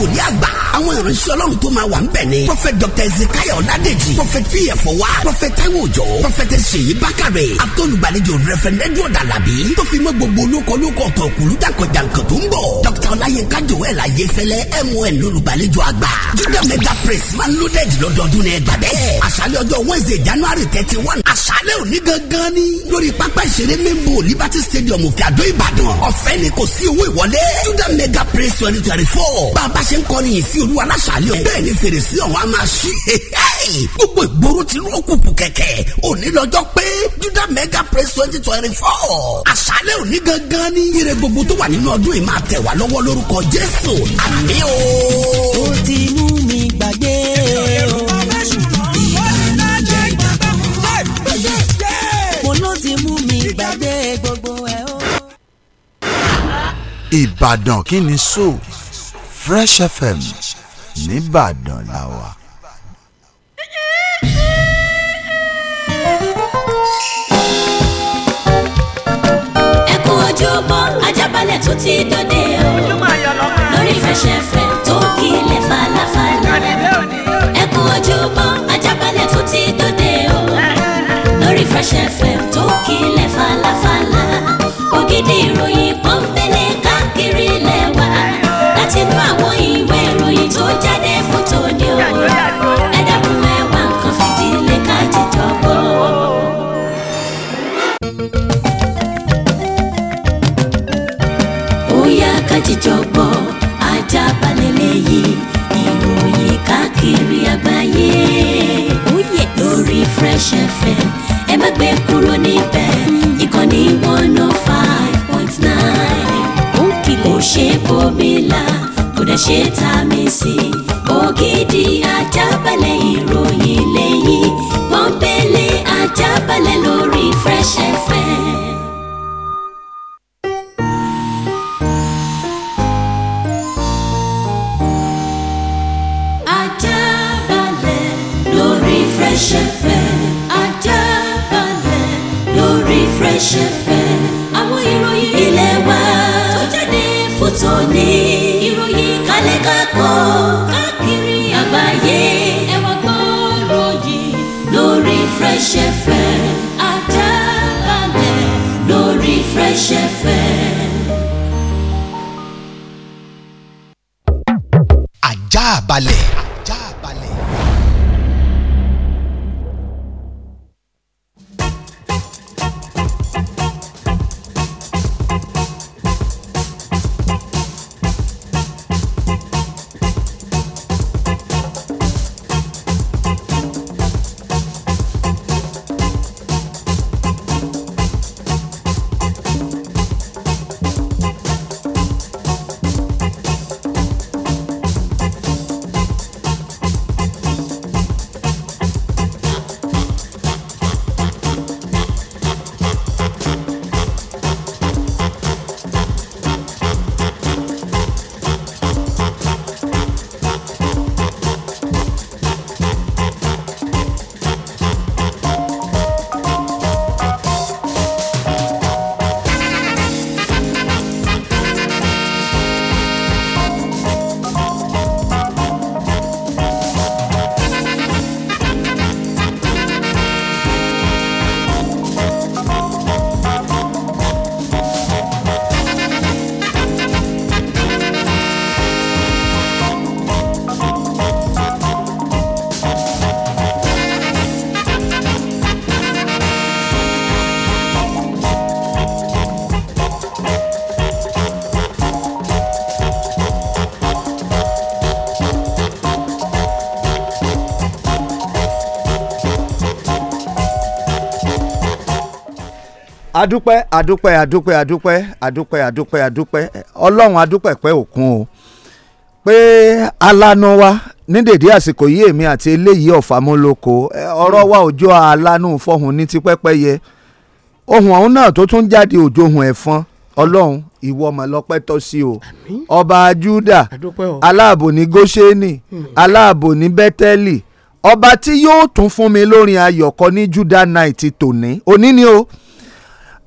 seguridad táwọn ìránṣẹ́ ọlọ́run tó máa wà ń ni prophet dr ezekiel ọ̀làdèjì prophet pf wa prophet taiwo òjò prophet ṣèyí Bakare, àtọ́lùgbàlejò reverend edward alabi tó fi mọ́ gbogbo olóko olóko ọ̀tọ̀ òkúlù jàǹkànjàǹkàn tó ń bọ̀ dr ọláyínká joel ayéfẹ́lẹ́ mon lólùgbàlejò àgbà judah mega praise man loaded lọ́dọọdún ní ẹgbà bẹ́ẹ̀ àṣálẹ́ ọjọ́ wednesday january thirty one àṣálẹ́ òní gangan ni lórí pápá ìṣeré mímbo liberty stadium òkè àdó ìbàdàn ọ̀fẹ́ ni kò sí owó ìwọlé judah mega praise twenty twenty four bá a bá ṣe ń kọrin yìí sí olú olúwa láṣàlẹ̀ o bẹ́ẹ̀ ni fèrèsé ọ̀wá máa ṣí gbogbo ìgboro ti rú òkùnkùn kẹ̀kẹ́ òní lọ́jọ́ pé juda mega praise twenty twenty four àṣàlẹ̀ òní gangan ní ire gbogbo tó wà nínú ọdún yìí máa tẹ̀ wá lọ́wọ́ lórúkọ jésù àmín o. o. ti mú mi gbàgbé Ìbàdàn kí ni so Fresh FM nìbàdàn la wà. ẹ kú ojúbọ ajábalẹ̀ tó ti dòde o lórí fẹsẹ̀fẹ̀ tó kílẹ̀ falafala ẹ kú ojúbọ ajábalẹ̀ tó ti dòde o lórí fẹsẹ̀fẹ̀ tó kílẹ̀ falafala ògidì ìròyìn pọ́npẹ́lẹ́ káàkiri lẹ́wà láti nú àwọn ìwé. jíjọgbọ́ Ajaabale lèyí ìròyìn káàkiri àgbáyé oh, lórí Fresh FM ẹ má gbé kúrò níbẹ̀ ìkànnì one oh five point nine kò ṣe bomi la kò dẹ̀ ṣe ta mi sí ògidì Ajaabale ìròyìn lèyí pọ́npẹ́lẹ́ Ajaabale lórí Fresh FM. fresh fẹ́ Ajaabale lórí fresh fẹ́ àwọn ìròyìn ilé wa tó jáde fún tòní ìròyìn kálẹ̀ kakọ káàkiri àgbáyé ẹ wá gbọ́rọ̀ yìí lórí fresh fẹ́ Ajaabale lórí fresh fẹ́. Ajaabale. adúpẹ́ adúpẹ́ adúpẹ́ adúpẹ́ adúpẹ́ adúpẹ́ adúpẹ́ ọlọ́run adúpẹ́ pẹ́ òkun o pé alánú wa ní dèdé àsìkò yìí èmi àti eléyìí ọ̀fàmúlòkọ ọ̀rọ̀ wa òjò alánú fọ̀hún ní ti pẹ́pẹ́ yẹ ohun ọ̀hún náà tó tún jáde òjò ohun ẹ̀fọn ọlọ́run ìwọ ọmọ lọ́pẹ́ tọ́ sí o ọba Júdà aláàbò ní Góṣẹ́nì hmm. aláàbò ní Bẹ́tẹ́lì ọba tí yóò tún fún mi lórin ayọ̀kọ ní Judah night tòní òní ni o. Mm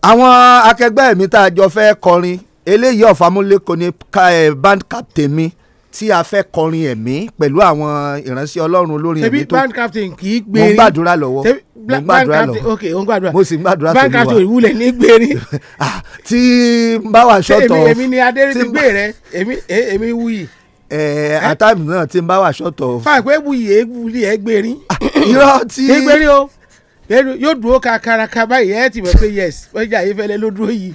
àwọn akẹgbẹ́ mi tá a jọ fẹ́ kọrin eléyìí ọ̀fàmúlẹ́kọ ni band captain mi tí a fẹ́ kọrin ẹ̀mí pẹ̀lú àwọn ìránṣẹ́ ọlọ́run olórin ẹ̀mí tó band captain kì í gbé rí mo ń gbàdúrà lọ́wọ́ mo ń gbàdúrà lọ́wọ́ ok mo ń gbàdúrà mo sì ń gbàdúrà sórí wa band captain ìwúlẹ̀ ní gbé rí. tí n bá wà ṣọ́tọ̀ èmi ni adéré gbé rẹ èmi èmi wuyì. ẹ àtàmì náà tí n bá wà ṣọ́tọ̀. fàgbẹ́ wuyì ègbúlì ẹ gbé irọ́ tí ẹ o yóò dúró kakaraka báyìí ẹ ti mọ̀ pé yes ọjà ayéfẹ́lẹ́ ló dúró yìí.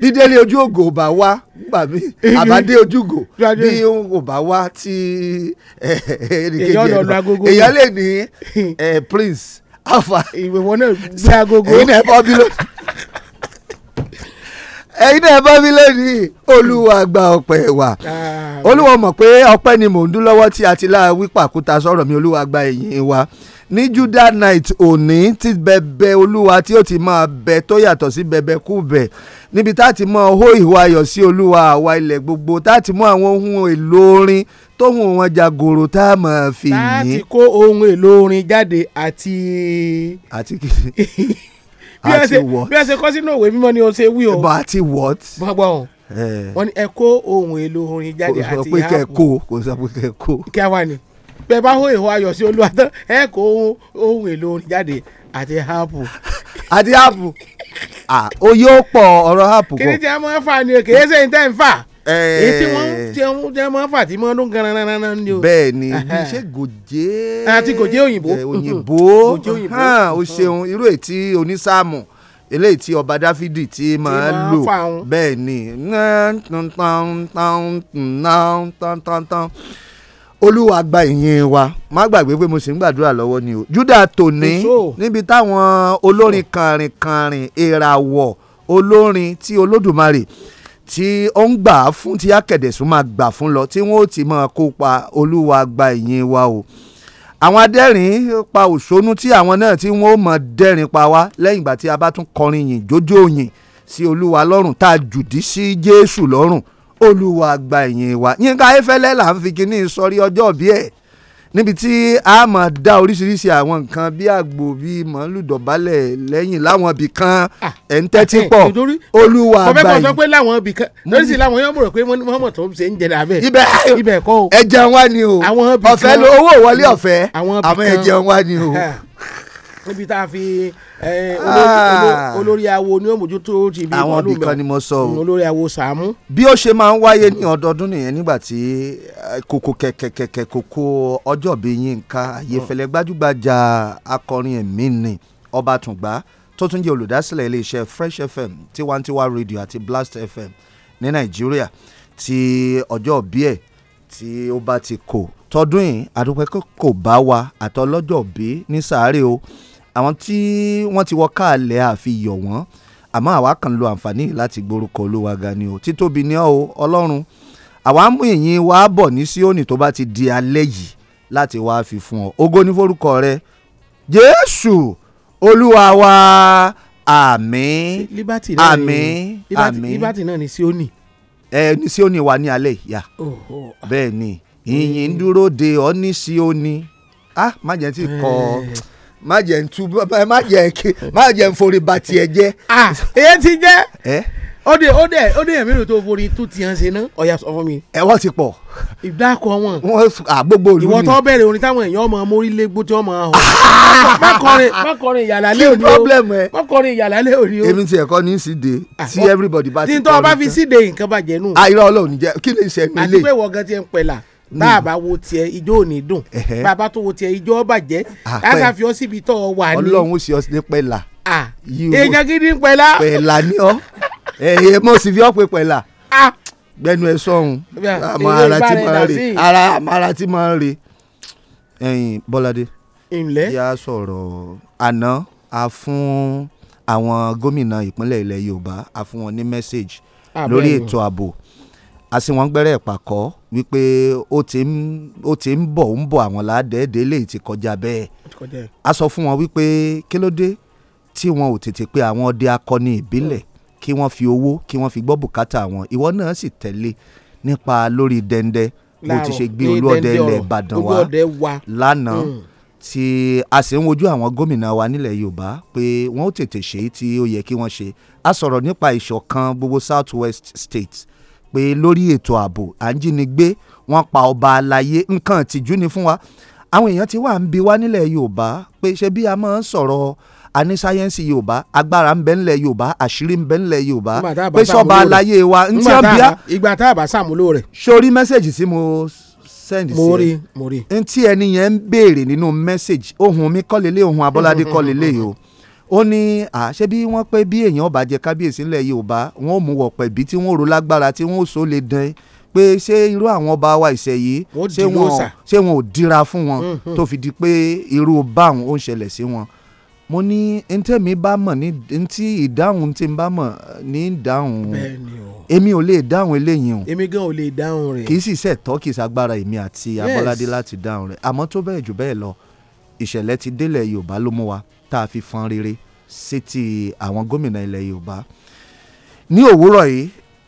dídélé ojú ògò bá wá gbà mí àbádé ojú ògò bí ògò bá wá tí ẹnìkejì ẹ̀ lọ èèyàn lè ní prince alpha ìwé wọn náà gbé agogo èyí náà bọ́ bí lónìí ẹ̀yin náà bá mi lónìí olúwa gba ọpẹ́ wa olúwa mọ̀ pé ọpẹ́ ni mò ń dún lọ́wọ́ tí a ti láà wípàkúta sọ̀rọ̀ mi olúwa gba ìyìn wa ní juda night òní ti bẹ̀bẹ̀ olúwa tí ó ti máa bẹ tó yàtọ̀ sí bẹ̀bẹ̀ kú bẹ̀ níbi tá a ti máa hó ìhó ayọ̀ sí olúwa àwa ilẹ̀ gbogbo tá a àwọn ohun èlò orin tóhùn wọn jagoro tá a máa fi yín. tá a ti kó ohun èlò orin jáde àti. àti kìí àti what. bí a ṣe kọ́ sínú òwe mímọ́ ni o ṣe wí o. bá a ti what. gbọ́gbọ́ o eh. wọ́n ní ẹ kó ohun èlò orin jáde àti ìhà kò sọ pé kẹ́ kó kò sọ pé kẹ́ kó. kí a wà ní bẹ́ẹ̀ bá hó ìhó ayọ̀ sí olúwa tán ẹ kó ohun èlò orin jáde àti áàpù. àti áàpù ó yóò pọ̀ ọ̀rọ̀ áàpù kan. kí ni tí a máa ń fà ni o kì í ṣe ní tẹ́ ń fà. èyí tí wọ́n ń tẹ́ máa ń fà tí wọ́n ń gan ranran ni o. bẹ́ẹ̀ ni ṣé gòjé. àti gòjé òyìnbó. òyìnbó o ṣeun irú ètí onísáàmù eléyìí tí ọba dáfídì tí máa ń lò bẹ́ẹ̀ ni olúwa gba ìyìn wa má gbàgbé pé mo sì ń gbàdúrà lọ́wọ́ ni o juda tòní níbi táwọn olórin kàrìnkàrìn ìràwọ̀ olórin tí olódùmarè tí ó ń gbà fún tí akẹ̀dẹ̀sùn máa gbà fún lọ tí wọ́n ó ti máa kópa olúwa gba ìyìn wa o àwọn adẹ́rìn pa òṣónú tí àwọn náà tí wọ́n ó mọ̀ dẹ́rìn pa wá lẹ́yìn ìgbà tí a bá tún kọrin yìn jójó yìn sí olúwa lọ́rùn tá a jùdí sí jésù lọ́rùn olúwa gba ìyìn wa yínká ayéfẹ́lẹ́ là ń fi kíní sọrí ọjọ́ bí ẹ̀ níbi tí a máa dá oríṣiríṣi àwọn nǹkan bí àgbò bí màálù dọ̀bálẹ̀ lẹ́yìn láwọn ibì kan ẹ̀ ń tẹ́tí pọ̀ olúwa gba ìyìn. ọbẹ̀ kan sọ pé láwọn ibì kan lórí sí làwọn yóò mọ̀ pé mọ́mọ́ tó ń ṣe ń jẹ̀dá bẹ́ẹ̀. ibẹ̀ ibẹ̀ kọ́ o ẹ̀jẹ̀ wa ni o ọ̀fẹ́ ló owó wọlé ọ̀fẹ́ àwọn ẹ̀jẹ̀ wa ni o. níbi tá a fi Ah. olórí awo ni ó mójútó ti bí àwọn ibì kan ni mo sọ o olórí awo sàmú. bí ó ṣe máa ń wáyé ní ọdọọdún nìyẹn nígbà tí kòkò kẹ̀kẹ̀kẹ̀ kòkò ọjọ́bí Yínká Ayéfẹ́lẹ́ gbajúgbajà akọrin ẹ̀mí ni Ọbàtúngbà tó tún jẹ́ olùdásílẹ̀ iléeṣẹ́ Fresh FM Tiwantiwa Radio àti Blast FM ní Nàìjíríà tí ọjọ́ bí ẹ̀ tí ó bá ti kò tọdún yìí àdúpẹ́ kò bá wa àtọlọ́jọ́ bí ní sàárè o àwọn tí wọ́n ti wọ káàlẹ̀ àfihàn wọ́n àmọ́ àwa kan lo àǹfààní láti gborúkọ olúwa ga ni o títóbi ni ọ́ o ọlọ́run àwa mú ìyìn wa bọ̀ ní Síónì tó bá ti di alẹ́ yìí láti wá fi fún ọ ògo ní forúkọ rẹ Jésù olúwa wa àmín àmín àmín Liberty náà ni Síónì. ẹ ní Síónì wa ní alẹ́ yà bẹ́ẹ̀ ni ìyìn ń dúró de ọ ní Síónì ah má jẹ́ ti kọ́ ọ. Eh má jẹ́ ń tú má jẹ́ kí má jẹ́ ń forí ba tiẹ̀ jẹ́. a èyí ti jẹ́ ó dé ó dé ó dé ẹ̀mí ló tó forí tó ti hàn ṣe ná ọ̀yà sọ fún mi. ẹ̀wọ́n ti pọ̀. ìdákọ̀ wọn. wọ́n àgbógbó olú ni. ìwọ tó bẹ̀rẹ̀ orin táwọn èèyàn ọmọ mórílé gbójú ọmọ ọ̀hún. mọ́kọrin mọ́kọrin ìyàlá lé òní o mọ́kọrin ìyàlá lé òní o. èmi ti ẹ̀kọ́ ní síde tí everybody bá ti kọrin. tí n tọ́ bá fi síde nǹkan bàjẹ́ nù. àìrọ̀ ọlọ́run jẹ́ kí lè ṣe ẹnu ilé tá a bá wo tiẹ̀ ijó ò ní dùn bá a bá tó wo tiẹ̀ ijó ó bàjẹ́ láta fi ọ́ síbi tó ọ wà ní. ọlọ́run ó sì ọ́ sí ní pẹ́lá. èèyàn gidi ń pẹ́lá. pẹ́lá ni ọ́ èyí mo sì fi ọ́ pé pẹ́lá gbẹnu ẹ sọhun àmọ́ ara tí máa rè ara ara tí máa rè ẹ̀yin Bọ́ládé ìmùlẹ̀. yà á sọ̀rọ̀ àná a fún àwọn gómìnà ìpínlẹ̀ ilẹ̀ Yorùbá a fún wọn ní mẹ́sáàgì lórí ètò ààbò a sì wọ́n gbẹ́rẹ́ ìpàkọ́ wípé ó ti ń ó ti ń bọ̀ ń bọ̀ àwọn ládẹ́ẹ̀dẹ́ lè ti kọjá bẹ́ẹ̀ a sọ fún wọn wípé kí ló dé tí wọn ò tètè pe àwọn ọdẹ akọni ìbílẹ̀ kí wọ́n fi owó kí wọ́n fi gbọ́ bùkátà wọn ìwọ náà sì tẹ̀lé nípa lórí dẹ́ndẹ́ bó ti ṣe gbé olúọdẹ ilẹ̀ Ìbàdàn wa lánàá hmm. tí a sì ń wojú àwọn gómìnà wa nílẹ̀ Yorùbá pé wọ́n ó tètè ṣe tí ó yẹ kí wọ́n ṣe a sọ̀rọ̀ nípa ìṣọ̀kan gbogbo South West States pé lórí ètò ààbò à ń jínigbé wọ́n pa ọba aláyé nǹkan ìtìjú ni fún wa àwọn èèyàn ti wà ń bi wá nílẹ̀ yorùbá pé ṣé bí a máa ń sọ̀rọ̀ àní sáyẹ́nsì yorùbá agbára ń bẹ ńlẹ̀ yorùbá àṣírí ń bẹ ńlẹ̀ yorùbá pé sọba aláyé wa ń tí wọ́n bíá ìgbà tá a bá sàmúlò rẹ̀. sórí mẹ́sẹ̀gì tí mo sẹ́ndì sí mo rí mo rí. n tí ẹni yẹn ń béèrè nínú mẹ́sẹ̀gì ohun mi kọ́ ohun abọ́ládé kọ́ yìí o ó ní àṣẹ bí wọ́n pé bí èèyàn bá kábíyèsí ńlẹ̀ yorùbá wọn mú wọ̀pẹ̀ bí tí wọ́n rò lágbára tí wọ́n so lè dán pé ṣé irú àwọn ọba wa ìṣẹ̀yí ṣé ṣé wọn ò dira fún wọn mhm. tó fi di pé irú báwọn ó ń ṣẹlẹ̀ sí wọn mo ní ntẹ́mi bá mọ̀ ní ntí ìdáhùn tí n bá mọ̀ ní ìdáhùn èmi ò lè dáhùn eléyìí o èmi gan ò lè dáhùn rẹ̀ kì í sì ṣẹ̀tọ́ kì í ṣàgbára èmi àti abọ́ládé láti dáhùn rẹ̀ àmọ́ tó bẹ́ẹ̀ jù bẹ́ẹ̀ lọ ìṣẹ̀lẹ̀ ti délẹ̀ yorùbá ló mú wa tá a fi fọn rere sétí àwọn gómìnà ilẹ̀ yorùbá ní òwúrọ̀ yìí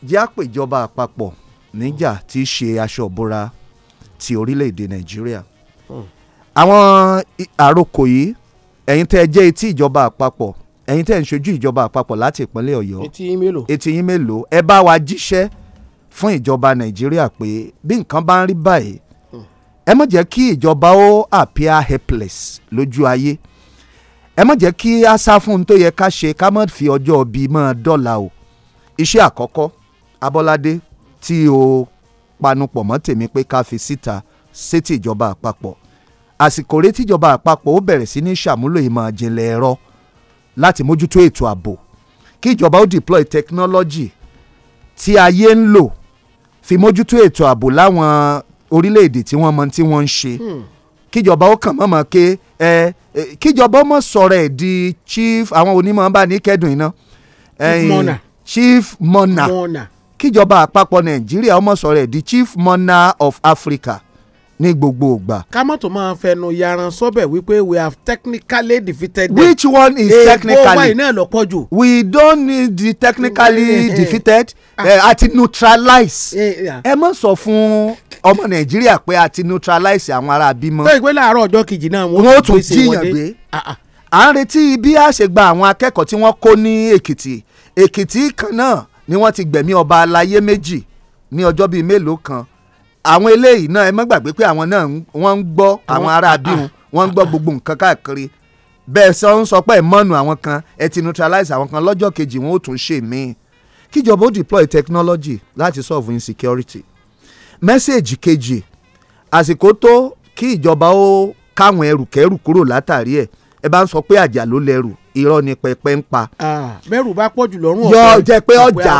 jẹ́ àpèjọba àpapọ̀ níjà tí í ṣe aṣọ òbúra ti orílẹ̀-èdè nàìjíríà hmm. àwọn àròkò yìí ẹ̀yin tẹ́ ẹ jẹ́ etí ìjọba àpapọ̀ ẹ̀yin tẹ́ ẹ ń ṣojú ìjọba àpapọ̀ láti ìpínlẹ̀ ọ̀yọ́ etí yín mélòó ẹ bá wa jíṣẹ́ fún ìjọba nàìjíríà pé bí nǹkan bá ń rí báyìí hmm. ẹ má jẹ́ kí ìjọba ó appear helpless lójú ayé ẹ má jẹ́ kí a sá fún un tó yẹ ká ṣe ká má fi ọjọ́ ibi mọ́ dọ́là o iṣẹ́ àkọ́kọ́ Abọ́ládé tí o panupọ̀ mọ́ tèmi pé ká fi síta sétí ìjọba àpapọ̀ àsìkò retí ìjọba àpapọ̀ ó bẹ̀rẹ̀ sí ní ṣàmúlò ìmọ̀ àjìnlẹ̀ ẹ̀rọ láti mójútó ètò ààbò kí ìjọba ó deploy technology tí ayé ń lò fi mójútó ètò ààbò láwọn orílẹ̀-èdè tí wọ́n mọ tí wọ́n ń ṣe. Hmm kíjọba ó kàn mọ́mọ́ ké ẹ kíjọba ó mọ̀ sọ̀rọ̀ ẹ̀ di chief àwọn onímọ̀ bá ní kẹ́dùn iná chief mona kíjọba àpapọ̀ nàìjíríà ó mọ̀ sọ̀rọ̀ ẹ̀ di chief mona of Africa ní gbogbo ìgbà. ká má tó máa fẹnu yaran sọ́bẹ̀ wípé we have technically defeated them. which one is technically. èèpo wáyé náà lọ pọ̀ jù. we don't need the technically eh, eh, eh. defeated àti neutralize. ẹ mọ̀ sọ fún ọmọ nàìjíríà pé a ti neutralize àwọn ará bímọ. bẹ́ẹ̀ pé láàárọ̀ ọjọ́ kejì náà wọ́n tún jíyàn gbé ah, ah. à ń retí bí a ṣe gba àwọn akẹ́kọ̀ọ́ tí wọ́n kó ní èkìtì èkìtì kan náà ni wọ́n ti gbẹ̀mí ọba aláyé méjì ní ọjọ́ bíi mélòó kan àwọn eléyìí náà ẹ má gbàgbé pé àwọn náà wọ́n ń gbọ́ àwọn ará abíhun ah, wọ́n ń gbọ́ gbogbo nǹkan káàkiri bẹ́ẹ̀ sọ ń sọ pé mọ́nu àwọn kan ẹ ti neutralize àwọn kan lọ́jọ́ kejì wọn ò tún ṣe míì kíjọba ó deploy technology láti solve insecurity mẹ́sẹ̀jì kejì àsìkò tó kí ìjọba ó káwọn ẹrù kẹrù kúrò látàrí ẹ̀ ẹ bá ń sọ pé àjà ló lẹ́rù irọ́ ni pẹpẹ ń pa. mẹ́rù bá pọ̀ jù lọ́rùn ọ̀pẹ yọ jẹ́ pé ọjà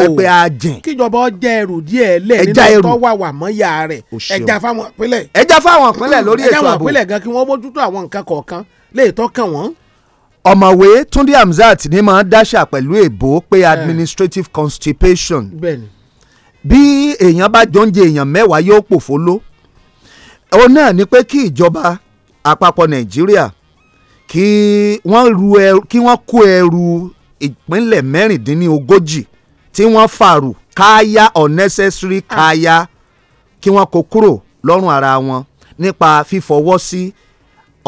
pẹpẹ ajìn. kíjọba ọjà ẹrù díẹ̀ lẹ̀ nínú tó wà wà mọ́ ya rẹ̀ ẹja fáwọn ìpínlẹ̀. ẹja fáwọn ìpínlẹ̀ lórí ètò ààbò ẹja fáwọn ìpínlẹ̀ gan kí wọ́n mójútó àwọn nǹkan kọ̀ọ̀kan lè tọ́kàn wọ́n. ọ̀mọ̀wé Túndé Hamzat ni máa ń dáṣà pẹ̀lú èbó pé eh. administrative constipation. bẹ́ẹ̀ni bí èèyàn bá jọ́njẹ èèyàn mẹ́wàá yóò pòfó ló òun náà ni pé kí ìjọba àpapọ̀ nàìjíríà kí wọ́n ru ẹrù kí wọ́n kó ẹrù ìpínlẹ̀ mẹ́rìndínlógójì tí wọ́n fàrù káyà unnecessary ah. káyà kí wọ́n kó kúrò lọ́rùn ara wọn nípa fífọwọ́ sí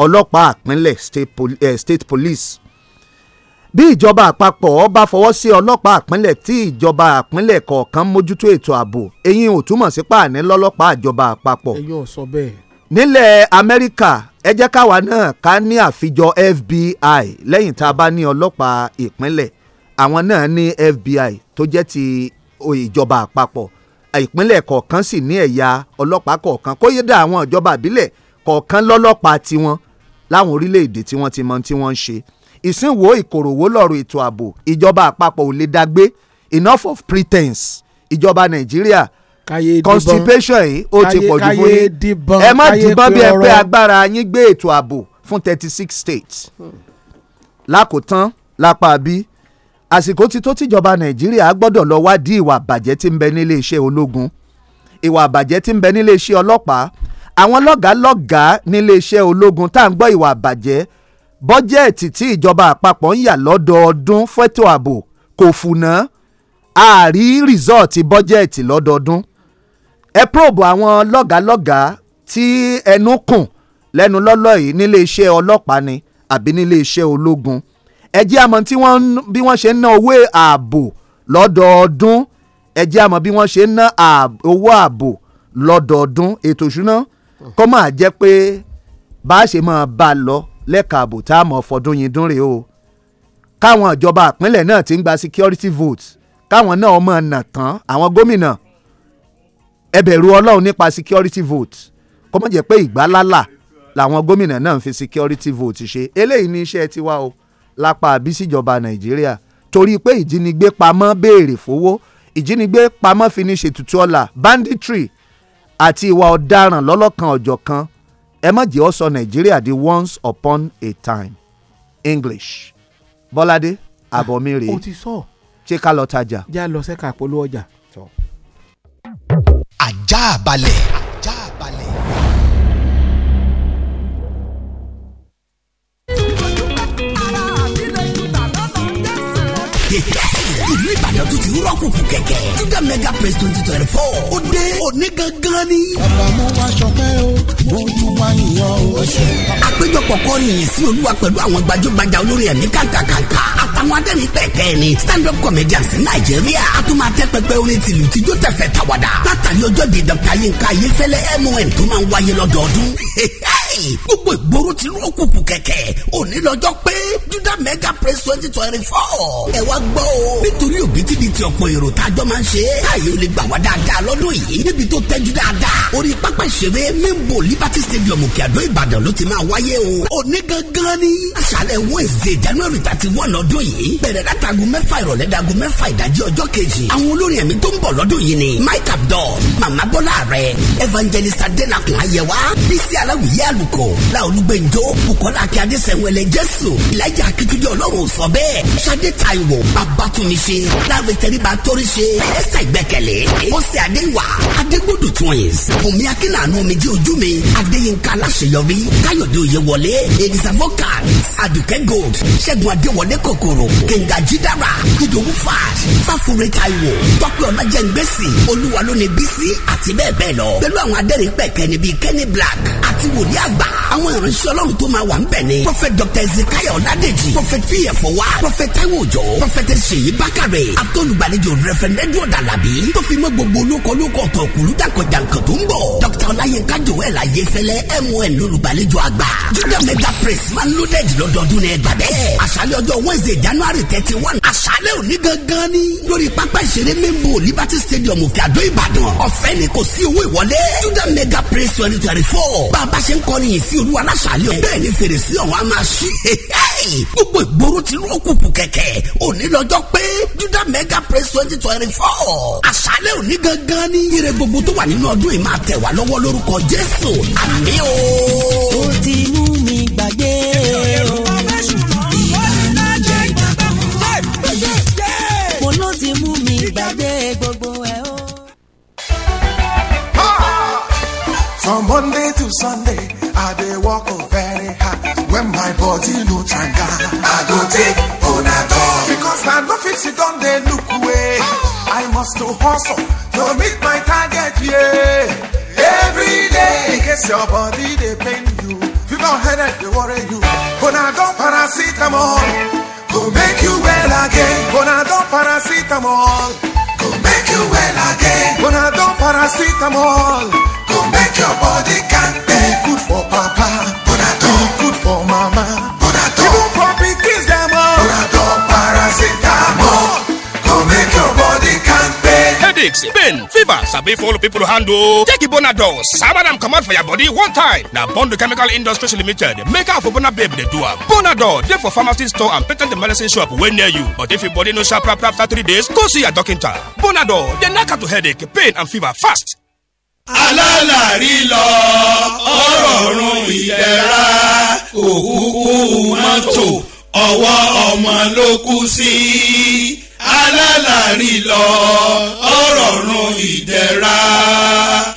ọlọ́pàá àpínlẹ̀ eh, state police bí ìjọba àpapọ̀ bá fọwọ́ sí ọlọ́pàá àpínlẹ̀ tí ìjọba àpínlẹ̀ kọ̀ọ̀kan mójútó ètò ààbò eyín ò túmọ̀ sí pààní lọ́lọ́pàá ìjọba àpapọ̀. ẹ yóò sọ bẹ́ẹ̀. nílẹ̀ amẹ́ríkà ẹ jẹ́ káwa náà ká ní àfijọ FBI lẹ́yìn tá a bá ní ọlọ́pàá ìpínlẹ̀ àwọn náà ní FBI tó jẹ́ ti ìjọba àpapọ̀ ìpínlẹ̀ kọ̀ọ̀kan sì ní ẹ̀yà ọlọ́pàá kọ̀ọ̀kan kó yé dá àwọn ìjọba àbílẹ̀ kọ̀ọ̀kan lọ́lọ́pàá tiwọn láwọn orílẹ̀-èdè tí ìsìnwó ìkòròwó lọ́rọ̀ ètò ààbò ìjọba àpapọ̀ ò lè dágbé enough of pretense ìjọba nàìjíríà constipation yìí ó ti pọ̀jù fún yín ẹ má dìbọn bí ẹ pé agbára yín gbé ètò ààbò fún thirty six states hmm. lákòótán lápá bí àsìkò ti tó tìjọba nàìjíríà gbọ́dọ̀ lọ wádìí ìwà àbàjẹ́ tí ń bẹ nílé iṣẹ́ ológun ìwà àbàjẹ́ tí ń bẹ nílé iṣẹ́ ọlọ́pàá àwọn lọ́gàá lọ́gàá nílé iṣẹ́ ológun tá à ń gbọ́ ìwà àbàjẹ́ bọ́jẹ́ẹ̀tì tí ìjọba àpapọ̀ ń yà lọ́dọọdún fẹ́tọ̀ ààbò kò fùnà àárí rìsọ́ọ̀tì bọ́jẹ́ẹ̀tì lọ́dọọdún ẹ probe àwọn lọ́gàálọ́gàá tí ẹnu kùn lẹ́nu lọ́lọ́ yìí nílé iṣẹ́ ọlọ́pàá ni àbí nílé iṣẹ́ ológun ẹ jẹ́ àmọ́ tí wọ́n bí wọ́n ṣe ń ná owó ààbò lọ́dọọdún ẹ jẹ́ àmọ́ bí wọ́n ṣe ń ná owó ààbò lọ́dọọdún ètò ìṣúná kó máa jẹ́ pé bá a ṣe máa bá a lọ lẹ́ka ààbò tá a mọ̀ fọdún yìí dún rèé o káwọn ìjọba àpínlẹ̀ náà ti ń gba security vote káwọn náà ọmọ ọ̀nà tán àwọn gómìnà ẹ bẹ̀rù ọlọ́run nípa security vote kó má jẹ́ pé ìgbálálà làwọn gómìnà náà ń fi security vote ṣe eléyìí ní iṣẹ́ tiwa o lápá àbísíjọba nàìjíríà torí pé ìjínigbé pamọ́ béèrè fowó ìjínigbé pamọ́ fi ní ṣètùtù ọ̀la banditry àti ìwà ọ̀daràn lọ́lọ́kan ọ̀jọ̀kan ẹ má jẹ́ ọ sọ nàìjíríà di once upon a time english bọ́ládé ah, àbọ̀mí rèé ṣé ká lọ tajà. já lọ sẹ́ka polówó ọjà. ajá balẹ̀. Yeah ìlú ìbàdàn tó ti rọ́kùnkùn kẹ̀kẹ́ juda mega press twenty twenty four ó dé òní gangan ni. bàbá mo wá ṣọpẹ́ o mo tún wá yíyan o. àpéjọpọ̀ kọrin yìí sí olúwa pẹ̀lú àwọn gbajúgbajà olórin ẹ̀mí kàńkàkàńkà àtàwọn adẹ́rìn pẹ̀kẹ́ ni stand up comedians nàìjíríà a tún máa tẹ́ pẹpẹ orin tìlù tíjó tẹ̀fẹ̀ tàwàdà látàrí ọjọ́ di dr yinka ayéfẹ́lẹ́ mon tó máa ń wáyé lọ́dọọdún. báyìí gbogbo ìgboro ti rún òkùnkùn kẹ̀kẹ́ òní lọ́jọ́ pé juda mega praise twenty twenty four ẹ wá gbọ́ o nítorí òbítíbitì ọ̀pọ̀ èrò tájọ́ máa ń ṣe káyé ó lè gbà wá dáadáa lọ́dún yìí níbi tó tẹ́jú dáadáa orí pápá ìṣeré mímbo liberty stadium òkè ìbàdàn ló ti máa wáyé o òní gangan ni aṣálẹ̀ wednesday january thirty one ọdún yìí bẹ̀rẹ̀ látago mẹ́fà ìrọ̀lẹ́ dago mẹ́fà ìdájí ọjọ́ kejì àwọn olórin ẹ̀mí tó ń bọ̀ lọ́dún yìí ni mike abdul mama bọ́lá rẹ̀ evangelist adenakun ayẹwa bísí aláwìyé àl àbùkù làolúgbẹ̀njọ́ bukola akíade sẹ̀wẹ̀lẹ̀ jésù ìlàjà akitunde ọlọ́run sọ bẹ́ẹ̀ sade taiwo babatunmise láàbẹ̀ tẹríba torise ẹsẹ̀ ìgbẹ́kẹ̀lé mọ́sẹ̀ adéwà adégbòdù twins bùnmi akínàánú omijì ojú mi adéyínká aláṣeyọrí káyọ̀dé oyèwọlé elisa vocal adùkẹ́ gold ṣẹ́gun adéwọlé kòkòrò kẹ̀ǹgà jídára ìdòwú fad fáfúre taiwo tọ́pẹ́ ọlájẹ́ngbèsì olúwa lónìí bísí àti bẹ́ẹ̀ bẹ́ẹ̀ lọ pẹ̀lú àwọn adẹ́rìn pẹ̀kẹ́ níbi kenny black àti wòlíà àgbà àwọn ìránṣẹ́ ọlọ́run tó máa wà ń bẹ̀ ni prophet dr ezekiel ọ̀làdèjì prophet pf wa prophet taiwo òjò prophet ṣèyí Bakare, àtọ́lùgbàlejò reverend edward alabi tó fi mọ́ gbogbo olóko olóko ọ̀tọ̀ òkùnrin dàkọ̀ jàǹkàn tó ń bọ̀ dr ọláyínká joel ayéfẹ́lẹ́ mon lólùgbàlejò àgbà judah mega praise man loaded lọ́dọọdún ní ẹgbà bẹ́ẹ̀ àṣálẹ́ ọjọ́ wednesday january thirty one àṣálẹ́ òní gangan ni lórí pápá ìṣeré mímbo liberty stadium òkè àdó ìbàdàn ọ̀fẹ́ ni kò sí owó ìwọlé judah mega Press twenty twenty four bá a bá ṣe ń kọ akọrin yìí sí olúwa láṣàlẹ̀ bẹ́ẹ̀ ni fèrèsé ọ̀hún a máa ṣí gbogbo ìgboro ti ló kùkù kẹ̀kẹ́ òní lọ́jọ́ pé juda mega praise twenty twenty four àṣàlẹ̀ òní gangan ní ire gbogbo tó wà nínú ọdún yìí máa tẹ̀ wá lọ́wọ́ lórúkọ jésù àmì o. o. ti mú mi gbàgbé o. From Monday to Sunday. I dey walk very hard when my body no tranga. I go take on a dog because I no fit sit down dey look away. I must to hustle to meet my target, yeah. Every day, in case your body dey pain you, fever headache dey worry you. Una don paracetamol go make you well again. Una don paracetamol go make you well again. Una don paracetamol go make your body can good for papa. Bonador. good for mama. Bonador. Even for pickings them all. Oh. Bonador paracetamol. To make your body can't pay. Headaches, pain, fever, sabi for all people handle. Take Bonador. Saban am come out for your body one time. Now Bondo Chemical Industries Limited. Make out for Bonador baby they do am. Bonador. They for pharmacy store and patent the medicine shop way near you. But if your body no sharp after three days, go see your doctor. Bonador. They knock out to headache, pain and fever fast. alálàrí lọ ọ̀rọ̀ ọ̀run ìdẹ̀ra òkúkú mọ́tò ọwọ́ ọmọ ló kú sí alálàrí lọ ọ̀rọ̀ ọ̀run ìdẹ̀ra.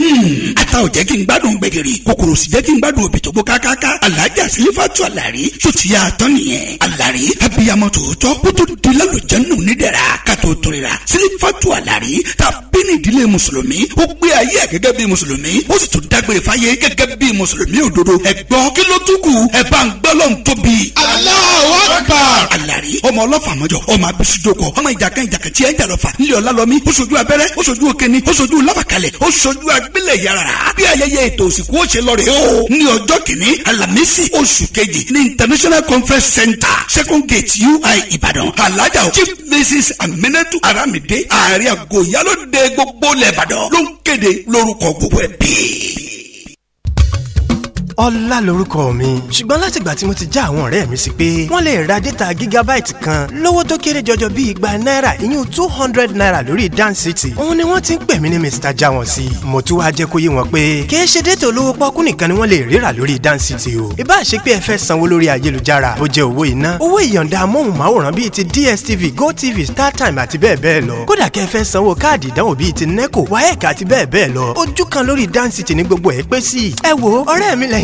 Hmm ata ò jẹ́ kí n gbádùn gbẹ̀gìrì kòkòrò sì jẹ́ kí n gbádùn òbí tó bó kákáká alájà sílífàtú àlàrí tó ti yà àtọ́ nìyẹn àlàrí abiyamọ tòótọ́ kó tó di lálùjẹ́ nù nídẹ̀ra ká tó torira sílífàtú àlàrí ta bínú ìdílé mùsùlùmí ó gbé ayé ẹ̀ gẹ́gẹ́ bí mùsùlùmí ó sì tún dágbére fáyé gẹ́gẹ́ bí mùsùlùmí òdodo ẹ̀gbọ́n kí ló tún kù ẹ̀ bá ń gbọ́ lọ́n tóbi. Allahu Akbar. àlàrí ọmọ ọlọ́fà àmọ́jọ ọmọ abisudoko ọmọ ìjàkan ìjàkan tí ẹ ń jà lọ́fà ńlẹ̀ ọ̀làlọ́mí ó ṣojú abẹ́rẹ́ ó ṣojú òkèni ó ṣojú láfàkalẹ̀ ó ṣojú agbélẹ̀ yàrá bí ayẹyẹ ètò òsìnkú ó ṣe lọ rèé o ní ọjọ́ kìíní alamisi oṣù kejì ní international conference center second gate ui ìbàdàn alájà chief mrs aminatu aramide ààrẹ àgọ́ ìyálóde gbogbo lẹ́bàdàn ló ń kéde lórúkọ gbogbo ẹbí ọlá lorúkọ mi ṣùgbọ́n látìgbà tí mo ti já àwọn ọ̀rẹ́ mi sí pé wọ́n lè ra dẹ́ta gígábáìtì kan lówó tó kéré jọjọ bíi igba náírà ìyún two hundred naira lórí dan city òun ni wọ́n ti ń pè mí ní mr jawon sí i mo tún wá jẹ́ kó yé wọn pé kìí ṣe dẹ́tà olówó pọ́kú nìkan ni wọ́n lè ríra lórí dan city o ìbá ṣe pé ẹ fẹ́ sanwó lórí ayélujára ó jẹ́ owó iná owó ìyọ̀ǹda amóhùnmáwòrán bíi ti dstv gotv startime àti bẹ́ẹ̀ bẹ́ẹ̀ lọ kódà kẹ́ ẹ fẹ́ sanwó káàdì ìdánwò bíi ti neco waec àti bẹ́ẹ̀ bẹ́ẹ̀ lọ ojú kan lórí dan city ní gbogbo ẹ̀ pé sí ẹ wo ọ̀rẹ́ mi lẹ́yìn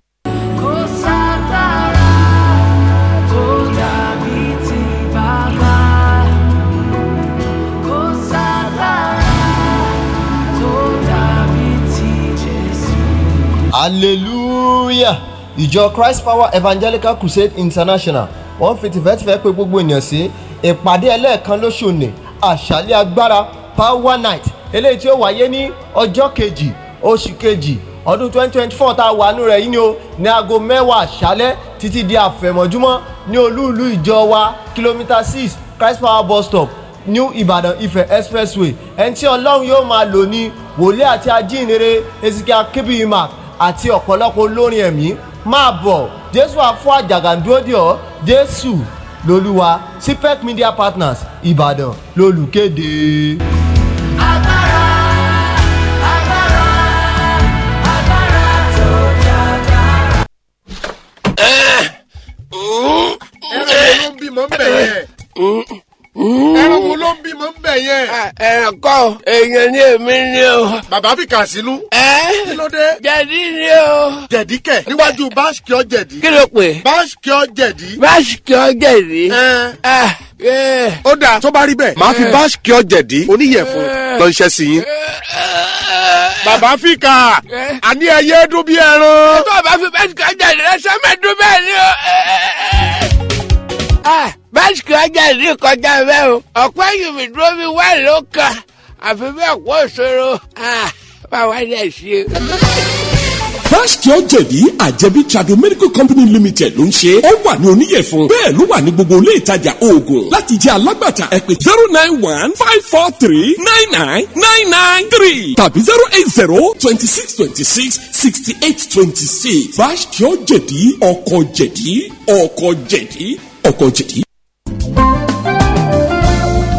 hallelujah ìjọ christ power evangelical crusade international wọ́n fi tìfẹ́tìfẹ́ pè gbogbo ènìyàn sí ìpàdé ẹlẹ́ẹ̀kan lóṣù ní àṣálẹ́ agbára power night eléyìí tí ó wáyé ní ọjọ́ kejì oṣù kejì ọdún 2024 tá a wà nù rẹ̀ yìí ni o ní aago mẹ́wàá àṣálẹ́ títí di àfẹ̀mọ́júmọ́ ní olúùlú ìjọ wa kìlómítà 6 christ power bus stop new ibadan ife expressway ẹni tí ọlọ́run yóò máa lò ní wòlíì àti ajínrere ezike akébíyìmá àti ọ̀pọ̀lọpọ̀ olórin ẹ̀mí máa bọ̀ jésù àfọ́ àjàgàndúródìọ́ jésù lolúwa cpec media partners ìbàdàn lolùkéde. agbára agbára agbára tó jágbára. ló ń bímọ ń bẹ̀ yẹn. ẹran wo kọ́ èèyàn ní èmi ni o. bàbá fi kà sílú. ẹ kí ló dé. jẹ̀dí ni o. jẹ̀dí kẹ̀ níwájú báṣkì ọ̀jẹ̀dí. kí ló pè. báṣkì ọ̀jẹ̀dí. báṣkì ọ̀jẹ̀dí. ó dáa tó bá rí bẹ́ẹ̀ máa fi báṣkì ọ̀jẹ̀dí oníyẹ̀fun lọ iṣẹ́ sí yín. bàbá fìkà àní ẹyẹ dún bí ẹran. ẹ tó bá fi báṣkì ọ̀jẹ̀dí rẹ sẹ́mẹ̀ẹ́dún bẹ́ẹ̀ ni o ah, báṣìkì ọjà ní kọjá bẹ́ẹ̀ o ọ̀pẹ́ yìí mi dúró mi wá ló kan àfi bẹ́ẹ̀ kó ṣòro. Ah báwa dẹ̀ ṣe. Báṣkì ọ̀jẹ̀dí àjẹbí Trado Medical Company Limited ló ń ṣe. Ó wà ní oníyẹ̀fun. Bẹ́ẹ̀ ló wà ní gbogbo ilé ìtajà oògùn. Láti jẹ́ alágbàtà ẹ zero nine one five four three nine nine nine nine three tàbí zero eight zero twenty six twenty six sixty eight twenty six. Báṣkì ọ̀jẹ̀dí ọkọ̀ jẹ̀dí ọkọ̀ jẹ̀dí ọkọ̀ jẹ̀dí.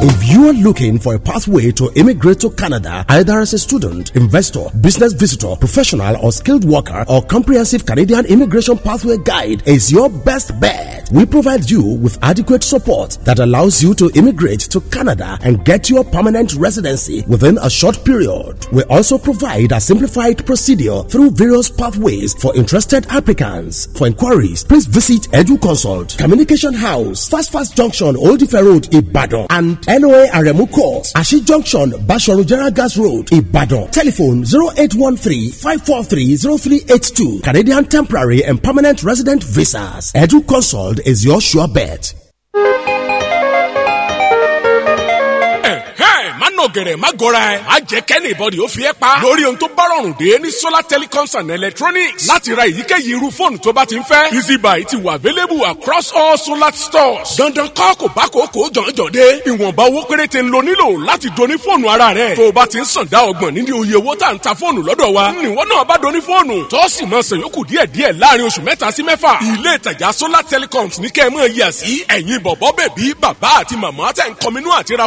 If you are looking for a pathway to immigrate to Canada, either as a student, investor, business visitor, professional, or skilled worker, our comprehensive Canadian immigration pathway guide is your best bet. We provide you with adequate support that allows you to immigrate to Canada and get your permanent residency within a short period. We also provide a simplified procedure through various pathways for interested applicants. For inquiries, please visit EduConsult, Communication House, Fast Fast Junction, Old Ife Road, Ibadan, and NOA Aremu Court, Ashi Junction, General Gas Road, Ibadan. Telephone zero zero eight one three three five four three eight two. Canadian Temporary and Permanent Resident Visas. Edu Consult is your sure bet. ọ̀gẹ̀rẹ̀ má gọra ẹ̀ má jẹ́ kẹ́nìbọ̀dì ó fi ẹ́ pa lórí ohun tó bá rọrùn dé ní solar telecoms and electronics láti ra èyíkéyìí irú fóònù tó bá ti ń fẹ́ easy buy ti wà available across all solar stores dandan kọ́ kò bá kò kò jọ̀njọ̀ dé ìwọ̀nba owó péréte ń lo nílò láti doni fóònù ara rẹ̀ tó o bá ti ń sàn dá ọgbọ̀n nínú iye owó tá à ń ta fóònù lọ́dọ̀ wa níwọ̀n náà bá doni fóònù tó sì máa san yòókù díẹ̀díẹ̀ láàrin oṣù mẹ́ta sí mẹ́fà ilé ìtajà solar telecoms ní kẹ́ ẹ mọ̀ yíyà sí ẹ̀yin bọ̀bọ́ bèbí bàbá àti màmá tẹ̀ ń kọminú àti ra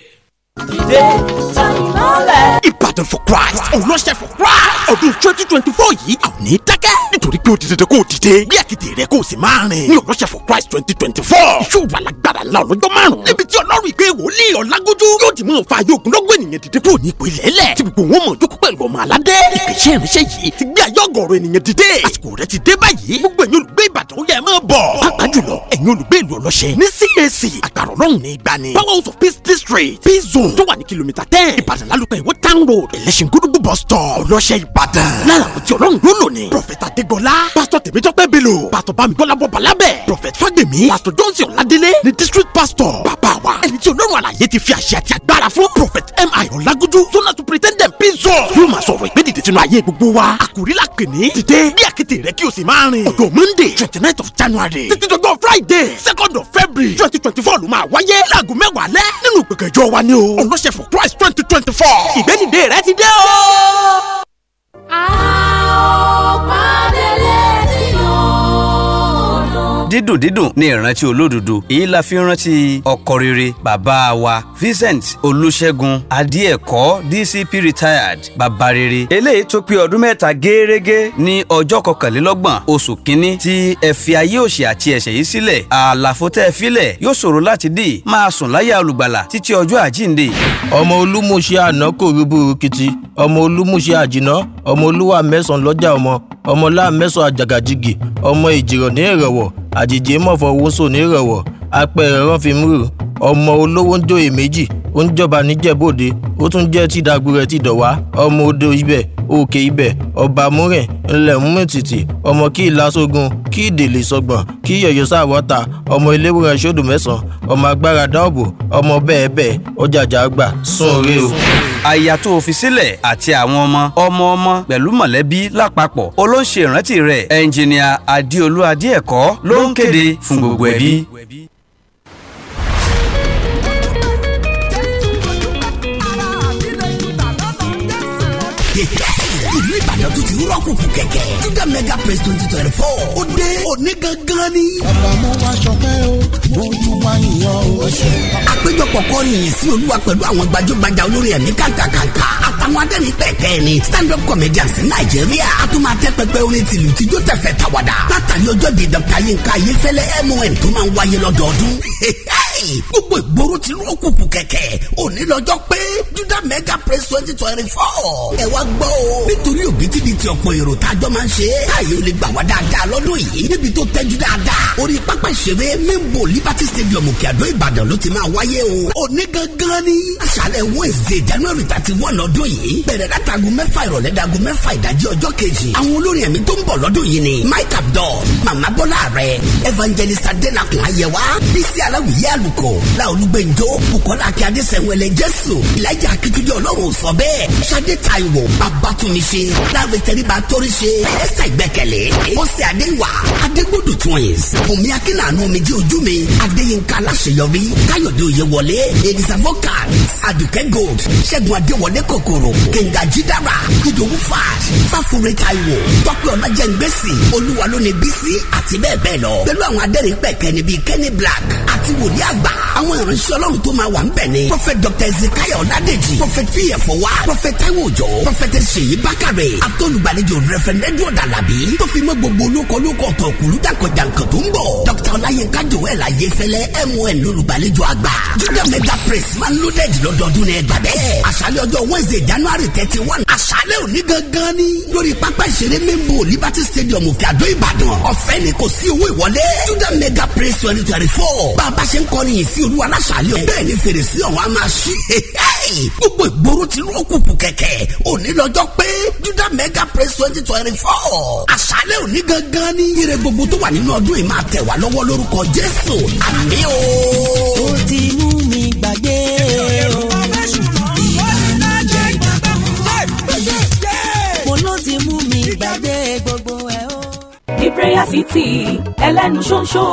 Ìdè tani mọ́lẹ̀. Ìbàdàn for Christ olóṣè for Christ ọdún twenty twenty four yìí àwọn ní dákẹ́ nítorí pé ó ti dandan kó o dìde bí àkété rẹ kó o sì máa rìn ní olóṣè for Christ twenty twenty four yóò wà lágbára ńlá ọlọ́jọ́ márùn-ún níbi tí ọlọ́run ìgbé wòlíì ọ̀làgójú yóò ti mọ̀ fa ayógunlógún ènìyàn dìde kúrò ní ipò ilẹ̀ẹ́lẹ̀ tí gbogbo wọn mọ̀ jókòó pẹ̀lú ọmọ aládé ìgbésẹ̀ ìrìnsẹ̀ yìí ti gbé ayọ́gọ̀rọ̀ ènìyàn dìde àsìkò rẹ ti dé báyìí gbogbo ẹ̀yin olùgbé Ìbàdàn ó yẹ ẹ máa bọ̀ pàápàá jùlọ ẹ̀yin olùgbé ìlú ọlọ́ṣẹ́ ní CAC àgbàrọ̀ lọ́hùn ní ìgbani Power House of Peace District P Zone tó wà ní kìlómítà ten Ìbàdàn lálùpẹ̀ ìwọ́ táwọn road ẹlẹ́sìngúdùgbù bus stop lọ́sẹ̀ ìbàdàn. lára àwọn tí ọlọ́run ló lò ní. prọfẹ̀tà adégbọlá pásítọ̀ tèmítọ́pẹ́ belò pásítọ̀ bámigbọ́lábọ̀ balábẹ̀ prọfẹ̀t fàgbèmí pásítọ̀ johnson ládélé ni district pastor bàbá wa ẹni tí ọlọ́run àlàyé ti fi àṣẹ àti agbára fún prọfẹ̀t mi ọ̀làgúdú zona superintendent pinzo yóò máa sọ̀rọ̀ ìgbédìde sínú ayé gbogbo wa àkòrí la pè ní dìde bí àkété rẹ kí o sì máa rìn ọjọ́ monday twenty nine of january títí dọjọ́ friday second of february twenty twenty four ló máa wáyé láago mẹ́wàá lẹ́ nínú gbẹ̀gẹ̀jọ wa ni o ọlọ́ṣẹ̀fọ̀ christ twenty twenty four ìgbẹ́nìde ire rẹ ti dé o. a ó pàdé lọ dídùn dídùn ní ìrántí olódodo èyí la fi rántí ọkọ rere bàbá wa Vincent Olúṣẹ́gun Adíẹ̀kọ́ DCP retired bàbá rere eléyìí tó pé ọdún mẹ́ta gẹ́rẹ́gẹ́ ní ọjọ́ kọkànlélọ́gbọ̀n oṣù kínní tí ẹ fi ayé òṣì àti ẹ̀ṣẹ̀ yìí sílẹ̀ àlàfo tẹ́ ẹ filẹ̀ yóò ṣòro láti dì máa sùn láyà olùgbàlà títí ọjọ́ àjíǹde. ọmọ olúmúṣe àná kò rí burúkiti ọmọ olúmúṣe àjìná ọmọ olúwa mẹ́sàn-án lọ́jà ọmọ ọmọ láàmẹ́sàn àjàgàjìgì ọmọ ìjìrọ̀ ní ìrọ̀wọ̀ àjèjì mọ̀fọ́ wosò nírọ̀wọ̀ apẹ̀rẹ̀ rọ́fìmúrù ọmọ olówó ń joyè méjì ó ń jọba níjẹ̀bọ́dé ó tún jẹ́ tìdàgbù rẹ̀ tìdọ̀wá ọmọ odò ibẹ̀ òkè ibẹ̀ ọba múrìn ńlẹ̀ múmìtìtì ọmọ kí ìlàsógun kí ìdèlè sọgbọ̀n kí yọ̀yọ̀ sàwọ́ta ọmọ iléwòrán ṣòdù mẹ́sàn ọmọ agbára dáòbò ọmọ bẹ́ẹ̀ bẹ́ẹ̀ ọjàjà àgbà sùn rí o àyà tó fi sílẹ̀ àti àwọn ọmọ ọmọ ọmọ pẹ̀lú mọ̀lẹ́bí lápapọ̀ olóńṣe rẹ̀ ẹnjìnìà adéolú adéẹ̀kọ́ ló ń kéde fún gbogbo ẹbí. tún ti rọ́ọ̀kù kù kẹ̀kẹ́ juda mega praise twenty twenty four ó dé òní gangan ni. bàbá mo wá ṣọpẹ́ o mo tún wá yìnyín o. àpéjọpọ̀ kọrin yìí sí olúwa pẹ̀lú àwọn gbajúgbajà olórin ẹ̀mí kàǹkàǹkà àtàwọn adẹ́rìn pẹ̀kẹ́ ni stand up comedians nàìjíríà a tún máa tẹ́ pẹpẹ orin tìlù tíjó tẹ̀fẹ̀ tàwàdà látàrí ọjọ́ bíi dr yinka ayéfẹ́lẹ́ mon tó máa ń wáyé lọ́dọọdún gbogbo ìgboro ti rú òkùnkùn kẹ̀kẹ́ òní lọ́jọ́ pé juda mega press twenty twenty four ẹ wá gbọ́ o nítorí òbítíbitì ọ̀pọ̀ èrò tájọ́ máa ń ṣe káyọ̀ lè gbà wá dáadáa lọ́dún yìí níbi tó tẹ́jú dáadáa orí pápá ìṣeré mímbo liberty stadium òkè ìbàdàn ló ti máa wáyé o òní ni aṣálẹ̀ wednesday january thirty one ọdún yìí bẹ̀rẹ̀ látago mẹ́fà ìrọ̀lẹ́ dago mẹ́fà ìdájí ọjọ́ kejì àwọn olórin ẹ̀mí tó ń bọ̀ lọ́dún yìí ni mike abdul mama bọ́lá rẹ̀ evangelist adenakun ayẹwa bísí aláwìyé àlùkò làolúgbẹ̀njọ́ bukola akíade sẹ̀wẹ̀lẹ̀ jésù ìlàjà akitunjẹ ọlọ́run sọ bẹ́ẹ̀ sade taiwo babatunmise láwe tẹríba torise ẹsẹ̀ ìgbẹ́kẹ̀lé mọ́sẹ̀ adéwà adégbòdù twins bùnmi akínàánú mi jẹ́ ojú mi adéyínká aláṣeyọrí káyọ̀dé òye wọlé elizabeth adùkẹ́ gold ṣẹ́gun adéwọlé kòkòrò ọ̀rọ̀ kẹ̀ǹgà jídára ìdòwú fad fáfúre taiwo tọ́pẹ́ ọ̀nàjẹ̀ǹgbèsì olúwa ló ní bísí àti bẹ́ẹ̀ bẹ́ẹ̀ lọ pẹ̀lú àwọn adẹ́rìn pẹ̀kẹ́ níbi kenny black àti wòlíì àgbà àwọn ìránṣẹ́ ọlọ́run tó máa wà ń bẹ̀ ni prophet dr ezekiel ọ̀nàdèjì prophet pfọwà prophet taiwo òjò prophet ṣèyí bákàrè àtọ́lùgbàlejò reverend edward alabi tó fi mọ́ gbogbo olóko olóko ọ̀tọ̀ òkúlù jàǹkànjàǹkàn tó ń bọ̀ dr ọláyínká joel ayéfẹ́lẹ́ mon lólùgbàlejò àgbà judah mega praise man loaded lọ́dọọdún ní ẹgbàá bẹ́ẹ̀ wednesday January thirty one àṣálẹ́ òní gangan ni lórí pápá ìṣeré mímbo Liberty Stadium òkè àdó Ìbàdàn ọ̀fẹ́ ni kò sí owó ìwọlé judah mega praise twenty twenty four bá a bá ṣe ń kọrin yìí sí olúwa láṣálẹ́ bẹ́ẹ̀ ni fèrèsé ọ̀hún á máa ṣí gbogbo ìgboro ti rú òkùnkùn kẹ̀kẹ́ òní lọ́jọ́ pé judah mega praise twenty twenty four àṣálẹ́ òní gangan ni ire gbogbo tó wà nínú ọdún yìí máa tẹ̀ wá lọ́wọ́ lórúkọ Jésù àmì o. gbàgbé gbogbo ẹ̀ o. ní prayer city ẹlẹ́nu ṣoṣo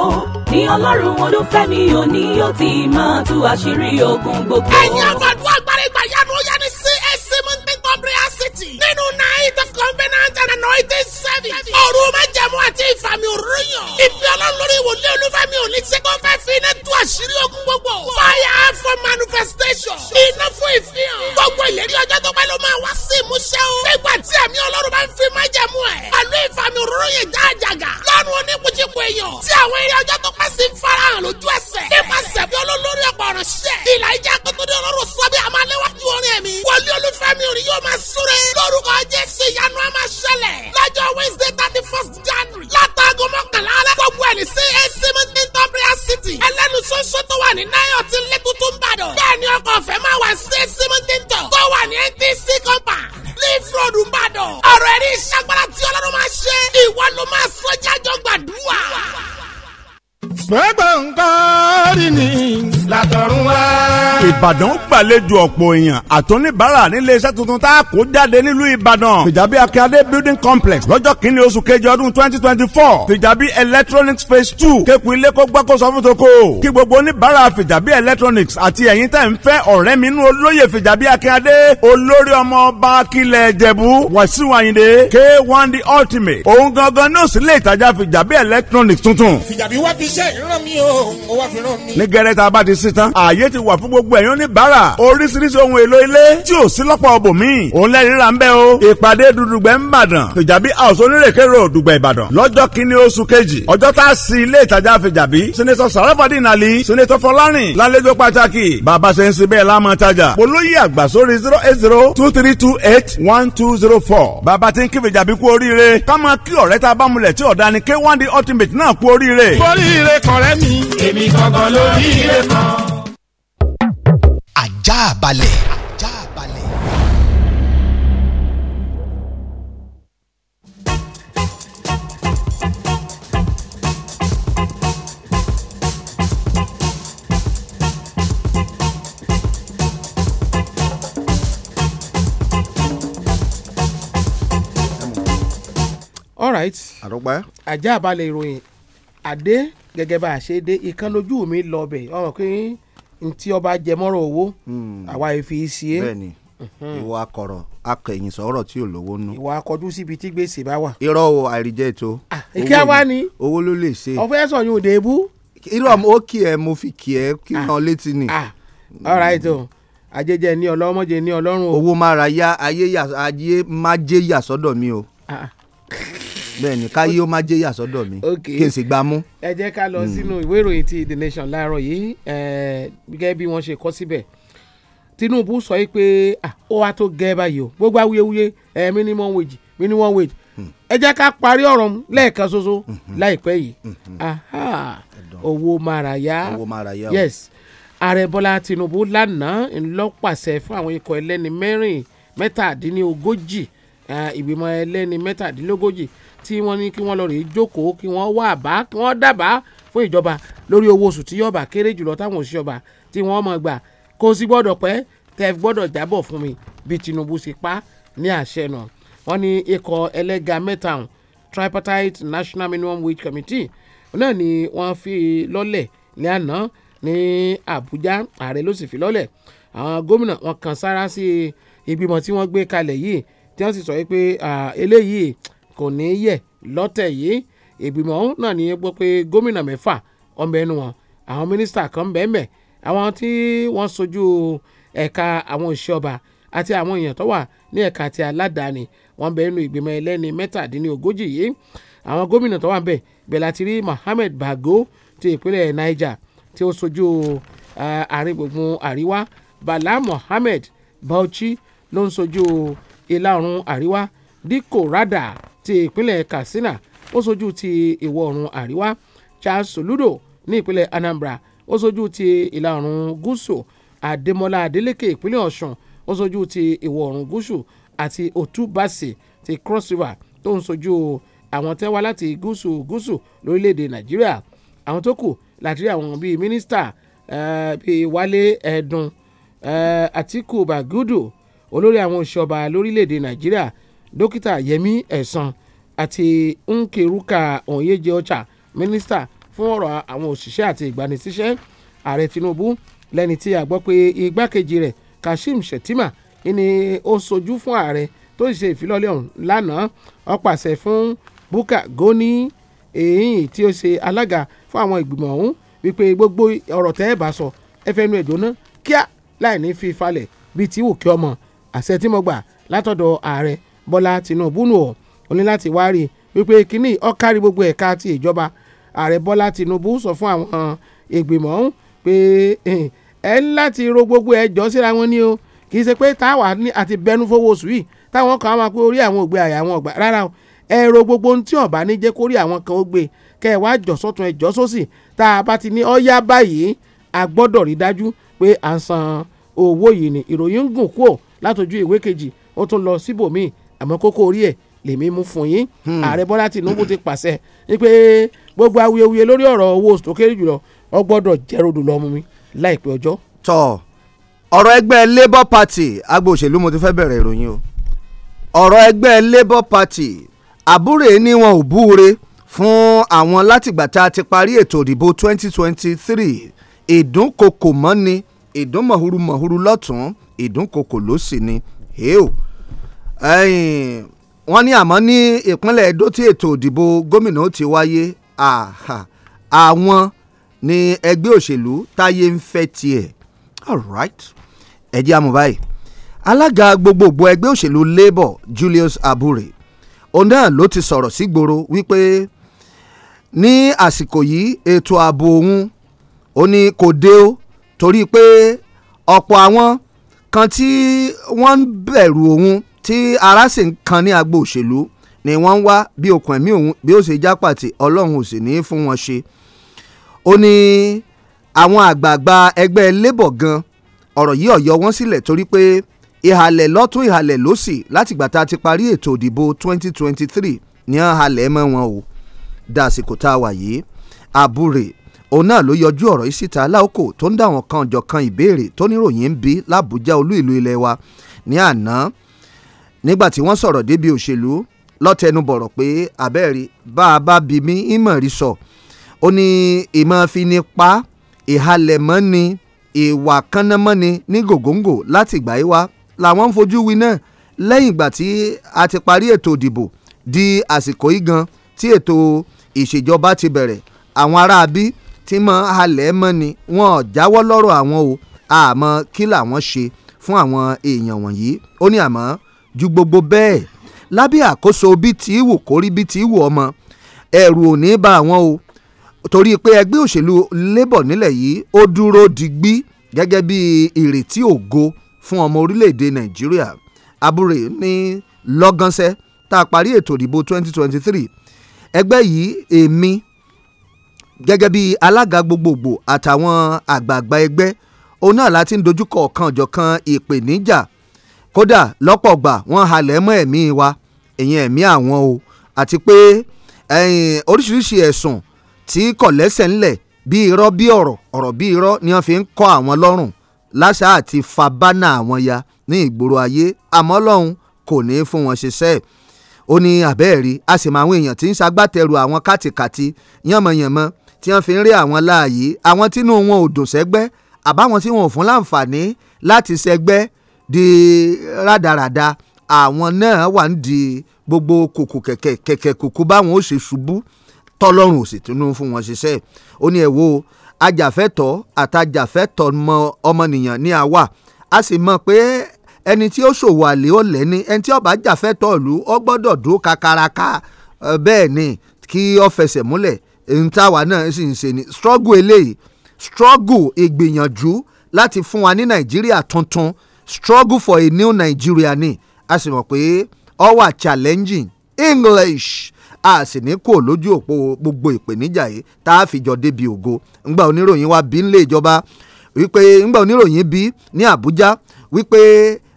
ní ọlọ́run olúfẹ́mi òní yóò ti máa tú àṣírí ogun gbogbo. ẹ̀yin àfàdúrà gbàrẹ́gbà yanu ó yẹ ní CAC mú ní prayer city nínú night of covenant and anointing service. ọ̀run máa àti ìfàmì òróró yàn. ìpè ọlọ́run lórí ìwòlé olúfàmì òní ṣe kó fẹ́ fi iná tú àṣírí ogun gbogbo. fire for manifestation. iná fún ìfihàn. gbogbo ìlérí ọjọ́ tó pẹ́ ló máa wá sí ìmúṣẹ o. nígbà tí àmì ọlọ́run bá ń fi máa jẹ̀mú ẹ̀. pẹ̀lú ìfàmì òróró yẹn já àjàgà. lọ́run oníkùjìkù èèyàn. tí àwọn eré ọjọ́ tó pẹ́ sí ń farahàn lójú ẹsẹ̀. nípasẹ̀ bí olólórí ọ̀pọ̀ ọ̀rọ̀ ṣiṣẹ́. ìlà ìjà kótódé ọlọ́run sọ́bí àmàlẹ́wájú orin ẹ̀mí. wọlé olúfẹ́mi òní yóò máa súre. lórúkọ jésù ìyanu á máa ṣẹlẹ̀. lọ́jọ́ wednesday thirty first january látàgọ́ mọ́kànlá alẹ́ gbogbo ẹ̀ ní CAC mọ́tẹ́ntọ́ prayer city ẹlẹ́nu sọ́sọ́ tó wà ní náírà tí lẹ́tọ́ tó ń bàdàn bẹ́ẹ̀ ni ọkọ̀ ọ̀fẹ́ máa wà CAC mọ́tẹ́ntọ́ tó wà ní NTC compound leaf road ń bàdàn ọ̀rọ̀ ẹ̀rí ìṣàgbára tí ọlọ́run máa ṣe ìwọ ló máa sọ jájọ́ gbàdúrà. gbẹ̀gbẹ̀ nǹkan rí ni látọ̀run wá ìbàdàn gbàlejò ọ̀pọ̀ èèyàn àtúnibàrà nílé iṣẹ́ tuntun tá a kó jáde nílùú ìbàdàn fìjàbí akíade building complex lọ́jọ́ kìíní oṣù kejì ọdún twenty twenty four fìjàbí electronics phase two kékun ilé kó gbọ́ kó sọ fún toko kí gbogbo oníbàárà fìjàbí electronics àti ẹ̀yin tẹ̀ ń fẹ́ ọ̀rẹ́ mi nú olóyè fìjàbí akíade olórí ọmọ ọba kílẹ̀ ìjẹ̀bú wàsíù àyìndé k one the ultimate òun gangan ní òsínlẹ̀ ìtajà fìjàbí electronics tuntun. fìjàbí wá fi iṣẹ́ ìran mi o gbogbo ẹ̀yin oníbàárà oríṣiríṣi ohun èlò ilé tí ò sí lọ́pọ̀ bòmíì òun lẹ́ni rà ń bẹ́ o ìpàdé dùdùgbẹ́ ń bàdàn fìjàbí house onírèké road dùgbẹ́ ìbàdàn lọ́jọ́ kínní oṣù kejì ọjọ́ tá a sí ilé ìtajà fìjàbí sẹ́nẹ́tọ̀ sàràfàdín àlí sẹ́nẹ́tọ̀ fọlárìn lálejò pàtàkì bàbá ṣe ń sin bẹ́ẹ̀ lámọ̀ tajà olóyè àgbà sórí zero eight zero two three two eight one two zero four bàbá ti ń kí fìjàbí kú oríire ká máa kí ọ̀rẹ́ tá bá mulẹ̀ tí ọ̀dà ni k one d ultimate náà kú oríire. oríire kọ̀rẹ́ mi èmi gangan lóríire kan ajá balẹ̀. ajá ajá balẹ̀ ìròyìn adé gẹ́gẹ́ bá a ṣe dé ìkan lójú mi lọ bẹ̀ ọ̀rọ̀ kí ntí ọba jẹmọ́rọ̀ owó hmm. àwa ìfi ṣe é. bẹ́ẹ̀ni ìwọ akọ̀rọ̀ akẹyìn sọ̀rọ̀ tí ò lówó nú. ìwọ akọjú síbi tí gbèsè bá wà. irọ́ o àìríjẹ́ ètò. Ah, ìkí àwa ni owó ló lè ṣe. ọ̀fẹ́ sọ yóò dé bú. irọ́ ó kì ẹ́ mo fi kì ẹ́ kí ah. n létí ni. Ah, alright o ajẹjẹ ní ọlọmọjẹ ní Ọlọ́run o. owó máa ra yá ayé má jẹ́ yà sọ́dọ̀ mi o bẹ́ẹ̀ni káyé ó má jẹ yà sọ́dọ̀ mi kí n sì gbà mú. ẹ jẹ́ ká lọ hmm. sínú ìwé ìròyìn ti the nation láàárọ̀ yìí gẹ́gẹ́ bí wọ́n ṣe kọ́ síbẹ̀ Tinubu sọ yìí pé ah, ó wá tó gẹ́ báyìí o gbogbo awuyewuye minimum wage minimum wage hmm. ẹ jẹ́ ká parí ọ̀rọ̀ mu lẹ́ẹ̀kan ṣoṣo hmm, láìpẹ́ yìí owó márayá yes ààrẹ Bọ́lá Tinubu lánàá ńlọ́pàṣẹ fún àwọn ikọ̀ ẹlẹ́ni mẹ́rin mẹ́tàdínlógójì ìgbìmọ̀ ẹlẹ́ni mẹ́tàdínlógójì tí wọ́n ní kí wọ́n lọ rèé jókòó kí wọ́n wá àbá kí wọ́n dábàá fún ìjọba lórí owó oṣù tí yọ̀ọ̀bà kéré jùlọ táwọn òṣìṣẹ́ ọba tí wọ́n mọ̀ gbà kó sì gbọ́dọ̀ pẹ́ tẹ́ gbọ́dọ̀ jábọ̀ fún mi bí Tinubu ṣe pa ní àṣẹ náà wọ́n ní ikọ̀ ẹlẹ́ga mẹ́ta tripartite national minimum wage committee náà ni wọ́n fi lọ́lẹ̀ ní àná ní Àbújá ààrẹ ló sì fi lọ́lẹ̀ àwọn gómìnà wọn kan sára sí ìgbìmọ̀ tí wọ́n gbé kalẹ̀ yìí tí wọ́n sì sọ pé eléyìí kò ní í yẹ̀ lọ́tẹ̀ yìí ìgbìmọ̀ náà ní gbọ́ pé gómìnà mẹ́fà ọmọ ẹnu wọn àwọn mínísítà kan bẹ́ẹ̀mẹ̀ àwọn tí wọ́n sojú ẹ̀ka àwọn òṣìṣẹ́ ọba àti àwọn èèyàn tó wà ní ẹ̀ka ti aládàáni wọ́n bẹ nínú ìgbìmọ̀ ẹlẹ́ni mẹ́tàdínlógójì yìí àwọn gómìnà tó wà ń bẹ bẹ́ẹ̀ láti rí Mohammed Bago ti ìpínlẹ̀ Niger tí ó sojú àárín gbùngbùn àríwá Bala Mohammed Bauchi ló ń sojú ìlà oòrùn àríwá Diko ti ìpínlẹ̀ Katsina ó sojú ti ìwọ̀ oòrùn àríwá Charles Soludo ní ìpínlẹ̀ Anambra ó sojú ti ìlà oòrùn gúúsù Adémọ́lá Adélékè ìpínlẹ̀ Ọ̀ṣun ó sojú ti ìwọ̀ oòrùn gúúsù àti Òtúbàsì ti Cross River tó ń sojú àwọn tẹ́ wá láti gúúsù gúúsù lórílẹ̀‐èdè Nàìjíríà àwọn tó kù láti rí àwọn bíi mínísítà eh, bíi Wálé Ẹ̀dùn Àtíkù eh, Bàgúdù olórí àwọn òṣìṣọba lórílẹ̀‐èdè Nàìjíríà dókítà yẹmi ẹ̀sán àti nkeruka onyeje ọ̀chà mínísítà fún ọ̀rọ̀ àwọn òṣìṣẹ́ àti ìgbanisíṣẹ́ ààrẹ tinubu lẹ́ni tí a gbọ́ pé igbákejì rẹ̀ kashim shettima ni ó sojú fún ààrẹ tó sì ṣe ìfilọ́lẹ̀ ọ̀hún lánàá ó fún bukka goni èyí tí ó ṣe alága fún àwọn ìgbìmọ̀ ọ̀hún wípé gbogbo ọ̀rọ̀ tẹ́ ẹ bá sọ ẹ fẹ́ nu ẹ̀ jóná kíá láì ní fi falẹ̀ bíi tí wò kí ọmọ àṣẹ tí mo gbà látọ̀dọ̀ ààrẹ Bọ́lá Tinubu nù ọ́ ó ní láti wá rí wípé kínní ọ̀kárí gbogbo ẹ̀ka ti ìjọba ààrẹ Bọ́lá Tinubu sọ fún àwọn ìgbìmọ̀ ọ̀hún pé ẹ ń láti ro gbogbo ẹjọ́ síra wọn ni o kì í ṣe pé táwa àti bẹnu fowó oṣù yìí táwọn kan máa pé orí àwọn ògbé àyà àwọn ọ̀gbà rárá o ẹ ro gbogbo ohun tí ọ̀bá ní jẹ́ kórí àwọn kan ó gbé kẹ́ ẹ wá jọ sọ́tún ẹ jọ sósì tá a bá ti ní ọ́yá báyìí a gbọ́dọ̀ rí dájú pé à ń san owó yìí ni ìròyìn ń gùn kúò látọjú ìwé kejì ó tún lọ síbòmíì àmọ́ kókó orí ẹ̀ lèmi mú fún yín hmm. ààrẹ bọ́lá tìǹbù ti pàṣẹ wípé gbogbo awuyewuye lórí ọ̀rọ̀ owó oṣù tó kéré jùlọ ó gbọ́dọ̀ jẹ́rọ̀dù lọ́mú mi láìpẹ́ ọjọ́. tọ ọ̀rọ̀ ẹgbẹ́ labour party agbo òṣèlú mo ti fẹ́ bẹ̀rẹ̀ ìròyìn o ọ̀rọ̀ ẹgbẹ́ labour party àbúrò ni wọn ò búure fún àwọn látìgbà tá a ti parí ètò ìdìbò 2023 ìdúnkokò mọ́ni ìdúnmọ̀húrú mọ̀húrú lọ́tún ìdúnkokò ló sì ni èèwọ̀ wọ́n ní àmọ́ ní ìpínlẹ̀ Edo tí ètò òdìbò gómìnà ti wáyé àwọn ní ẹgbẹ́ òṣèlú táyé ń fẹ́ tiẹ̀ alright ẹ jẹ́ àmọ́ báyìí alága gbogbogbò ẹgbẹ́ òṣèlú Labour Julius Abure òun náà ló ti sọ̀rọ̀ sígboro wípé ní àsìkò yìí ètò ààbò òun ó ní kò dé o torí pé ọ̀pọ̀ àwọn kan tí wọ́n ń bẹ̀rù òun tí ara sì ń kan ní agbo òṣèlú ni wọ́n ń wá bí okùn ẹ̀mí òun bí ó ṣe jápàtì ọlọ́run ò sì ní í fún wọn ṣe. ó ní àwọn àgbààgbà ẹgbẹ́ labour gan ọ̀rọ̀ yìí ọ̀yọ́ wọn sílẹ̀ torí pé ìhàlẹ̀ lọ́tún ìhàlẹ̀ lọ́sì látìgbà tá a ti parí ètò ìdìbò 2023 ní àhàlẹ̀ mọ́ wọn o dàsìkò tá a wà yìí àbúrè òun náà ló yọjú ọ̀rọ̀ yìí síta láòkò tó ń dá àwọn kan ìbéèrè tó níròyìn ń bí lábújá olú ìlú ilẹ̀ wa ní àná nígbà tí wọ́n sọ̀rọ̀ débi òṣèlú lọ́tẹnubọ̀rọ̀ pé abẹ́rẹ́ bá a bá bí mi ìmọ̀ sọ ó ní ìmọ̀ fi ni pa ìhalẹ̀mọ́ ni ìwà kánámọ́ ni ní gògóńgò láti ìgbà yìí wá làwọn ń fojú wí náà lẹ́yìn ìgbà tí a ti parí ètò ìdìbò di àsìkò yìí gan tí ètò ìṣèjọba ti bẹ̀rẹ̀ àwọn ará bí tí mọ halẹ̀ mọ́ ni wọn ò jáwọ́ lọ́rọ̀ àwọn o àmọ́ kí làwọn ṣe fún àwọn èèyàn wọ̀nyí ó ní àmọ́ ju gbogbo bẹ́ẹ̀ lábẹ́ àkóso bí tí wù kórí bí tí wù ọmọ ẹ̀rù ò ní bá àwọn o torí pé ẹgbẹ́ òṣèlú labour nílẹ̀ yìí ó dúró digbí gẹ́gẹ́ bí ìrètí ògo fún ọmọ orílẹ̀-èdè nàìjíríà abúrè ní lọ́gánṣẹ́ tá a parí ètò ìdìbò 2023 ẹgbẹ́ yìí èmi gẹ́gẹ́ bí alága gbogbogbò àtàwọn àgbààgbà ẹgbẹ́ òun náà láti ń dojúkọ ọ̀kan ọ̀jọ̀kan ìpèníjà e kódà lọ́pọ̀ gbà wọ́n halẹ̀ mọ́ ẹ̀mí wa ìyẹn ẹ̀mí àwọn o àti pé oríṣiríṣi ẹ̀sùn tí kò lẹ́sẹ̀ ńlẹ̀ bí irọ́ bí ọ̀rọ̀ ọ̀rọ̀ bí irọ́ ni wọ́n fi ń kọ́ àwọn lọ́rùn láṣà àti fabánà àwọn ya ní ìgboro ayé àmọ́ Ọlọ́run kò ní í fún wọn ṣiṣẹ́ ó ní àbẹ́ẹ̀rí a sì mọ àwọn èèyàn tí ń ṣagbátẹrù àwọn kátìkàtì yànmọ̀yànmọ́ tí wọ́n fi ń rí àwọn láàyè àwọn tínú wọn ò dùn sẹ́gbẹ́ àbáwọn tí wọn ò fún láǹfààní láti sẹ́gbẹ́ di rádaràda àwọn náà wà ń di gbogbo kòkò kẹ̀kẹ́ kẹ̀kẹ́ kòkó báwọn ó ṣe ṣubú tọ́lọ́run ò sì tún ń fún wọn ṣiṣẹ́ ó ní ẹ̀ wo ajàfẹ́tọ̀ àtàjàfẹ́tọ̀ ọmọnìyàn ní àwa a sì mọ̀ pé ẹni tí ó ṣòwò àlè ó lẹ́ ni ẹni tí ó bá jàfẹ́tọ̀ ìlú gbọ́dọ̀ dúró kakaraka bẹ́ẹ̀ ni kí ó fẹsẹ̀ múlẹ̀ ń náà sì ń ṣe ni struggle eléyìí struggle ìgbìyànjú láti fún wa ní Nàìjíríà tuntun struggle for a new Nigeria ni a sì mọ̀ pé ọ wà challenging English a sì ní kò lójú òpó gbogbo ìpèníjà yìí tá a fìjọ débi ògo ńgbà oníròyìn wa bí nílé ìjọba wípé ńgbà oníròyìn bí ní Àbújá wípé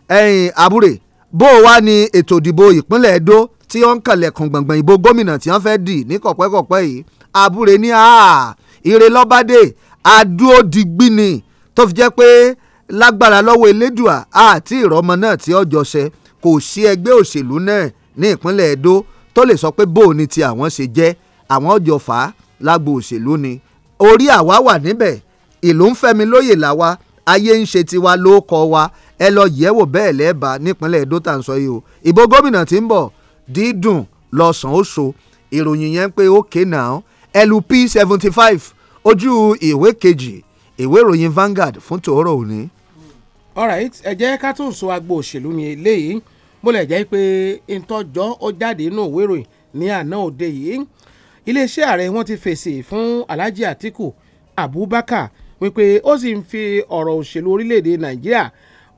ẹ̀yin àbúrè bó o wá ní ètò ìdìbò ìpínlẹ̀ Èdó tí wọ́n ń kànlẹ̀kùn gbọ̀ngbọ̀n ìbò gómìnà tí wọ́n fẹ́ dì ní kọ̀pẹ́kọ̀pẹ́ yìí àbúrè ní àà ire lọ́bàdé àdúró digbí ni tó fi jẹ́ pé lágbára lọ́wọ́ elédùà àti ìrọmọ náà tí ọjọ́ ṣe kò sí ẹgbẹ́ òṣèlú náà ní ìpínlẹ̀ Edo tó lè sọ pé bóun ni ti àwọn ṣe jẹ́ àwọn ọjọ́ fà á lágbo òṣèlú ni orí àwa wà níbẹ̀ ìlú ń fẹ́mi lóyè làwa ayé ń ṣe tiwa ló kọ́ wa ẹ lọ yẹ̀ wò bẹ́ẹ̀ lẹ́ẹ̀bà nípínlẹ̀ Edo tà ń sọ yìí o ìbò gómìnà tí ń bọ̀ dídùn lọ́sàn-án ó so ìròyìn yẹn pé okay now LP seventy five ojú ìwé kejì ìwé ìròyìn Vanguard fún tòórọ̀ òní alright ẹ jẹ́ ká tún so agbo òṣèlú ni eléyìí mo lè jẹ́ pé ntọ́jọ́ ó jáde inú òwe ìròyìn ní àná òde yìí iléeṣẹ́ ààrẹ wọn ti fèsì fún Alhaji Atiku Abubakar wípé ó sì ń fi ọ̀rọ̀ òṣèlú orílẹ̀ Nàìjíríà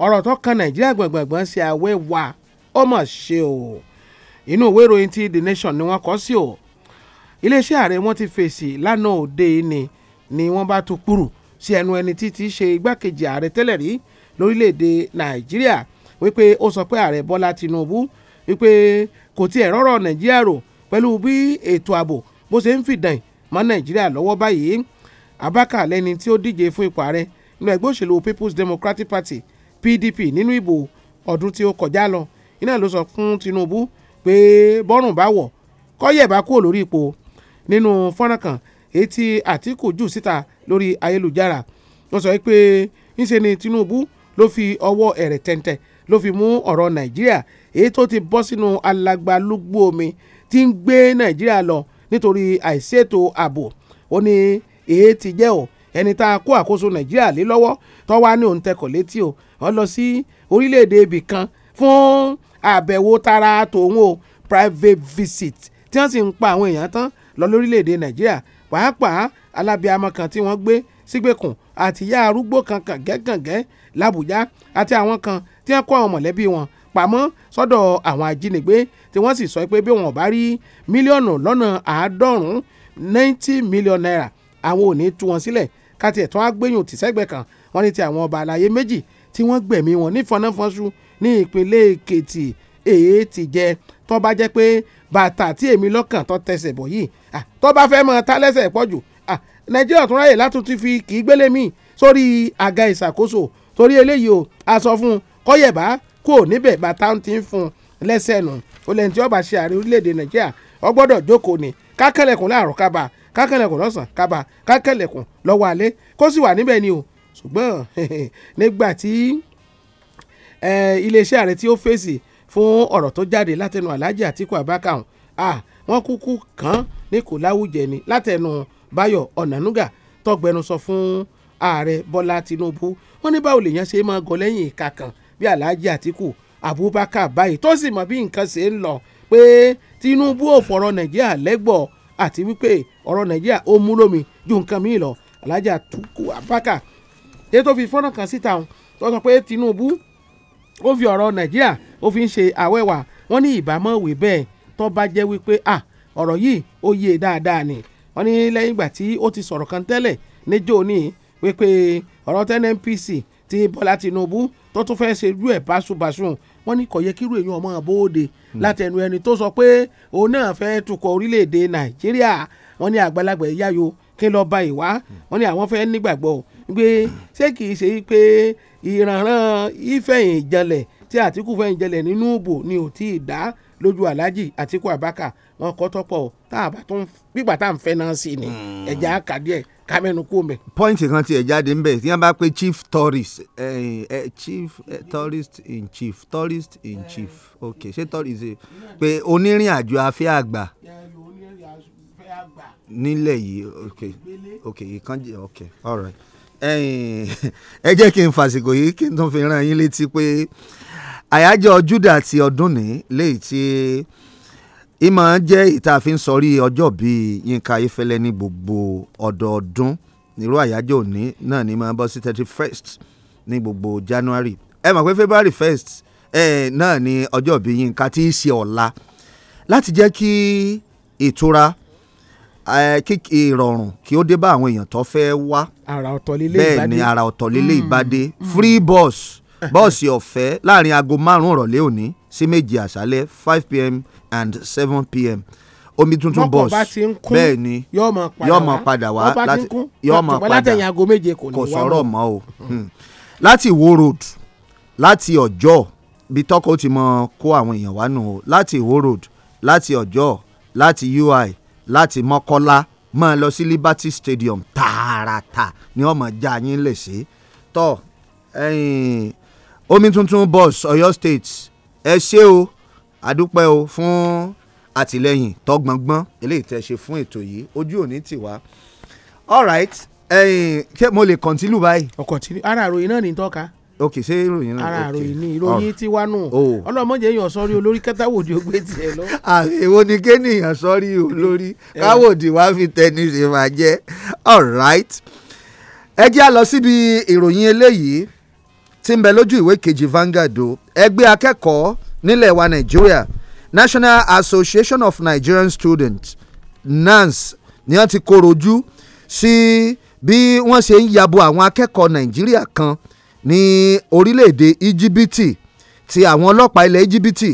ọ̀rọ̀ tó kan Nàìjíríà gbọ̀ngbọ̀ngbọ̀n ṣe àwẹ́ wà ó mà ṣe o inú òwe ìròyìn ti The Nation ni wọ́n kọ sí o iléeṣẹ́ ààrẹ wọn ti fèsì lánàá òde ni ni wọ́n bá tún kúrú sí ẹnu ẹni tí ti ṣe igbákejì ààrẹ tẹ́lẹ̀ lórílẹ̀‐èdè nàìjíríà wípé ó sọ pé ààrẹ bọ́lá tinubu wípé kò tiẹ̀ rọ́rọ̀ nàìjíríà rò pẹ̀lú bí ètò ààbò bó ṣe ń fìdàn mọ́ nàìjíríà lọ́wọ́ báyìí abaka lẹ́ni tí ó díje fún ipò ààrẹ nínú ẹgbẹ́ òṣèlú people's democratic party pdp nínú ìbò ọdún tí ó kọjá lọ iná ló sọ fún tinubu pé bọ́rùn bá wọ̀ kọ́yẹ̀ bá kúrò lórí ipò nínú fọ́nrán kan èyí tí àtìkù jù síta lórí ayélujára wọ́n sọ pé ńṣe ni tinubu ló fi ọwọ́ ẹ̀rẹ̀ tẹ́ntẹ́ ló fi mú ọ̀rọ̀ nàìjíríà èyí tó ti bọ́ sínú alagbalúgbú omi tí ń gbé nàìjíríà lọ nítorí àìṣètò ààbò ó ní èyí ti jẹ́ o ẹni tá a kó àkóso nàìjíríà lé lọ́wọ́ tó wá ní òun tẹkọ̀ létí o ó lọ sí orílẹ̀-èdè ibì kan fún àbẹ̀wò tara tòun o private visit tí wọ́n sì ń pa àwọn èèyàn tán lọ lórílẹ̀‐èdè nàìjíríà pàápàá alábíàmọ kan tí wọ́n gbé sígbèkùn àti ìyá arúgbó kan kàngẹ́kàngẹ́ làbújá àti àwọn kan tí wọ́n kó àwọn mọ̀lẹ́bí wọn pamọ́ sọ́dọ̀ àwọn ajínigbé tí wọ́n sì sọ pé bí wọn bá rí mílíọ̀nù lọ́nà àádọ́rùn-ún ninety million naira àwọn ò ní tú wọn sílẹ̀ káti ẹ̀tọ́ agbẹ́yìn tì sẹ́gbẹ̀ẹ́ kan wọ́n ní ti àwọn ọba àlàyé méjì tí wọ́n gbẹ̀mí wọn ní fọnáfọ́nṣu ní ìpínlẹ̀ èkìtì èyí ti jẹ tó bá jẹ́ pé bàtà tí èmi lọ́kàn tó tẹsẹ̀ bọ̀ yìí tó bá fẹ́ mọ ta lẹ́sẹ̀ pọ̀ jù nàìjíríà tún ráyè látúntún fi kì í gbélé mi sórí àga ìṣàkóso torí eléyìí o a sọ fún un kọ́yẹ̀bá kò níbẹ̀ bàtà ń ti ń fún un lẹ́sẹ̀ nù ó ọba ṣe ààrẹ orílẹ̀-èdè nàìjíríà ó jókòó ni kákẹ́lẹ̀kùn láàárọ̀ kábà kákẹ́lẹ̀kùn lọ́sàn kábà kákẹ́lẹ̀kùn lọ́wọ́ alẹ́ kó sì wà níbẹ̀ ni o ṣùgbọ́n nígbà tí iléeṣẹ́ ààrẹ tí ó fèsì fún ọ̀rọ̀ tó jáde látẹnu alhaji atiku abakar ah wọ́n kúkú kàn ní kò láwùjẹ ni látẹnu bayo onanuga tọgbẹnusọ fún ààrẹ bọ́lá tinubu wọ́n ní báwo lèèyàn ṣe máa gọ lẹ́yìn ìka kan bí alhaji atiku abubakar báyìí tó sì mọ bí nǹkan ṣe ń lọ pé tinubu ò fọ̀rọ̀ nàìjíríà lẹ́gbọ̀ àti wípé ọ̀rọ̀ nàìjíríà ó mú lómi ju nǹkan míì lọ alhaji atiku abubakar ètò fi fọ́nrán kan síta tó sọ pé tinubu ó fi ọ̀rọ̀ nàìjíríà ó fi ń ṣe àwẹ̀wà wọ́n ní ìbámu òwe bẹ́ẹ̀ tó bá jẹ́ wípé à ọ̀rọ̀ yìí ó yé e dáadáa ni wọ́n ní lẹ́yìn ìgbà tí ó ti sọ̀rọ̀ kan tẹ́lẹ̀ níjó ní wípé ọ̀rọ̀ tẹ́lẹ̀ NPC ti Bọ́lá Tinubu tó tún fẹ́ ṣe irú ẹ̀ báṣubàṣu wọ́n ní kò yẹ kí irú èèyàn ọmọ bóde hmm. látẹnu ẹni tó sọ pé òun náà fẹ́ tukọ̀ orílẹ̀-èdè Nàìjíríà wọ́n ní àgbàlagbà ìyáyo kí lọ́ọ́ bá ìwá hmm. wọ́n ní àwọn fẹ́ nígbàgbọ́ pé ṣé kìí ṣe pé ìrànràn ìfẹ̀yìn ìjànlẹ̀ tí Àtíkù fẹ́yìn jẹlẹ̀ nínú ìbò ni ò tí ì dá lójú Alhaji Àtíkù Abubakar wọn kọ́ tọ́pọ̀ tá a bá tó ń pípa tá à ń fẹ́ náà sí ni hmm. ẹ̀já kàdíẹ̀ kámẹ́nukú mẹ́. pọ́ìntì kan tiẹ̀ jáde ńbẹ̀ tí wọ́n bá pe chief tourist eh, eh, chief eh, tourist in chief tourist in chief ok ṣé tourist pé onírìn àjò afẹ́ àgbà nílẹ̀ yìí ok ok ìkànjẹ ok alright ẹ jẹ́ kí n fàsìkò yìí kí n tún fi rán yín létí pé àyájọ́ juda ti ọdún ní léyìí tí ìmọ̀ jẹ́ ìta fi ń sọrí ọjọ́ bíi Yínká Ayéfẹ́lẹ́ ní gbogbo ọdọọdún nírú àyájọ́ òní náà ní máa bọ́ sí thirty first ní gbogbo January ẹ mọ̀ pé February first eh, náà ni ọjọ́ bíi Yínká tí í ṣe ọ̀la láti jẹ́ kí ìtura kí ìrọ̀rùn kí ó dé bá àwọn èèyàn tó fẹ́ wá bẹ́ẹ̀ ni ara ọ̀tọ̀ lílé mm. ìbádé mm. free bus bọ́ọ̀sì ọ̀fẹ́ láàrin aago márùn-ún ìrọ̀lẹ́ òní sí méje àṣálẹ́ five pm and seven pm omi tuntun bọ́ọ̀sì bẹ́ẹ̀ ni yóò máa padà wá yóò máa padà kò sọ̀rọ̀ mọ́ o hmm. Hmm. láti Ìwó road láti ọjọ́ bíi tọ́kọ̀ ti mọ kó àwọn èèyàn wá nù o láti Ìwó road láti ọjọ́ láti UI láti Mọ́kọ́lá máa lọ sí Liberty Stadium tààràtà ni wọ́n máa já yín lè ṣe tọ́ ẹ̀yìn omi tuntun boss Ọ̀yọ́ state ẹ ṣé o àdúpẹ́ o fún àtìlẹ́yìn tọ́gbọ̀ngbọ́n eléyìí tẹ́ ṣe fún ètò yìí ojú òní tì wá alright ẹyin ṣé mo lè kọ̀ntínú báyìí. o kọ̀ntínú ara àròyìn náà ní tọ́ka. ok ṣé ìròyìn náà. ara àròyìn ni ìròyìn ti wá nù. ọlọ́mọdé èèyàn sọ́rí olórí kẹtàwòdì ó gbé tiẹ̀ lọ. àwo ni kéèyàn sọ́rí olórí eh. káwòdì wá fi tẹni ṣe máa jẹ́ alright ẹ jẹ́ à síbi ìròyìn eléyìí tí ń bẹ lójú ìwé kejì Vanguard o ẹgbẹ́ akẹ́kọ̀ọ́ nílẹ̀ wa Nàìjíríà National Association of Nigerian Students NANS ni wọ́n ti korojú sí bí wọ́n ṣe ń yabo àwọn akẹ́kọ̀ọ́ Nàìjíríà kan ní orílẹ̀-èdè Íjíbítì tí àwọn ọlọ́pàá ilẹ̀ Íjíbítì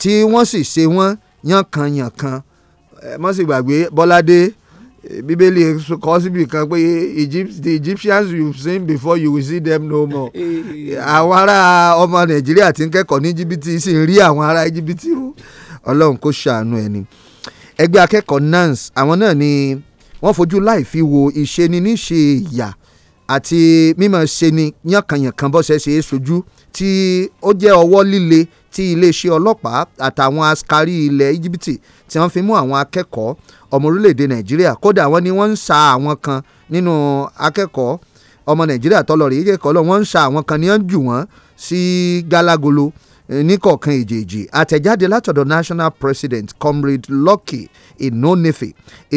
tí wọ́n sì ṣe wọ́n yànkanyànkan ẹ mọ́ sì gbàgbé Bọ́ládé bíbélì kọ síbi kan pé the egyptians you seen before you will see them no more àwọn ará ọmọ nàìjíríà ti ń kẹ́kọ̀ọ́ ní jìbìtì sì ń rí àwọn ará jìbìtì o ọlọ́run kò ṣàánú ẹni ẹgbẹ́ akẹ́kọ̀ọ́ nans àwọn náà ni wọ́n fojú láì fi wo ìṣeni níṣe ìyà àti mímọ̀ ṣeni yànkànyànkàn bọ́sẹ̀ ṣe é sojú. So tí ó jẹ́ ọwọ́ líle tí iléeṣẹ́ ọlọ́pàá àtàwọn askari ilẹ̀ íjíbítì tí wọ́n fi mú àwọn akẹ́kọ̀ọ́ ọmọ orílẹ̀-èdè nàìjíríà kódà wọ́n ní wọ́n ń sa àwọn kan nínú akẹ́kọ̀ọ́ ọmọ nàìjíríà tọ́lọ̀ rèé kẹ́kọ̀ọ́ lọ wọ́n ń sa àwọn kan ní wọ́n jù wọ́n sí galagolo níkọ̀ọ̀kan èjèèjì àtẹ̀jáde látọ̀dọ̀ national president comrade Lucky Inonefe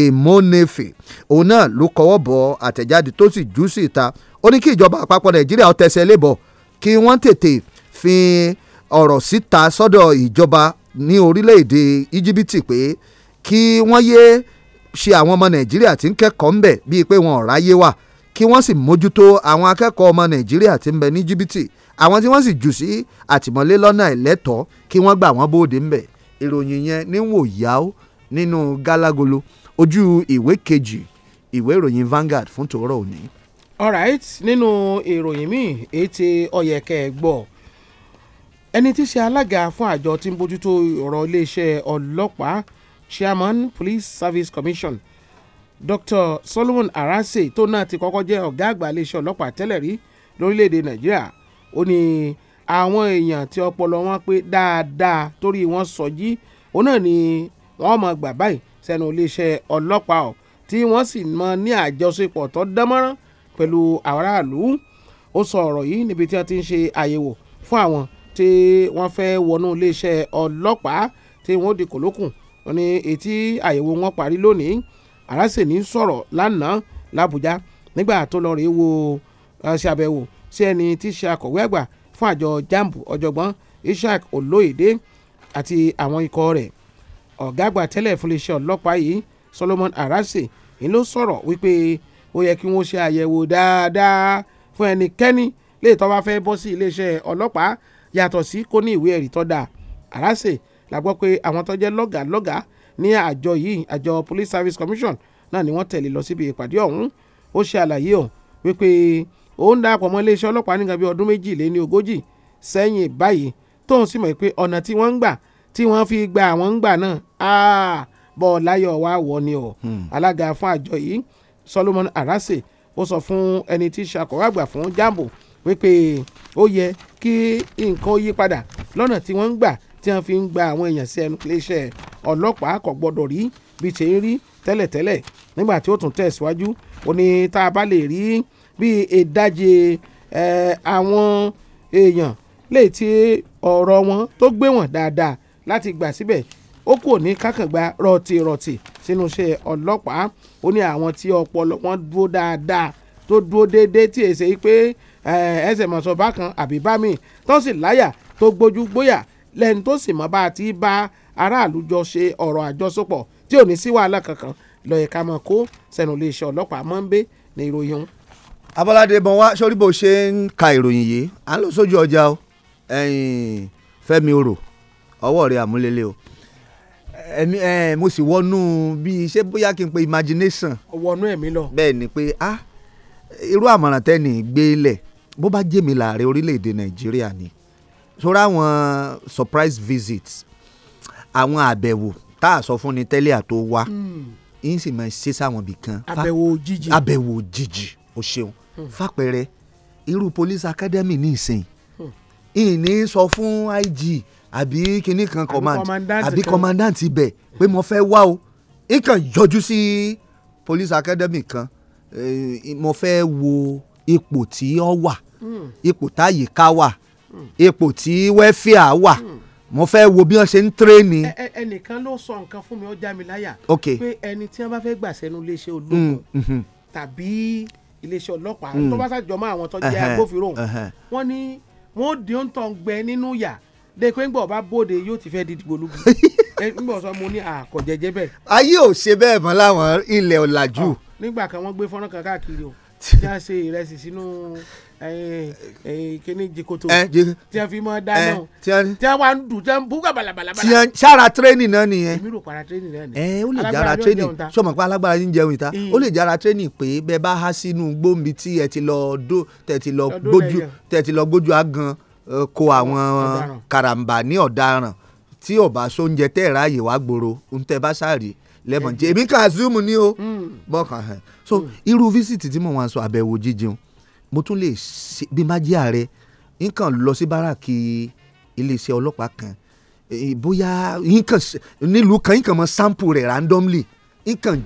Emonefe òun náà ló kọwọ́ bọ àtẹ̀jáde tó sì jù sí ìta ó ní kí ìjọba àpapọ̀ nàìjíríà ó tẹsẹ̀ kí wọ́n tètè fi ọ̀rọ̀ síta sọ́dọ̀ ìjọba ní orílẹ̀-èdè íjíbítì pé kí wọ́n yé ṣe àwọn ọmọ nàìjíríà tí ń kẹ́kọ̀ọ́ ńbẹ̀ bíi pé wọn ò ráyé wà kí wọ́n sì mójútó àwọn akẹ́kọ̀ọ́ ọmọ nàìjíríà tí ń bẹ ní íjíbítì àwọn tí wọ́n sì jù sí àtìmọ́lé lọ́nà ẹ̀lẹ́tọ̀ọ́ kí wọ́n gbà wọ́n bóde ńbẹ̀ ìròyìn yẹn níwò yáó nínú gálágolo ojú ìwé kejì ìwé ìròyìn Vanguard fún tòórọ́ òní alright nínú ìròyìn míì èyí tí ọ̀yẹ̀kẹ́ gbọ́ ẹni tí í ṣe alága fún àjọ tí ń bójútó ọ̀rọ̀ iléeṣẹ́ ọlọ́pàá chairman police service commission dr solomon arase tó náà ti kọ́kọ́ jẹ́ ọ̀gá àgbà iléeṣẹ́ ọlọ́pàá tẹ́lẹ̀ rí lórílẹ̀‐èdè nàìjíríà ó ní àwọn èèyàn tí ọpọlọ wọn pé dáadáa torí wọn sọjí òun náà ni wọn mọ gbà báyìí sẹ́nu iléeṣẹ́ ọlọ́pàá ọ̀ tí wọ́n sì mọ ní àjọṣepọ̀ tó dánmọ́rán pẹ̀lú àwọn aráàlú ó sọ ọ̀rọ̀ yìí níbi tí wọ́n ti ń ṣe àyẹ̀wò fún àwọn tí wọ́n fẹ́ wọnú iléeṣẹ́ ọlọ́pàá tí wọ́n di kòlókùn wọn ni etí àyẹ̀wò wọn parí lónìí Arásèní sọ̀rọ̀ lánàá làbújá nígbà tó lọ rèé wo ṣàbẹ̀wò sí ẹni tí ṣe akọ̀wé àgbà fún àjọ jambu ọ̀jọ̀gbọ́n Ishaq Olóyèdè àti àwọn ikọ̀ rẹ̀ ọ̀gá àgbà tẹ́lẹ̀ fún iléeṣẹ́ ọlọ́pàá yìí Solomon Arase ni ló sọ̀rọ̀ wípé ó yẹ kí wọ́n ṣe àyẹ̀wò dáadáa fún ẹnikẹ́ni léè tó bá fẹ́ bọ́ sí iléeṣẹ́ ọlọ́pàá yàtọ̀ sí kó ní ìwé ẹ̀rí tó dáa àràsè la gbọ́ pé àwọn tó jẹ́ lọ́gàá lọ́gàá ní àjọ yìí àjọ police service commission náà ni wọ́n tẹ̀lé lọ síbi ìpàdé ọ̀hún ó ṣe àlàyé ọ̀ wípé òun darapọ̀ mọ́ iléeṣẹ́ ọlọ́pàá nígbà bíi ọdún méjì lé ní ogójì sẹ́yìn báyìí tóun sì mọ̀ pé ọ̀nà tí wọ́n ń gbà tí wọ́n fi gba àwọn ń gbà náà bọ̀ láyọ̀ wá wọ̀ ni ọ̀ hmm. alága fún àjọ yìí Solomon Arase ó sọ fún ẹni tí í ṣe akọ̀wé àgbà fún jambo wípé ó yẹ kí nǹkan ó yí padà lọ́nà tí wọ́n ń gbà tí wọ́n fi ń gba àwọn èèyàn sí ẹnu iléeṣẹ́ ọlọ́pàá kò gbọ́dọ̀ rí bí ṣe ń rí tẹ́lẹ̀tẹ́lẹ̀ nígbà tí ó tún tẹ̀síwájú ó ní tá a bá lè rí bí ìdajì àwọn èèyàn léè tí ọ̀rọ̀ wọn tó gbé wọn dáadáa láti gbà síbẹ̀ ó kò ní kákàngbà rọ̀tìrọ̀tì sínú iṣẹ́ ọlọ́pàá ó ní àwọn tí ọpọlọ wọn dúró dáadáa tó dúró déédéé tí èsè pé ẹsẹ̀ mọ̀sán bákan àbí bámi tó sì láyà tó gbójú gbóyà lẹ́ni tó sì mọ̀ bá a ti bá aráàlú jọ ṣe ọ̀rọ̀ àjọsọpọ̀ tí ò ní sí wàhálà kankan lọ́yẹ̀ ká mọ̀ kó sẹ́nu iléeṣẹ́ ọlọ́pàá mọ́ńbé ní ìròyìn òun. abọ́ládé bọ́n wá sórí bó ṣe ń ka ìròyìn yìí à ń lọ sójú ọjà o fẹ́mi orò ọwọ́ rẹ̀ àmúlélẹ́ o ẹ̀mí ẹ̀ mo sì wọnú bí iṣẹ́ bóyá kí n pe imagination. wọnú ẹ̀mí lọ. bẹ́ẹ̀ ni pé ah irú àmọ̀ràn tẹ́ni gbé lẹ̀ bó bá jẹ́ mi láàrin orílẹ̀-èdè nàìjíríà ni sórí àwọn surprise visits àwọn àbẹ̀wò tá a sọ fún ni tẹ́lẹ̀ àtó wá hmm. yín sì máa ṣe sáwọn ibì kan. àbẹ̀wò òjijì àbẹ̀wò òjijì o ṣeun hmm. fàpẹẹrẹ irú police academy ní ìsìn hmm. ìní sọ fún IG àbí kinní kan command àbí commandant ibẹ̀ pé mo fẹ́ wá o nǹkan yọjú sí police academy kan eh, mo fẹ́ wo ipò tí ọ wà hmm. ipò táyìíká wà ipò tí wẹ́fíà wà hmm. mo fẹ́ wo bí wọ́n ṣe ń tírẹ́ẹ̀nì. ẹnìkan ló sọ nǹkan fún mi ó já mi láyà pé ẹni tí wọ́n bá fẹ́ gbà sẹ́nu iléeṣẹ́ hmm, ológun mhm. tàbí iléeṣẹ́ ọlọ́pàá tó bá ṣàjọmọ́ àwọn tó jẹ́ agbófinró wọ́n ní wọ́n ó di oúntàn gbẹ nínú yà de pé ńgbọ̀ bá bóde yóò ti fẹ́ di gbòlúgbò ńgbọ̀ sọ mo ní àkọ̀jẹ̀jẹ̀ bẹ́ẹ̀. ayé ò ṣe bẹ́ẹ̀ mọ́ láwọn ilẹ̀ ọ̀làjú. Ah, nígbà kan wọ́n gbé fọ́nrán kan káàkiri o tí a ṣe ìrẹsì sínú kíní jikoto tí a fi mọ dáná tí a wà ń dùn tí a ń bú ká balabala. tí a sára tírénì náà nìyẹn. èmi rò para tírénì náà ni. ẹ ó lè jára tírénì sọmọ pé alágbára yín jẹun ìta ó lè jára tírénì pé bẹ́ẹ̀ bá há sínú gbòmbi tí ẹ ti lọ gbójú àgàn kó àwọn karambà ní ọ̀daràn tí ò bá sóúnjẹ tẹ́ ẹ̀ ráàyè wá gbòòrò ń bá sáàrì lẹ́mọ̀n jẹ́ èmi kà zoom ni o bọ́kàn mm. hàn so mm. irú visit tí mo wá sọ àbẹ̀wò jíjẹun mo tún lè ṣe bí má jẹ́ ààrẹ nǹkan lọ sí báràkì iléeṣẹ́ ọlọ́pàá kan bóyá nǹkan nílùú kan nǹkan mọ sample rẹ̀ randomly nǹkan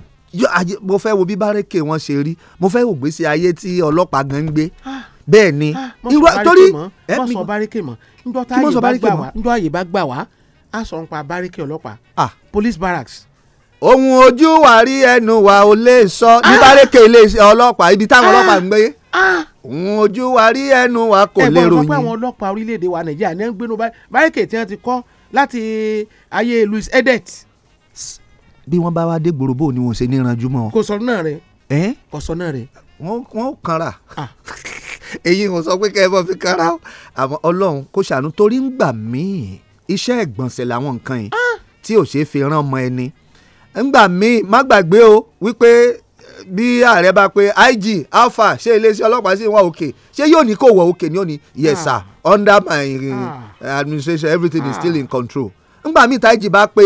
mo fẹ́ wo bí báràkì wọn ṣe rí mo fẹ́ wo gbèsè ayé tí ọlọ́pàá gan ń gbé. Ah bẹ́ẹ̀ ni ah, irú torí ẹ sọ báríkì mọ njọ tá àyè bá gbà wá njọ àyè bá gbà wá a sọ nípa báríkì ọlọ́pàá police barracks. ohun ojú wa rí ẹnu wa ò lè sọ ní ah. báríkì iléeṣẹ́ ọlọ́pàá ibi táwọn ah. ọlọ́pàá ń gbé òun ojú wa rí ẹnu wa kò lè ròyìn. ẹ̀gbọ́n sọ pé àwọn ọlọ́pàá orílẹ̀-èdè wa nàìjíríà ní ẹ̀ ń gbénu báríkì tí wọ́n ti kọ́ láti ayé Louis Edet. bí wọ́n bá wá dé gbòròbó ni wọ́n ṣe ní ìranjú mọ́. kò sọ náà rẹ̀. kò sọ náà rẹ̀. wọ́n kanra eyín ò sọ pé kẹ́ ẹ bọ́ fi kára o àmọ́ ọlọ́run kò ṣàánú torí ń gbà míì iṣẹ́ ìgbọ̀nsẹ̀ làwọn nǹkan yìí ah! tí ò ṣeé fi rán mọ ẹni ńgbà míì má gbàgbé o wípé eh, bí ààrẹ bá pe IG alpha ṣé iléeṣẹ́ ọlọ́pàá sì wà òkè ṣé yóò ní kó wọ òkè ni ó ní yes sir ah. under my eh, ah. administration everything is still in control ńgbà míì tá IG bá pe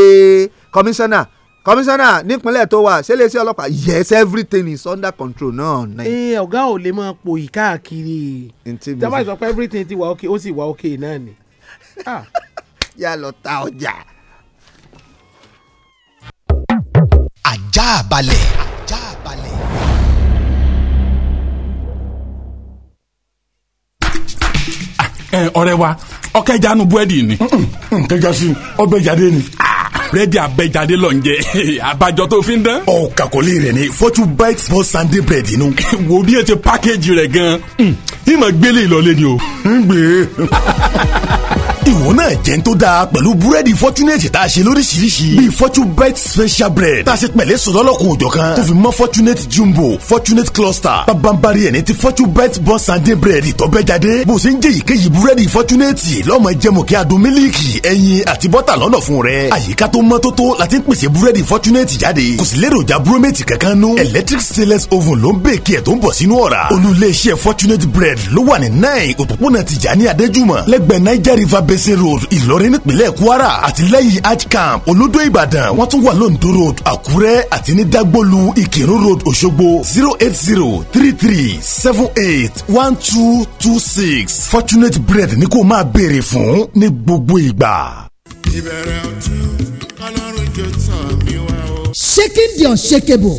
commissioner kọmíṣánná nípínlẹ̀ tó wà ṣé iléeṣẹ́ ọlọ́pàá yes everything is under control náà ni. ẹ ọ̀gá ò lè máa pòyì káàkiri tábà sọ pé everything ti wà ok ó sì wà ok náà ni. Ah. yà lọ ta ọjà. ajá balẹ̀. ajá balẹ̀. Ah, ọ̀rẹ́ wa ọkẹ́ jánu búrẹ́dì ni. nkẹ́jà mm, sí ọbẹ̀ ni ah, búrẹ́dì abẹ́jáde lọ ń jẹ abajọ tó fi ń dán. ọ kàkọ́lé rẹ̀ ni fortune bites for sunday bread inú. wo bí ẹ ti pákéjì rẹ̀ gan-an hmm, ìmọ̀ gbélé ìlọlẹ́ ni o. ń gbé ìwọ náà jẹ́ ń tó dáa pẹ̀lú búrẹ́dì fọ́túnẹ̀tì tá a ṣe lóríṣiríṣi bíi fortune bite special bread tá a ṣe pẹ̀lẹ́ sọ̀dọ́lọ́kun òjọ̀ kan tó fi mọ́ fortunate jumbo fortunate cluster pabambari ẹni tí fortune bite bọ́ sunday bread ìtọ́bẹ́jáde bó ṣe ń jẹ́ ìkéyìí búrẹ́dì fọ́túnẹ̀tì lọ́mọ jẹ́mu kí adùn mílíìkì ẹyin àti bọ́tà lọ́nà fún rẹ àyíká àyíká tó mọ́ tótó la ti ń pèsè búrẹ́dì fọ́túnẹ́tì jáde kò sì léròjà búrómẹ́tì kankan nú electric stainless oven ló ń bèèkì ẹ̀ tó ń bọ̀ sínú ọ̀rá olùléeṣẹ́ fortunate bread ló wà ní nine òpópónà tìjàní adéjúmọ̀ lẹ́gbẹ̀ẹ́ niger river basin road ìlọrin nípínlẹ̀ kwara àti lẹ́yìn hajj camp olódó ìbàdàn wọ́n tún wà lóńdó road àkúrẹ́ àti ní dagbolu ìkírun road òṣogbo zero eight zero three three seven eight one two two six fortunate bread ní kò máa béèrè fún ní gbogbo ìgbà ìbẹ̀rẹ̀ ọdún ọlọ́run jò tàn mí wá o. shaking the unshakable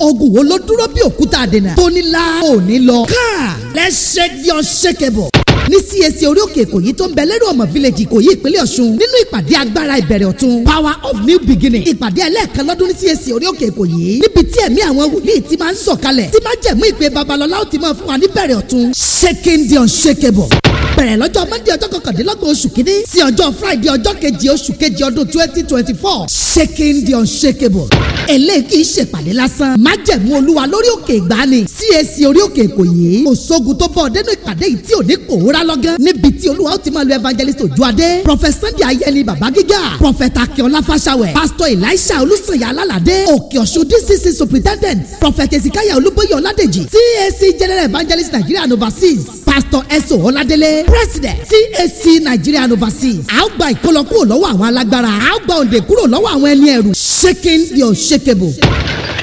ogun wo ló dúró bí òkúta àdènà tó ní la ò ní lọ káà let's shake the unshakable ní CAC orí òkè ìkòyí tó ń bẹ lẹ́rù ọmọ village ìkòyí ìpínlẹ̀ ọ̀ṣun nínú ìpàdé agbára ìbẹ̀rẹ̀ ọ̀tun power of new beginning ìpàdé ẹlẹ́ẹ̀kan lọ́dún ní CAC orí òkè ìkòyí níbi tí ẹ̀mí àwọn wòlíì ti máa ń sọ̀kalẹ̀ tí máa jẹ̀mú ìpè babalọ́lá ó ti máa fún wa níbẹ̀rẹ̀ ọ̀tun shaking the unshakable bẹ̀rẹ̀ lọ́jọ́ mọ́ndé ọjọ́ kọkàndínlọ́gbọ̀n oṣù kínní sí ọjọ́ friday ọjọ́ kejì oṣù kejì ọdún twenty twenty four shaking the unshakable eléyìí kì í ṣèpàdé lásán májẹ̀mú olúwa lórí òkè ìgbani CAC orí òkè ìkòyí òṣogun tó bọ̀ dénú ìpàdé yìí tí ò ní pòórá lọ́gán níbi tí olúwa ó ti máa lo evangelist ojuade prophet sunday ayẹni baba gíga prophet akínọlá fàṣàwẹ̀ pastor elisha olùsànyà alálàdé òkè ọ̀ṣun dcc superintendent prophet ezekiah olúbóyè ọládèjì CAC general evangelist nigeria and overseas pastor eso ọládélé president CAC Nigeria and overseas a ó gba ìkọlọ́kù lọ́wọ́ àwọn alágbára a ó gba òǹdè kúrò lọ́wọ́ àwọn ẹni ẹ̀rù shaking the unshakable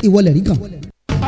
ìwọlẹ̀ rí kan.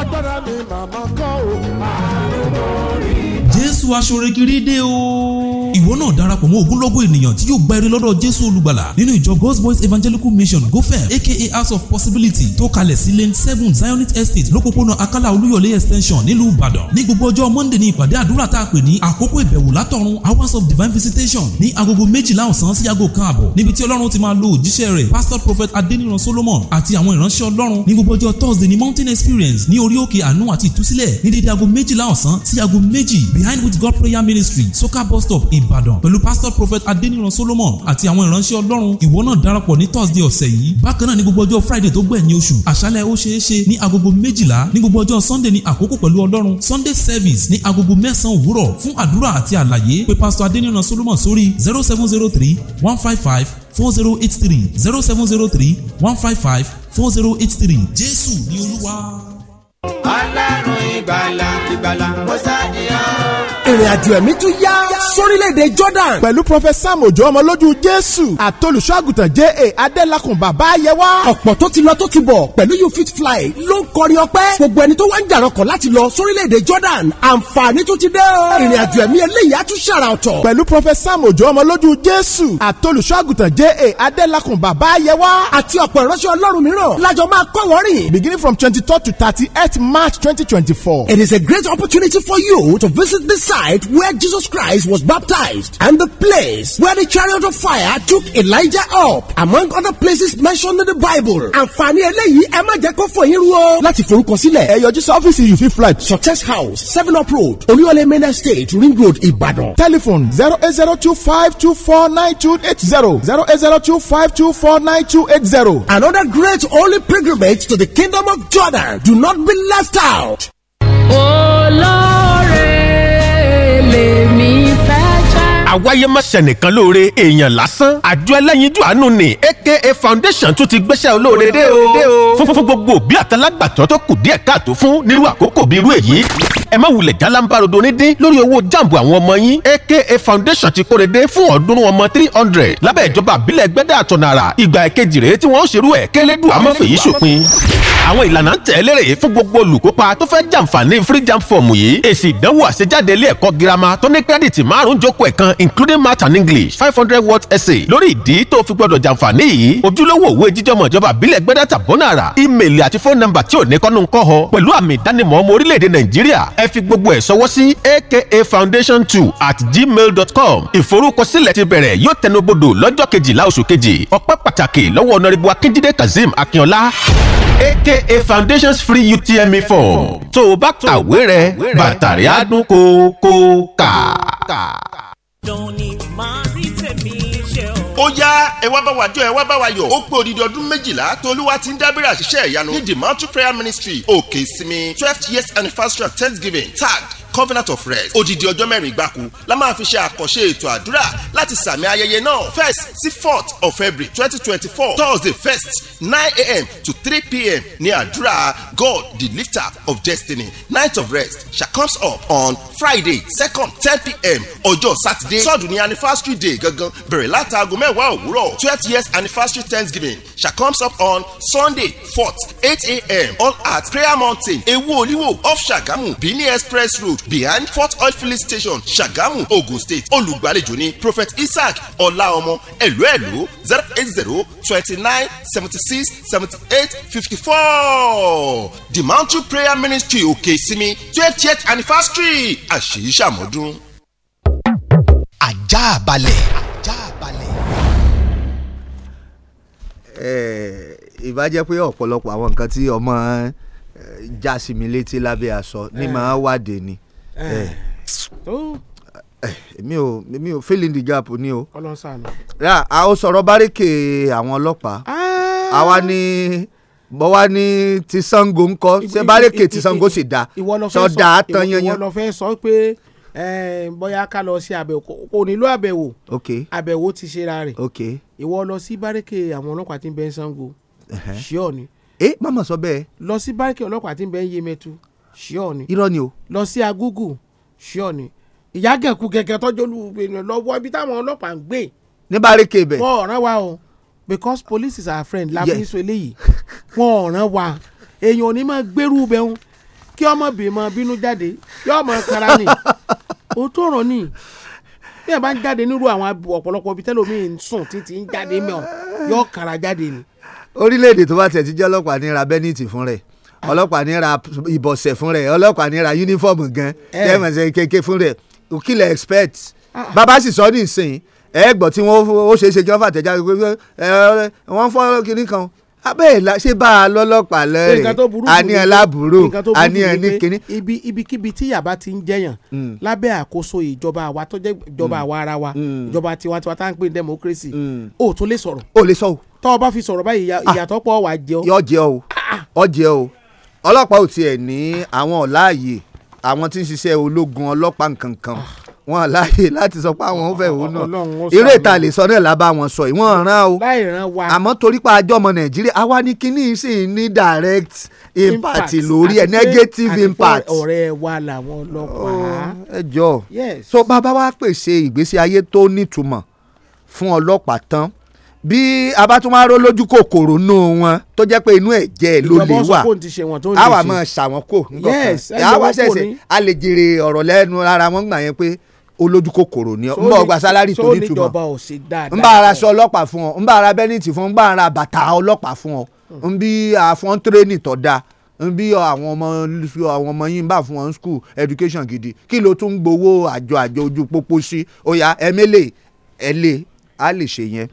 agbára mi màmá kọ́ ò máa ń lórí. Jésù aṣorekiri dé o ìwọ náà darapọ̀ mọ́ ogunlọ́gọ̀ ènìyàn tí yóò gba ire lọ́dọ̀ jésù olùgbàlà nínú ìjọ god's voice evangelical mission gofem aka house of possibility tó kalẹ̀ sí lane seven zionist estate lópópónà akálà olúyọ̀lé extension nílùú ìbàdàn ní gbogbo ọjọ́ monday ní ìpàdé àdúrà tá a pè ní àkókò ìbẹ̀wò látọ̀run hours of divine visitation ní agogo méjìlá ọ̀sán sí aago kan àbọ̀ níbi tí ọlọ́run ti máa lo òjíṣẹ́ rẹ̀ pastor prophet adeniran solomon àti àwọn ìránṣẹ́ ọlọ́run ní gbogbo ọjọ́ thursday ní mountain experience ní orí òkè àánú àti ìtúsílẹ̀ ní dédé aago méjìlá ọ̀sán sí aago méjì behind with god prayer ministry soka bus stop ìbàdàn ìbàdàn pẹ̀lú pastor prophet adeniran solomon àti àwọn ìránṣẹ́ ọlọ́run ìwọ náà darapọ̀ ní thursday ọ̀sẹ̀ yìí bákan náà ní gbogbo ọjọ́ friday tó gbẹ̀yìn oṣù àṣálẹ̀ ó ṣeé ṣe ní agogo méjìlá ní gbogbo ọjọ́ sunday ní àkókò pẹ̀lú ọlọ́run sunday service ní agogo mẹ́sàn-án òwúrọ̀ fún àdúrà àti àlàyé pé pastor adeniran solomon sórí zero seven zero three one five five four zero eight three zero seven zero three one five five four zero eight three jésù ni olúwa. ọlọ́run ìgbàlà ìgbàlà mọ́sáàdì ọ̀hún ìrìn àjò ẹ̀mí tún yá sórílẹ̀-èdè Jordan pẹ̀lú Professor Mojo ọmọlójú Jésù àtolùṣọ́àgùtàn J.A. Adélakùn bàbá Ayẹwà. ọ̀pọ̀ tó ti lọ tó ti bọ̀ pẹ̀lú You Fit Fly ló ń kọrin ọpẹ́ gbogbo ẹni tó wá ń jàrọ̀kọ̀ láti lọ sórílẹ̀-èdè Jordan àǹfààní tó ti dé ìrìn àjò ẹ̀mí eléyìí á tún ṣàrà ọ̀tọ̀. pẹ̀lú Professor Mojo ọmọlójú Jésù àtolùṣọ́àgùtàn J.A. site where Jesus Christ was baptized and the place where the chariot of fire took Elijah up, among other places mentioned in the Bible. And finally, ẹ má jẹ́ kó fò yín you o. Láti forúkọsílẹ̀, just yọjú sí ọ́fíìsì yìí fi Success House, Seven Up Road, Olúyọ̀lé Main Estate, Ring Road, Ìbàdàn. Telephone zero eight zero two five two four nine two eight zero zero eight zero two five two four nine two eight zero. Another great holy pilgrimage to the kingdom of Jordan. Do not be left out. Oh Lord. àwáyé má ṣẹnìkan lóore èèyàn lásán àjọ ẹlẹ́yinjú àánú ni aka foundation tún ti gbéṣẹ́ olóore dé o fún fún gbogbo òbí àtàlágbàtọ́ tó kù díẹ̀ káàtó fún nírú àkókò bíi irú èyí ẹ má wulẹ̀ jálámbárodo ní dín lórí owó jàǹbù àwọn ọmọ yín aka foundation ti kórede fún ọ̀ọ́dúnrún ọmọ three hundred lábẹ́ ìjọba àbílẹ̀ gbẹ́dẹ́ àtọ̀nàrà ìgbà ẹ̀kejì rèé tí wọ́n ń ṣerú ẹ̀ kélédù àmọ́fèyí ṣòpin àwọn ìlànà ń tẹ̀lé rèé fún gbogbo olùkópa tó fẹ́ jàǹfààní free jam form yìí èsì ìdánwò àṣejáde ilé ẹ̀kọ́ girama tó ní kírẹ́dìtì márùn-ún jókòó ẹ̀kan including math and english five hundred word essay lórí ìdí tó fi gbọdọ̀ jàǹfààní yìí ojúlówó òwe jíjọmọ̀ ìjọba àbílẹ̀ gbẹ́dẹ́ tàbọ̀nàrà ímeèlì àti fóònù nọ́mbà tí ò ní kọ́nù ń kọ́ ọ pẹ̀lú àmì ìdánimọ̀ ọmọ orílẹ̀-èdè nàìjíríà ẹ fi gbogbo ẹ̀ ṣọwọ́ sí akafoundation2 at gmail.com ìforúkọsílẹ̀ ti bẹ̀rẹ̀ yóò tẹnubodò lọ́jọ́ kejìlá oṣù kejì ọpẹ́ pàtàkì lọ́wọ́ ọ̀nàrẹ́bù akíndídé kazeem akínọlá aka foundations free utme form tó o bá kàwé rẹ bàtàrí àdún kò kò kà. don't need my reason me ó yá ẹ wá bá wa jọ ẹ wá bá wa yọ̀ ó pé odidi ọdún méjìlá tolúwa ti ń dábìrì àṣìṣe ìyanu ní the mountain prayer ministry òkè ìsinmi twelve years anniversary of thanksgiving tag covenant of rest odidi ọjọ́ mẹ́rin gbáko la máa fi ṣe àkànṣe ètò àdúrà láti sàmì ayẹyẹ náà first sí fourth of february twenty twenty four thursday first nine a.m. to three p.m. ní àdúrà god the lifter of destiny night of rest shall comes up on friday second ten p.m. ọjọ́ saturday sọ́ọ̀dù ní anniversary day gangan bẹ̀rẹ̀ látàgò mẹ́wàá òwúrọ̀ Twelfth years anniversary thanksgiving shall comes up on sunday fourth eight a.m. all at prayer mountain ewu oliwo off sagamu benin express road behind Fort Oil filling station Ṣàgámù Ogun State olùgbàlejò ní Prophet Isaac Ọláọmọ ẹ̀lúẹ̀lú zero eight zero twenty nine seventy six seventy eight fifty four The Mountain Prayer Ministry Òkè Ìsinmi twentieth anniversary àṣeyí ṣàmọ́dún. Ajá balẹ̀. Ajá balẹ̀. ìbájẹ́ pé ọ̀pọ̀lọpọ̀ àwọn nǹkan tí ọmọ já sí mi létí lábẹ́ aṣọ ní màá wádìí ni. Eh, Eh. Eh. Eh, èmi ò èmi ò failing the gap ni o. ọlọ́run ṣàánú. ra a ó sọ̀rọ̀ báríkè àwọn ọlọ́pàá ah. àwa ni bọ́ wá ní ti Ṣàngó ńkọ́ ṣé báríkè ti Ṣàngó sì da sọ da tán yanyan. ìwọ lọ fẹ́ sọ pé bóyá ká lọ sí àbẹ̀wò kò nílò àbẹ̀wò àbẹ̀wò ti ṣe ra rẹ̀ ìwọ lọ sí báríkè àwọn ọlọ́pàá tí ń bẹ ń Ṣàngó ṣíọ ni. ẹ má sọ bẹ́ẹ̀. lọ sí báríkè ọlọ́pàá tí ń bẹ ń ṣíọ ni irọ́ ni o lọ sí agúgù ṣíọ ni ìyá gẹ̀kú gẹ̀gẹ̀ tọ́jú olùgbènà lọ́wọ́ ibi táwọn ọlọ́pàá ń gbé. ní bárẹ́kẹ̀ bẹ́ẹ̀. wọn ò rán wa o because police is our friend láfi ń sọ eléyìí wọn ò rán wa èèyàn ò ní máa gbérú bẹ́ẹ̀ kí ọmọbìnrin máa bínú jáde yóò máa kara ni òótọ́ ọ̀rọ̀ ni bí ẹ bá ń jáde nírú àwọn ọ̀pọ̀lọpọ̀ ibi tẹ́lómi ń sùn títí ń jáde mẹ́ọ̀ yóò kara jáde ni. orílẹ̀-èdè tó bá tẹ̀ ti jẹ́ ọlọ́pàá ní ra fún rẹ̀ ọlọ́pàá ní ra ìbọ̀sẹ̀ fún rẹ̀ ọlọ́pàá ní ra yúnífọ̀mù gan eh. tẹ́mọ̀ sẹ́ kéke fún rẹ̀ o kí lẹ̀ expect ah, ah. bàbá sì sọ ní ìsìn ẹ gbọ́ tí wọ́n ó ṣeé ṣe kí wọ́n fàtẹ̀jáde pé wọ́n fọ́ kínní kan abẹ́ ìlà ṣé bá a lọ́lọ́pàá lẹ́rẹ̀ àníyàn lábúrò àníyàn ní kínní. ibi ibikíbi tí yàrá ti ń jẹyàn hmm. lábẹ́ àkóso ìjọba àwa tó jẹ́ ìjọba hmm. àwa ara wa hmm. ìjọba tiwantiwa tá à ń pè ní democracy o tó lè sọ̀rọ̀. tọ́ ọ bá fi sọ̀rọ̀ báyìí ìyàtọ̀ ah. pọ̀ wá jẹ́ o. jẹ́ o jẹ́ o ọlọ́pàá ò tiẹ̀ ní àwọn ọ̀láàyè àwọn tí ń ṣiṣẹ́ ológun ọlọ́pàá nkankan wọn láàyè láti sọ pé àwọn ò fẹ́ òun náà eré ìta lè sọ náà lábá wọn sọ ìwọ̀n ràn o àmọ́ torí pé àjọ ọmọ nàìjíríà àwa ni kínní sì ní direct impact lórí ẹ̀ negative impact. ọ̀rẹ́ wa làwọn ọlọ́pàá. Oh, ẹ so bàbá wa pèsè ìgbésí ayé tó nítumọ̀ fún ọlọ́pàá tán bí a bá tún wá ró lójú kòkòrò nù wọn tó jẹ́ pé inú ẹ̀jẹ̀ ló lè wà á wà mọ̀ ṣàwọn kò nǹkan á wà ṣẹ̀ṣẹ̀ a lè jèrè ọ̀rọ̀ lẹ́nu ara wọn gbà yẹn pé olójú kòkòrò ni ọ ń bọ̀ gba sálárì tó nítumọ̀ ń bá ara aṣọ ọlọ́pàá fún ọ ń bá ara bẹ́nìtì fún ọ ń bá ara bàtà ọlọ́pàá fún ọ ń bí àfọ́n tírénì tó dáa ń bí àwọn ọmọ àwọn ọmọ yín bá fún wọn school education gidi kí ló tún gbowó àjọ àjọ ojú pópó sí ó yá ẹ̀mẹ́lẹ̀ ẹ̀lẹ́ á lè ṣe yẹn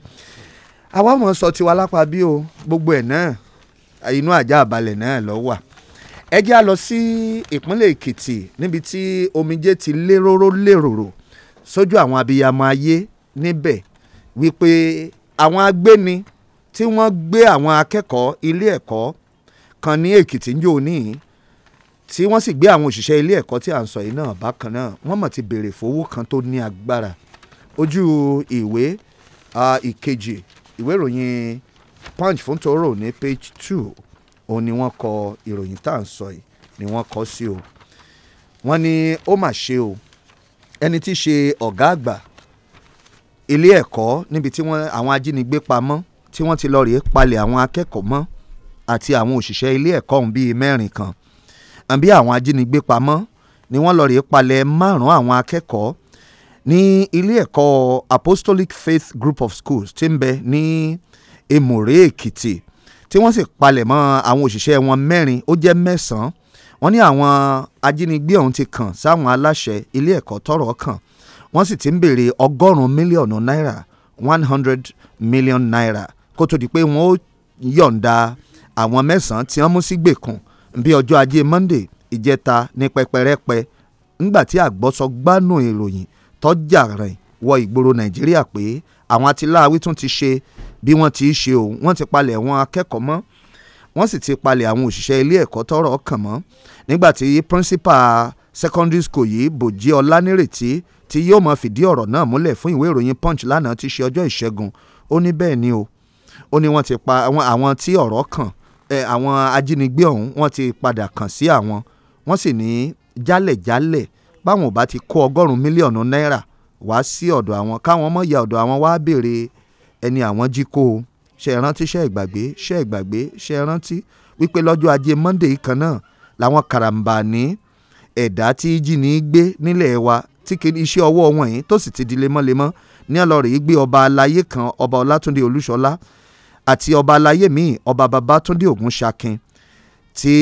àwa mọ̀ sọ tiwa lápá bí o gbogbo ẹ̀ náà inú àjà àbalẹ̀ náà lọ wà ẹ jẹ́ a lọ sí ìpínlẹ̀ Èkìtì níbi tí omijé ti léròrò léròrò sójú àwọn abiyamọ ayé níbẹ̀ wípé àwọn agbéni tí wọ́n gbé àwọn akẹ́kọ̀ọ́ ilé ẹ̀kọ́ kan ní Èkìtì ń jò níyì tí wọ́n sì gbé àwọn òṣìṣẹ́ ilé ẹ̀kọ́ tí à ń sọ yìí náà bákan náà wọ́n mọ̀ ti béèrè fowó kan tó ní agbára ojú ìwé ìkejì ìwé ìròyìn punch fún tòró ní page two òun ni wọ́n kọ ìròyìn tá à ń sọ yìí ni wọ́n kọ sí o wọ́n ní ó mà ṣe o ẹni tí í ṣe ọ̀gá àgbà ilé ẹ̀kọ́ níbi tí àwọn ajínigbé pamọ́ tí wọ́n ti lọ rèé palẹ̀ àwọn akẹ́kọ̀ọ́ mọ́ àti àwọn òṣìṣẹ́ ilé ẹ̀kọ́ ọ̀hún bíi mẹ́rin kan àbí àwọn ajínigbé pamọ́ ni wọ́n lọ rèé palẹ̀ márùn-ún àwọn akẹ́kọ̀ọ́ ní ilé ẹ̀kọ́ Apostolic Faith Group of Schools tí ń bẹ ní Èmùrè Èkìtì tí wọ́n sì palẹ̀mọ́ àwọn òṣìṣẹ́ wọn mẹ́rin ó jẹ́ mẹ́sàn-án wọ́n ní àwọn ajínigbé ọ̀hún ti kàn sáwọn aláṣẹ ilé ẹ̀kọ́ tọ́rọ̀ kàn wọ́n sì ti ń béèrè ọgọ́rùn-ún mílíọ̀nù náírà one hundred million naira kó tó di pé wọ́n ó yọ̀ǹda àwọn mẹ́sàn-án tí wọ́n mú sí gbèkùn bí ọjọ́ ajé Monday ìjẹta ní pẹpẹrẹpẹ ńgbà tí àgbọ̀sọgbánú ìròyìn tọ́jà rìn wọ ìgboro nàìjíríà pé àwọn atiláwí tún ti ṣe bí wọ́n ti ṣe òun wọ́n ti palẹ̀ wọn akẹ́kọ̀ọ́ mọ́ wọ́n sì ti palẹ̀ àwọn òṣìṣẹ́ ilé ẹ̀kọ́ tọ́rọ̀ kàn mọ́ nígbà tí principal secondary school yìí bòjí ọlánírètí tí yóò mọ fìdí ọ̀rọ̀ náà múlẹ̀ fún ìwé ìròyìn punch lánàá ti ṣe ọjọ́ ìṣẹ́gun ó ní bẹ́ẹ̀ ni o ó ní wọ́n ti pa àwọn tí ọ̀rọ̀ kàn àwọn ajínigbé ọ̀hún wọ́n ti padà kàn sí àwọn wọ́n sì ní jálẹ̀jálẹ̀ báwọn ò bá ti kó ọgọ́rùn-ún mílíọ̀nù náírà wá sí ọ̀dọ̀ àwọn káwọn mọ̀ ya ọ̀dọ̀ àwọn wá béèrè ẹni àwọn jí kó o ṣe é rántí ṣe é gbàgbé ṣe é gbàgbé ṣe é rántí wípé lọ́jọ́ ajé monday kan náà làwọn karambani ẹ̀dá tí jíni gbé nílẹ̀ wa tí kì í ṣe ọwọ́ wọn yìí tó sì ti di lemọ́lemọ́ ní ọlọ́rẹ̀ gbé ọba aláyé kan ọba ọlátúndé olúṣọlá àti ọba aláyé míì ọba babátúndé ògúnṣakin tí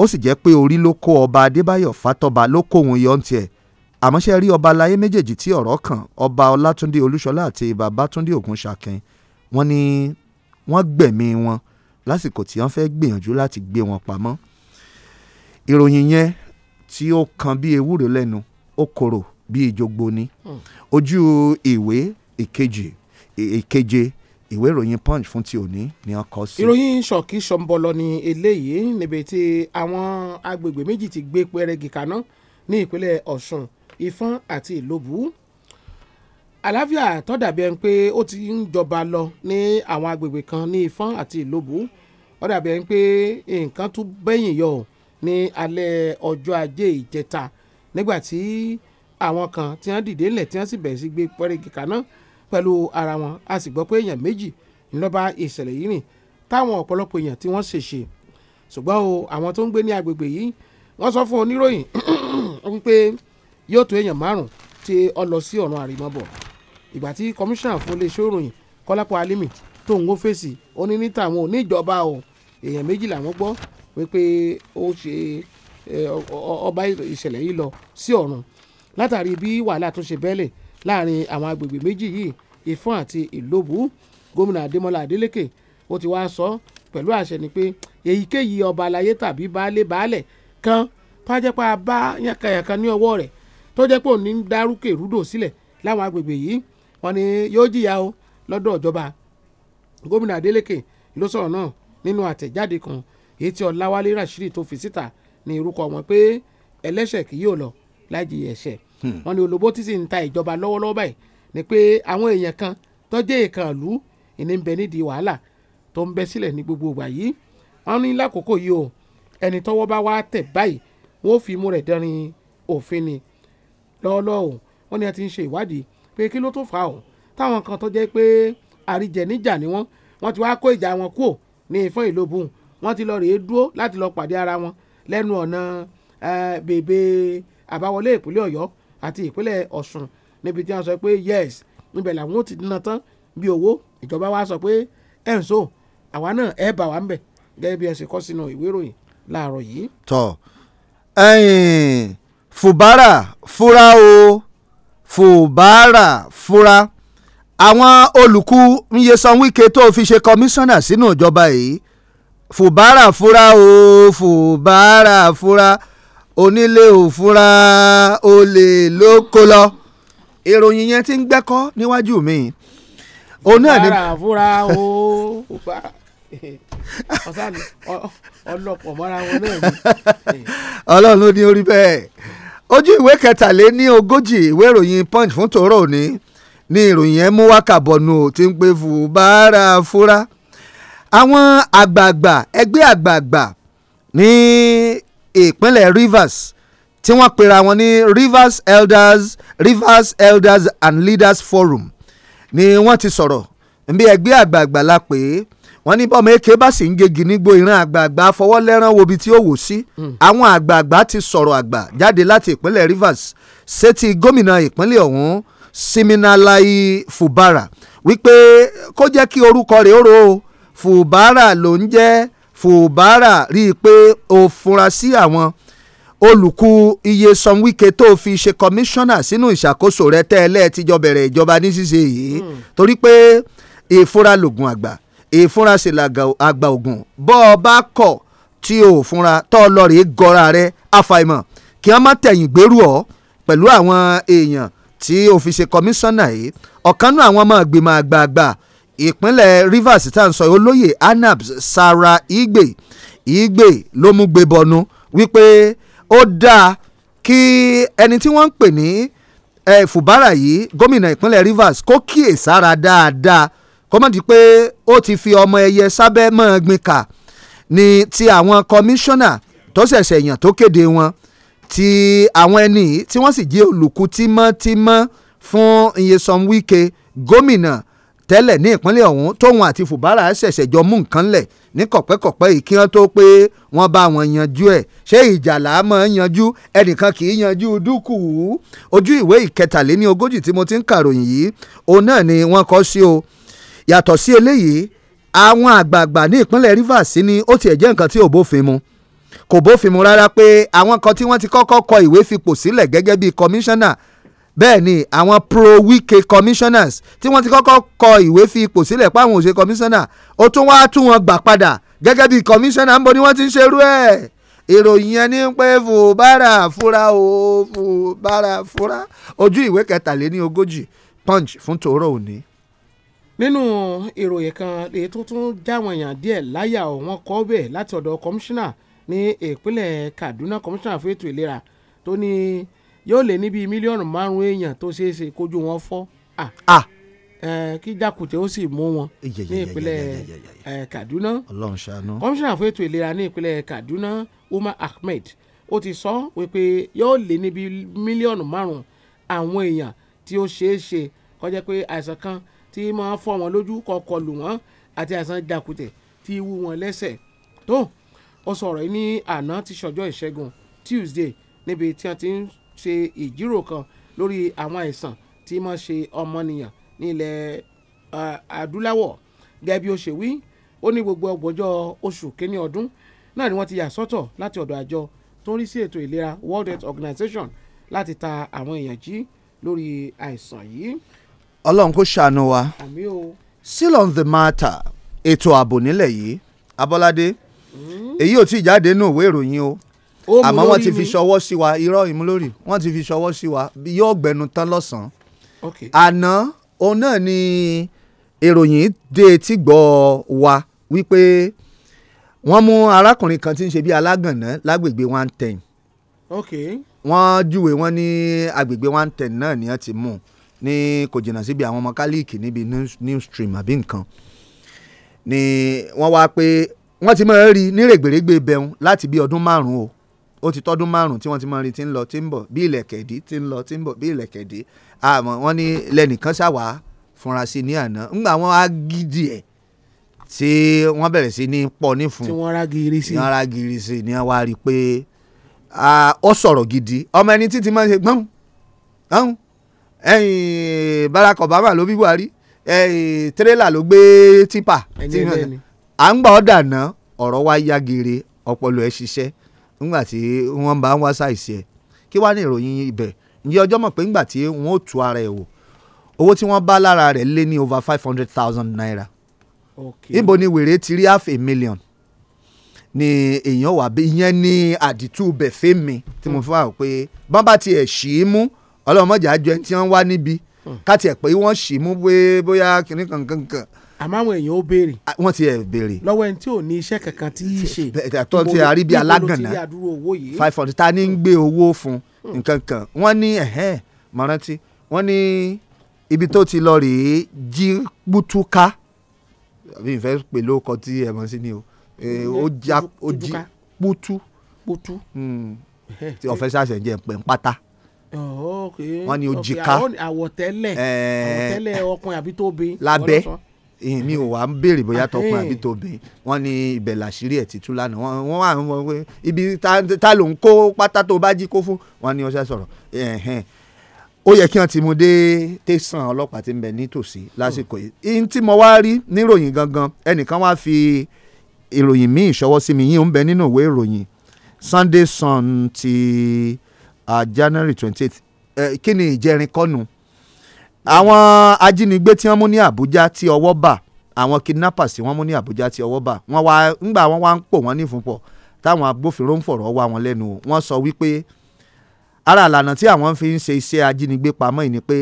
ó sì jẹ́ pé orí ló kó ọba adébáyọ̀ fatọ́ba ló kó òun yọ tiẹ̀ àmọ́ṣẹ́ rí ọba aláyé méjèèjì tí ọ̀rọ̀ kàn ọba ọlátúndé olúṣọlá àti babátúndé ògúnṣakin wọ́n ní wọ́n gbẹ̀mí wọn lásìkò tí wọ́n fẹ́ gbìyànjú láti gbé wọn pamọ́ ìròyìn yẹn tí ó kan bí ewúro lẹ́nu ó korò bí ìjogbo ni hmm. ojú ìwé ìkejì ìkeje ìwé ìròyìn punch fún ti òní ni wọ́n kọ sí. ìròyìn ṣọ̀kì ṣọ̀ǹbọ̀lọ̀ ni eléyìí níbi tí àwọn agbègbè méjì ti gbé pẹ́rẹ́gì kaná ní ìpínlẹ̀ ọ̀ṣun ìfọ́n àti ìlóbù àlàáfíà tó dàbí ẹni pé ó ti ń jọba lọ ní àwọn agbègbè kan ní ìfọ́n àti ìlóbù ó dàbí ẹni pé nǹkan tún bẹ́yìn yọ ní alẹ́ ọjọ́ ajé ìjẹta nígbà àwọn kan tí wọ́n dìde ńlẹ̀ tí wọ́n sì bẹ̀rẹ̀ sí gbé pẹ́rẹ́gì kaná pẹ̀lú ara wọn a sì gbọ́ pé èèyàn méjì ńlọ́ba ìṣẹ̀lẹ̀ yìí rìn táwọn ọ̀pọ̀lọpọ̀ èèyàn tí wọ́n ṣèṣe ṣùgbọ́n o àwọn tó ń gbé ní agbègbè yìí wọ́n sọ fún oníròyìn wípé yóò tó èèyàn márùn tí ó lọ sí ọ̀run àrèmabọ̀ ìgbà tí kọmíṣánná fún iléeṣẹ́ òròyìn kọ́lápọ̀ alimi tó ń fèsì ó ní ní tàwọn oníjọba o èèyàn méjì làwọn gbọ́ wípé ó ṣe ọba ìṣẹ̀lẹ̀ yìí lọ sí ọ̀run látàrí bí wàhálà tó ṣe bẹ́lẹ̀ láàrin àwọn agbègbè méjì yìí Ìfọ̀n àti Ìlóbù gómìnà Adémọ́lá Adélékè ó ti wá sọ pẹ̀lú àṣẹ ni pé èyíkéyìí ọba aláyé tàbí baálé baálẹ̀ kan tọ́jẹ́pá bá yànkanyànkan ní ọwọ́ rẹ̀ tó jẹ́ pé òní ń dárúkè rúdò sílẹ̀ láwọn agbègbè yìí wọ́n ní yóò jìyà o lọ́dọ̀ ìjọba gómìnà Adélékè ló sọ̀rọ̀ náà nínú àtẹ̀jáde kan èyí tí Ọláwálé Rashidi tó fi síta ní orúkọ wọn pé ẹlẹ́ṣẹ̀ kì yóò lọ láì jìyà ẹ̀ṣẹ̀ Hmm. wọ́n ní olóbó tí sì ń ta ìjọba lọ́wọ́lọ́wọ́ báyìí ni pé àwọn èèyàn kan tọ́jú èèkàn ìlú ìní ń bẹ nídìí wàhálà tó ń bẹ sílẹ̀ ní gbogbo ìgbà yìí wọ́n ní lákòókò yìí o ẹni tọ́wọ́ bá wá tẹ̀ báyìí wọ́n fi imú rẹ̀ dẹrin òfin ni lọ́ọ́lọ́ọ̀ wọ́n ní a ti ń ṣe ìwádìí pé kí ló tó fà ó táwọn kan tó jẹ́ pé àríjẹ níjà ni wọ́n wọ́n ti wá kó ìjà wọn kúò ní ìfọ́n ìlóbùn wọ́n ti lọ rèé dúró láti lọ pàdé ara wọn lẹ́nu ọ̀nà bèbè àbáwọlé ìpínlẹ̀ ọ̀yọ́ àti ìpínlẹ̀ Ọ̀ṣun níbi tí wọ́n sọ pé yes níbẹ̀ làwọn ò ti dínà tán bí owó ìjọba wa sọ pé ẹ̀ ń so àwa náà ẹ̀ bà wá ń bẹ̀ gẹ́gẹ́ bí ẹ ṣe kọ sínú ìwé ìròyìn láàárọ̀ yìí. tọ ẹyìn fùbárà fúra o fubara fura àwọn olùkú Nyesan Wike tó fi ṣe kọmíṣánná sínú ìjọba yìí fùbárà fúra o fubara fura onílé ò fura olè ló kó lọ ìròyìn yẹn ti ń gbẹ́kọ́ níwájú mi òun náà ni. fara fura o ọlọpọ mọra wọn náà ni. ọlọ́run ló ní orí bẹ́ẹ̀ ojú ìwé kẹtàléní ogójì ìwé ìròyìn punch fún tòró òní ni ìròyìn yẹn mú wákàbọ̀nù tí ń pè fún bàárà fúra àwọn àgbààgbà ẹgbẹ́ àgbààgbà ní ìpínlẹ̀ Rivers tí wọ́n pera wọn ní Rivers Elders Rivers Elders and Leaders Forum ni wọ́n ti sọ̀rọ̀ nbí ẹgbẹ́ àgbààgbà la pè é wọ́n ní bọ́mọ èké bá sì ń gegi nígbó ìran àgbààgbà afọwọ́lẹ́rán wo ibi tí ó wò sí hmm. àwọn àgbààgbà ti sọ̀rọ̀ àgbà jáde láti ìpínlẹ̀ Rivers sétí gómìnà ìpínlẹ̀ ọ̀hún Siminalayi Fubara wípé kó jẹ́ kí orúkọ rẹ̀ ó ro Fubara ló ń jẹ́ fùbárà rí i pé ó fura sí àwọn olùkú iye san wike tó fi ṣe kọmíṣánná sínú ìṣàkóso rẹ tẹ́lẹ̀ tíjọ bẹ̀rẹ̀ ìjọba níṣìṣe yìí hmm. torí pé ìfura lògùn àgbà ìfura sì làgbà ògùn bọ́ ọ bá kọ̀ tí o fúnra tọ́ lọ rèé gọ́ra rẹ àfàìmọ̀ kí wọ́n má tẹ̀yìn gbèrú ọ pẹ̀lú àwọn èèyàn tí o fi ṣe kọmíṣánná yìí ọ̀kanú àwọn ọmọ ìgbìmọ̀ àgbààgbà ìpínlẹ̀ Rivers tá n sọ olóyè Anabs Sara Igbe Igbe ló mú gbé bọnu wípé ó dáa kí ẹni tí wọ́n ń pè ní eh, Fubara yìí gómìnà ìpínlẹ̀ Rivers kó kíyè sára dáadáa kọ́mọ̀dé pé ó ti fi ọmọ ẹyẹ sábẹ́ mọ́ ẹgbin kà ní ti àwọn kọmíṣánná tó ṣẹ̀ṣẹ̀ yàn tó kéde wọn ti àwọn ẹni tí wọ́n sì jẹ́ olùkú tímọ́tímọ́ fún Nyesom Wike gómìnà tẹ́lẹ̀ ní ìpínlẹ̀ ọ̀hún tóun àti fùbárà ṣẹ̀ṣẹ̀ jọ mú nǹkan lẹ̀ ní kọ̀pẹ́kọ̀pẹ́ yìí kí wọ́n tó pé wọ́n bá wọn yanjú ẹ̀ ṣé ìjà làá mọ̀ ń yanjú ẹnìkan kì í yanjú dúkù ojú ìwé ìkẹtàléní ogójì tí mo ti ń kàròyìn yìí òun náà ni wọ́n kọ sí o yàtọ̀ sí eléyìí àwọn àgbààgbà ní ìpínlẹ̀ Rivers ni ó tiẹ̀ jẹ́ nǹkan tí ò bófin mu kò bófin mu rárá pé àwọn kan tí wọ́n ti kọ́kọ́ kọ ìwé fipò sílẹ̀ gẹ́gẹ́ bíi kọmíṣánná bẹ́ẹ̀ ni àwọn pro-Wike commissioners tí wọ́n ti kọ́kọ́ kọ ìwé fi ipò sílẹ̀ páwọn òṣè commissioner ó tún wá tún wọn gbà padà gẹ́gẹ́ bí commissioner ń bọ̀ ni wọ́n ti ń ṣerú ẹ̀ ìròyìn yẹn ní pé fùbára fúra o fùbára fúra ojú ìwé kẹtàléní ogójì punch fún tòórọ òní. nínú ìròyìn kan èyí tó tún jáwọn èèyàn díẹ̀ láyà wọ́n kọ bẹ́ẹ̀ láti ọ̀dọ̀ commissioner ní ìpínlẹ̀ Kaduna commissioner fún ètò ìlera tó ní. Ni yóò lé ní bíi mílíọ̀nù márùn-ún èèyàn tó ṣeé ṣe kójú wọn fọ́ ah. Ah. kí jákùtẹ̀ ó sì mú wọn ní ìpínlẹ̀ Kaduna kọmíṣánná fún ètò ìlera ní ìpínlẹ̀ Kaduna Umar Ahmed ó ti sọ wípé yóò lé ní bíi mílíọ̀nù márùn-ún àwọn èèyàn tí ó ṣeé ṣe kó jẹ́ pé àìsàn kan tí máa fọ́ wọn lójú kọkọ lù wọ́n àti àìsàn jákùtẹ̀ tí wú wọn lẹ́sẹ̀ tó ó sọ̀rọ̀ yìí ní àná ti ṣọjọ́ ìṣẹ́gun Tuesday níbi tí wọ́n ti ń ṣe ìjírò kan lórí àwọn àìsàn tí mọ̀ ṣe ọmọnìyàn ní adúláwọ̀ gẹ́gẹ́ bí ó ṣe wí ó ní gbogbo ọgbọ̀njọ́ oṣù kínní ọdún náà ni wọ́n ti yà sọ́tọ̀ láti ọ̀dọ̀ àjọ tó ń rí sí ètò ìlera World Health Organization láti ta àwọn èèyàn jí lórí àìsàn yìí. Ọlọ́run kò ṣàánú wa still on the matter ètò ààbò nílẹ̀ yìí Abọ́ládé hmm? èyí ò tí ì jáde nínú ìwé ìròyìn o àmọ́ wọ́n ti fi ṣọwọ́ sí wa irọ́ ìmúlórì wọ́n ti fi ṣọwọ́ sí wa yóò gbẹnu tán lọ́sàn-án àná òun náà ni ìròyìn dé etí gbọ́ wa wípé wọ́n mú arákùnrin kan tí ń ṣe bí alágànná lágbègbè one ten wọ́n júwe wọn ní agbègbè one ten náà ni wọ́n ti mú ní kò jìnnà síbi àwọn ọmọ kálíìkì níbi new stream àbí nǹkan ni wọ́n wá pé wọ́n ti máa rí ní règbèrègbè bẹ̀rùn láti bí ọdún márùn-ún o ó ti tọ́dún márùn-ún tí wọ́n ti mọ rí ti ń lọ ti ń bọ̀ bí ilẹ̀kẹ̀dí ti ń lọ ti ń bọ̀ bí ilẹ̀kẹ̀dí àmọ́ wọ́n ní lẹ́nìkan ṣàwá fúnra sí ní àná ńgbà wọn á gidi ẹ̀ tí wọ́n bẹ̀rẹ̀ sí ní pọ̀ nífun tí wọ́n ra giri sí wọ́n ra giri sí ni wọ́n á rí i pé ó sọ̀rọ̀ gidi ọmọ ẹni títí máa ń ṣe gbọ́n ọ̀hún ẹ̀yìn Barack Obama ló bí Buhari ẹ̀yìn tírélà ló gbé tipa à ń gbà ọ́ dànù ọ̀rọ̀ wa yá gere ọpọlọ ẹ̀ ṣiṣẹ́ ńgbà tí wọ́n bá ń wá ṣàìsí ẹ̀ kí wàá ní ìròyìn ibẹ̀ ǹjẹ́ ọjọ́ mọ̀ pé ńgbà tí wọ́n ó tu ara ẹ̀ wò owó tí wọ́n bá lára rẹ̀ lé ní over five hundred thousand naira ibo ni wèrè ti rí half a million ni èèyàn wà bí ìyẹn ní àdìtú bẹ̀fẹ́ mi tí mo hmm. fi wá pé bọ́n bá tiẹ̀ ṣì í mú ọlọ́mọdé àjọ ẹni tí wọ́n wá níbi hmm. ká tiẹ̀ pé wọ́n ṣì í mú bóyá kìnnìkan kankan àmọ́ àwọn èèyàn ó béèrè. Ah, wọ́n ti ẹ̀ béèrè. lọ́wọ́ ẹni tí ò ní iṣẹ́ kankan tí í ṣe. àtọ́ ti àrí bíi alágànná five hundred ta ni ń gbé owó fún hmm. nǹkan kan wọ́n ní ẹ̀hẹ́n mọ̀rántí wọ́n ní ibi tó ti lọ rèé jí gbútúká àbí ìfẹ́ pè lóko tí ẹ mọ̀ sí ni o hmm, ó jí gbútú hmm. tí ọ̀fẹ́ sàṣẹ̀ jẹ́ pẹ̀ ń pátá oh, wọ́n ní ó jí ká àwọ̀tẹ́lẹ̀ àwọ̀tẹ́lẹ̀ ọkùnrin àbí tóbi. lábẹ́ mi ò wá béèrè bóyá ah, tọkùn eh. àbí tobìn wọn ní ibẹ̀ làṣírí ẹ̀ títú lánàá wọn wà ń wọ pé ibi ta ló ń kó pátá tó bá jí kó fún wọn ní ọṣẹ sọ̀rọ̀ ó yẹ kí wọn ti mú dé tẹsán ọlọ́pàá tí ń bẹ nítòsí lásìkò yìí hmm. tí mo wá rí níròyìn gangan ẹnìkan wá fi ìròyìn míì ṣọwọ́ sí mi yín ó ń bẹ nínú ìwé ìròyìn Sunday Sun ti ah, January twenty eight uh, kí ni ìjẹrin kọ́nu àwọn ajínigbé tí wọ́n mú ní Àbújá tí ọwọ́ bà àwọn kidnappers tí wọ́n mú ní Àbújá tí ọwọ́ bà wọ́n wá ńgbà wọ́n wá ń pò wọ́n nífúnpọ̀ táwọn agbófinró ń fọ̀rọ̀ wá wọn lẹ́nu wọ́n sọ wípé ara ìlànà tí àwọn fi ń ṣe iṣẹ́ ajínigbé pamọ́ yìí ni pé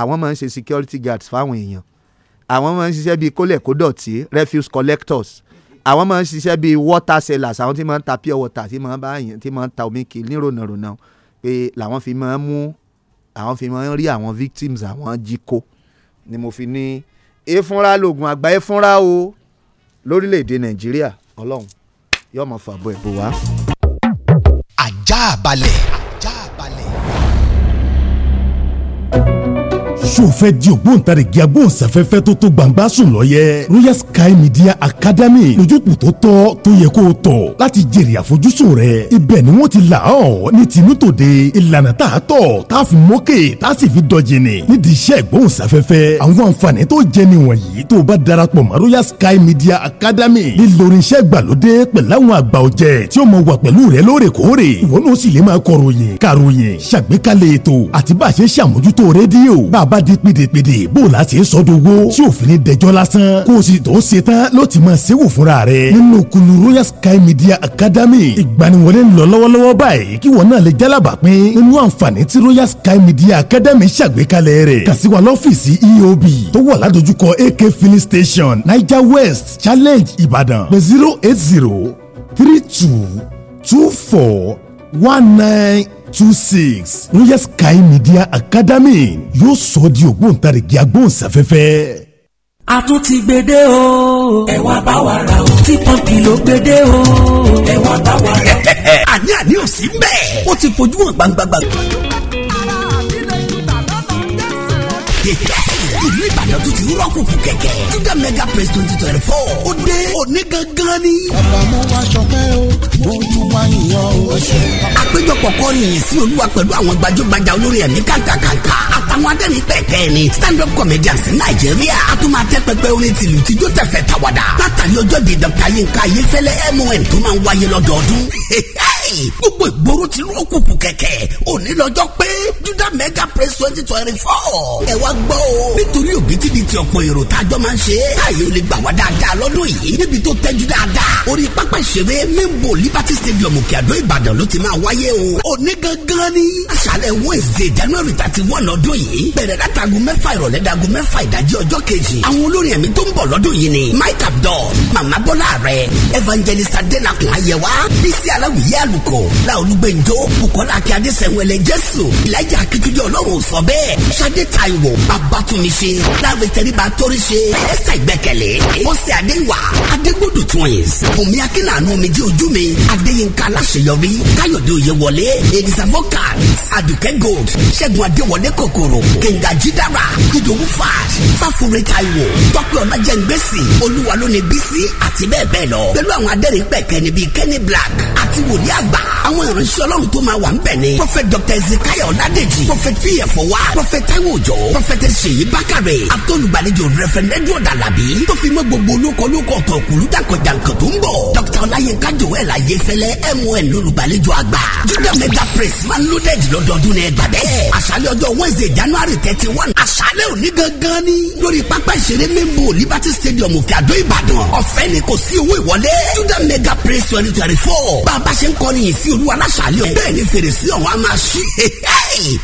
àwọn máa ń ṣe security guards fáwọn èèyàn àwọn máa ń ṣiṣẹ́ bíi kólẹ̀ refuse collectors àwọn máa ń ṣiṣẹ́ bíi water sellers àwọn tí máa ń ta pure water tí máa ń ta omi kì í nírònàrònà pé làwọn fi máa ń mú àwọn fi máa ń rí àwọn victims àwọn jí kó ni mo fi ní efunra lògùn àgbà efunra o lórílẹ̀‐èdè nàìjíríà ọlọ́run yóò máa fàbọ̀ ẹ̀bùn wá. ajá balẹ̀. ṣó fẹ́ di ògbóǹtarìgì agbóhùnsáfẹ́fẹ́ tó tó gbangba sùn lọ́yẹ Royal Sky Media Academy lójútùú tó tọ́ tó yẹ kó o tọ̀ láti jèrè àfojúsùn rẹ ibẹ̀ ni wọ́n ti là ọ́ ní tinútòde ìlànà tá a tọ̀ tá a fi mókè tá a sì fi dọ̀jìnì nídìí iṣẹ́ ìgbóhùnsáfẹ́fẹ́ àwọn àǹfààní tó jẹ nìwọ̀nyí tó o bá darapọ̀ mọ́ Royal Sky Media Academy nílòrin iṣẹ́ ìgbàlódé pẹ̀lú àgbà ọ̀jẹ̀ tí ó mọ wà wádìí pèdèpèdè bó o la ṣe sọ dogo tí òfin dẹjọ́ lásán kó o sì tó ṣe tán ló ti máa ṣẹ́wò fúnra rẹ̀ nínú kunu royal sky media academy ìgbaniwọlé ń lọ lọ́wọ́lọ́wọ́ báyìí kí wọ́n náà lè jálàbà pín nínú àǹfààní tí royal sky media academy ṣàgbékalẹ̀ rẹ̀ kà sí wa lọ́fíìsì eob tó wà ládojúkọ ak filling station niger west challenge ibadan pé zero eight zero three two two four one nine two six royal sky media academy yóò sọ ọ́ di ògbóǹtarìgì agbóhùnsáfẹ́fẹ́. a tún ti gbede o. ẹ wá bá wa ra o. tí pọ́ǹpì ló gbede o. ẹ wá bá wa ra o. àní àní ò sí bẹ́ẹ̀. ó ti fojú hàn gbangbangba ìbàdàn ti rọ́ọ̀kù kù kẹ̀kẹ́ juda mega press twenty twenty four ó dé òní gangan ni. bàbá mo wá ṣọpẹ́ o mo tún wá yìnyín o. àpéjọpọ̀ kọrin yìí sí olúwa pẹ̀lú àwọn gbajúgbajà olórin ẹ̀mí kàńkàkàńkà àtàwọn adẹ́rìn pẹ̀kẹ́ ni stand up comedians nàìjíríà a tún máa tẹ́ pẹpẹ orin tìlù tíjó tẹ̀fẹ̀ tàwàdà látàrí ọjọ́ bíi dr yinka ayéfẹ́lẹ́ mon tó máa ń wáyé lọ́dọọdún. báyìí gbogbo ìgboro ti rú òkùnkùn kẹ̀kẹ́ òní lọ́jọ́ pé juda mega press twenty twenty four ẹ wá gbọ́ o nítorí òbítíbitì ọ̀pọ̀ èrò tájọ́ máa ń ṣe káyé ó lè gbà wá dáadáa lọ́dún yìí níbi tó tẹ́jú dáadáa orí pápá ìṣeré mímbo liberty stadium òkè àdó ìbàdàn ló ti máa wáyé o òní gangan ni aṣálẹ̀ wednesday january thirty one lọ́dún yìí bẹ̀rẹ̀ látago mẹ́fà ìrọ̀lẹ́ dago mẹ́fà ìdájí ọjọ́ kejì àwọn olórin ẹ̀mí tó ń bọ̀ lọ́dún yìí ni mike abdul mama bọ́lá rẹ̀ evangelist adenakun ayẹwa bísí aláwìyé àlù ògo láolúgbẹ̀njọ́ bukola akíade sẹ̀wẹ̀lẹ̀ jésù ìlàjà akitunde ọlọ́run sọ bẹ́ẹ̀ sade taiwo babatunmise láwe tẹríba torise ẹsẹ̀ ìgbẹ́kẹ̀lé mọ́sẹ̀ adéwà adégbòdù twins bùnmi akínàánú mi jẹ́ ojú mi adéyínká aláṣeyọrí káyọ̀dé oyèwọlé elisa vocal adùkẹ́ gold ṣẹ́gun adéwọlé kòkòrò kẹ̀ǹgà jídára ìdòwú fad fáfúre taiwo tọ́pẹ́ ọlájẹ́ngbèsì olúwa lónìí bísí àti bẹ́ẹ̀ bẹ́ẹ̀ lọ pẹ̀lú àwọn adẹ́rìn pẹ̀kẹ́ níbi kenny black àti wòlíà gbà àwọn ìránṣẹ́ ọlọ́run tó máa wà ń bẹ̀ ni prophet dr ezekiel ọ̀làdèjì prophet pf wa prophet taiwo òjò prophet ṣèyí Bakare, àtọ́lùgbàlejò reverend edward alabi tó fi mọ́ gbogbo olóko olóko ọ̀tọ̀ òkúlù jàǹkànjàǹkàn tó ń bọ̀ dr ọláyínká joel ayéfẹ́lẹ́ mon lólùgbàlejò àgbà judah mega praise man loaded lọ́dọọdún ní ẹgbà bẹ́ẹ̀ àṣálẹ́ wednesday january thirty one àṣálẹ́ òní gangan ni lórí liberty stadium òkè àdó ìbàdàn ọ̀fẹ́ ni kò sí owó ìwọlé mega praise twenty twenty four bá kọrin yìí sí olúwa láṣàlẹ̀ bẹ́ẹ̀ ni fèrèsé ọ̀wá máa ṣí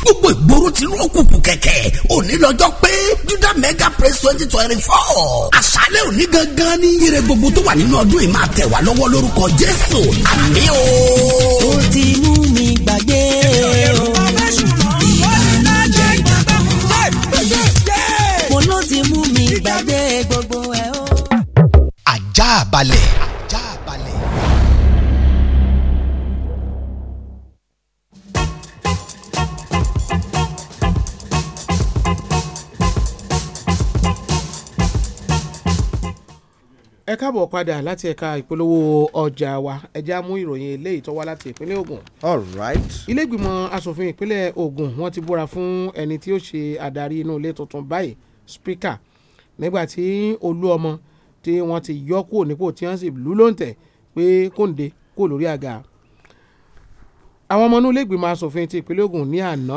gbogbo ìgboro ti rú òkùnkùn kẹ̀kẹ́ òní lọ́jọ́ pé juda mega praise twenty twenty four àṣálẹ̀ òní gangan ní ire gbogbo tó wà nínú ọdún yìí máa tẹ̀ wá lọ́wọ́ lórúkọ jésù àmín o. ó ti mú mi gbàgbé o. mo ló ti mú mi gbàgbé gbogbo ẹ̀ o. ajá balẹ̀. padà láti ẹ̀ka ìpolówó ọjà wa ẹja mú ìròyìn eléyìí tó wá láti ìpínlẹ̀ Ògùn. all right. asòfin ìpínlẹ̀ Ògùn wọ́n ti búra fún ẹni tí ó ṣe adarí inú ilé tuntun báyìí speaker nígbà tí olú ọmọ tí wọ́n ti yọ kúrò nípò tí wọ́n sì lù lóǹtẹ̀ pé kóńde kó lórí àga. àwọn ọmọ inú ilé asòfin ti ìpínlẹ̀ Ògùn ní àná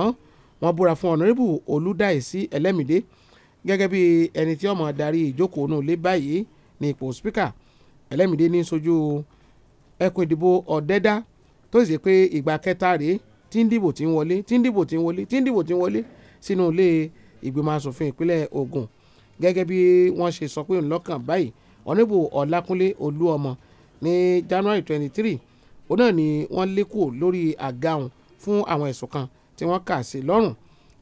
wọ́n búra fún ọ̀nàrẹ́bù olúdáìsí ẹlẹ́mìdé gẹ́gẹ́ bí ẹni tí ọmọ adarí ìjókòó inú ilé báyìí ní ipò spíkà ẹlẹ́mìdé ní sojú ẹkùn ìdìbò ọ̀dẹ́dá tó sì pé ìgbà kẹta rèé tí ń dìbò tí ń wọlé tí ń dìbò tí ń wọlé tí ń dìbò tí ń wọlé sínú ilé ìgbìmọ̀ asòfin ìpínlẹ̀ Ògùn gẹ́gẹ́ bí wọ́n ṣe sọ pé ńlọ́kàn báyìí ọ̀nìbò Ọlákúnlé Olúọmọ ní January twenty three òun náà ni wọ́n lé kúrò lórí àga òun fún àwọn ẹ̀sùn kan tí wọ́n kà sí lọ́rùn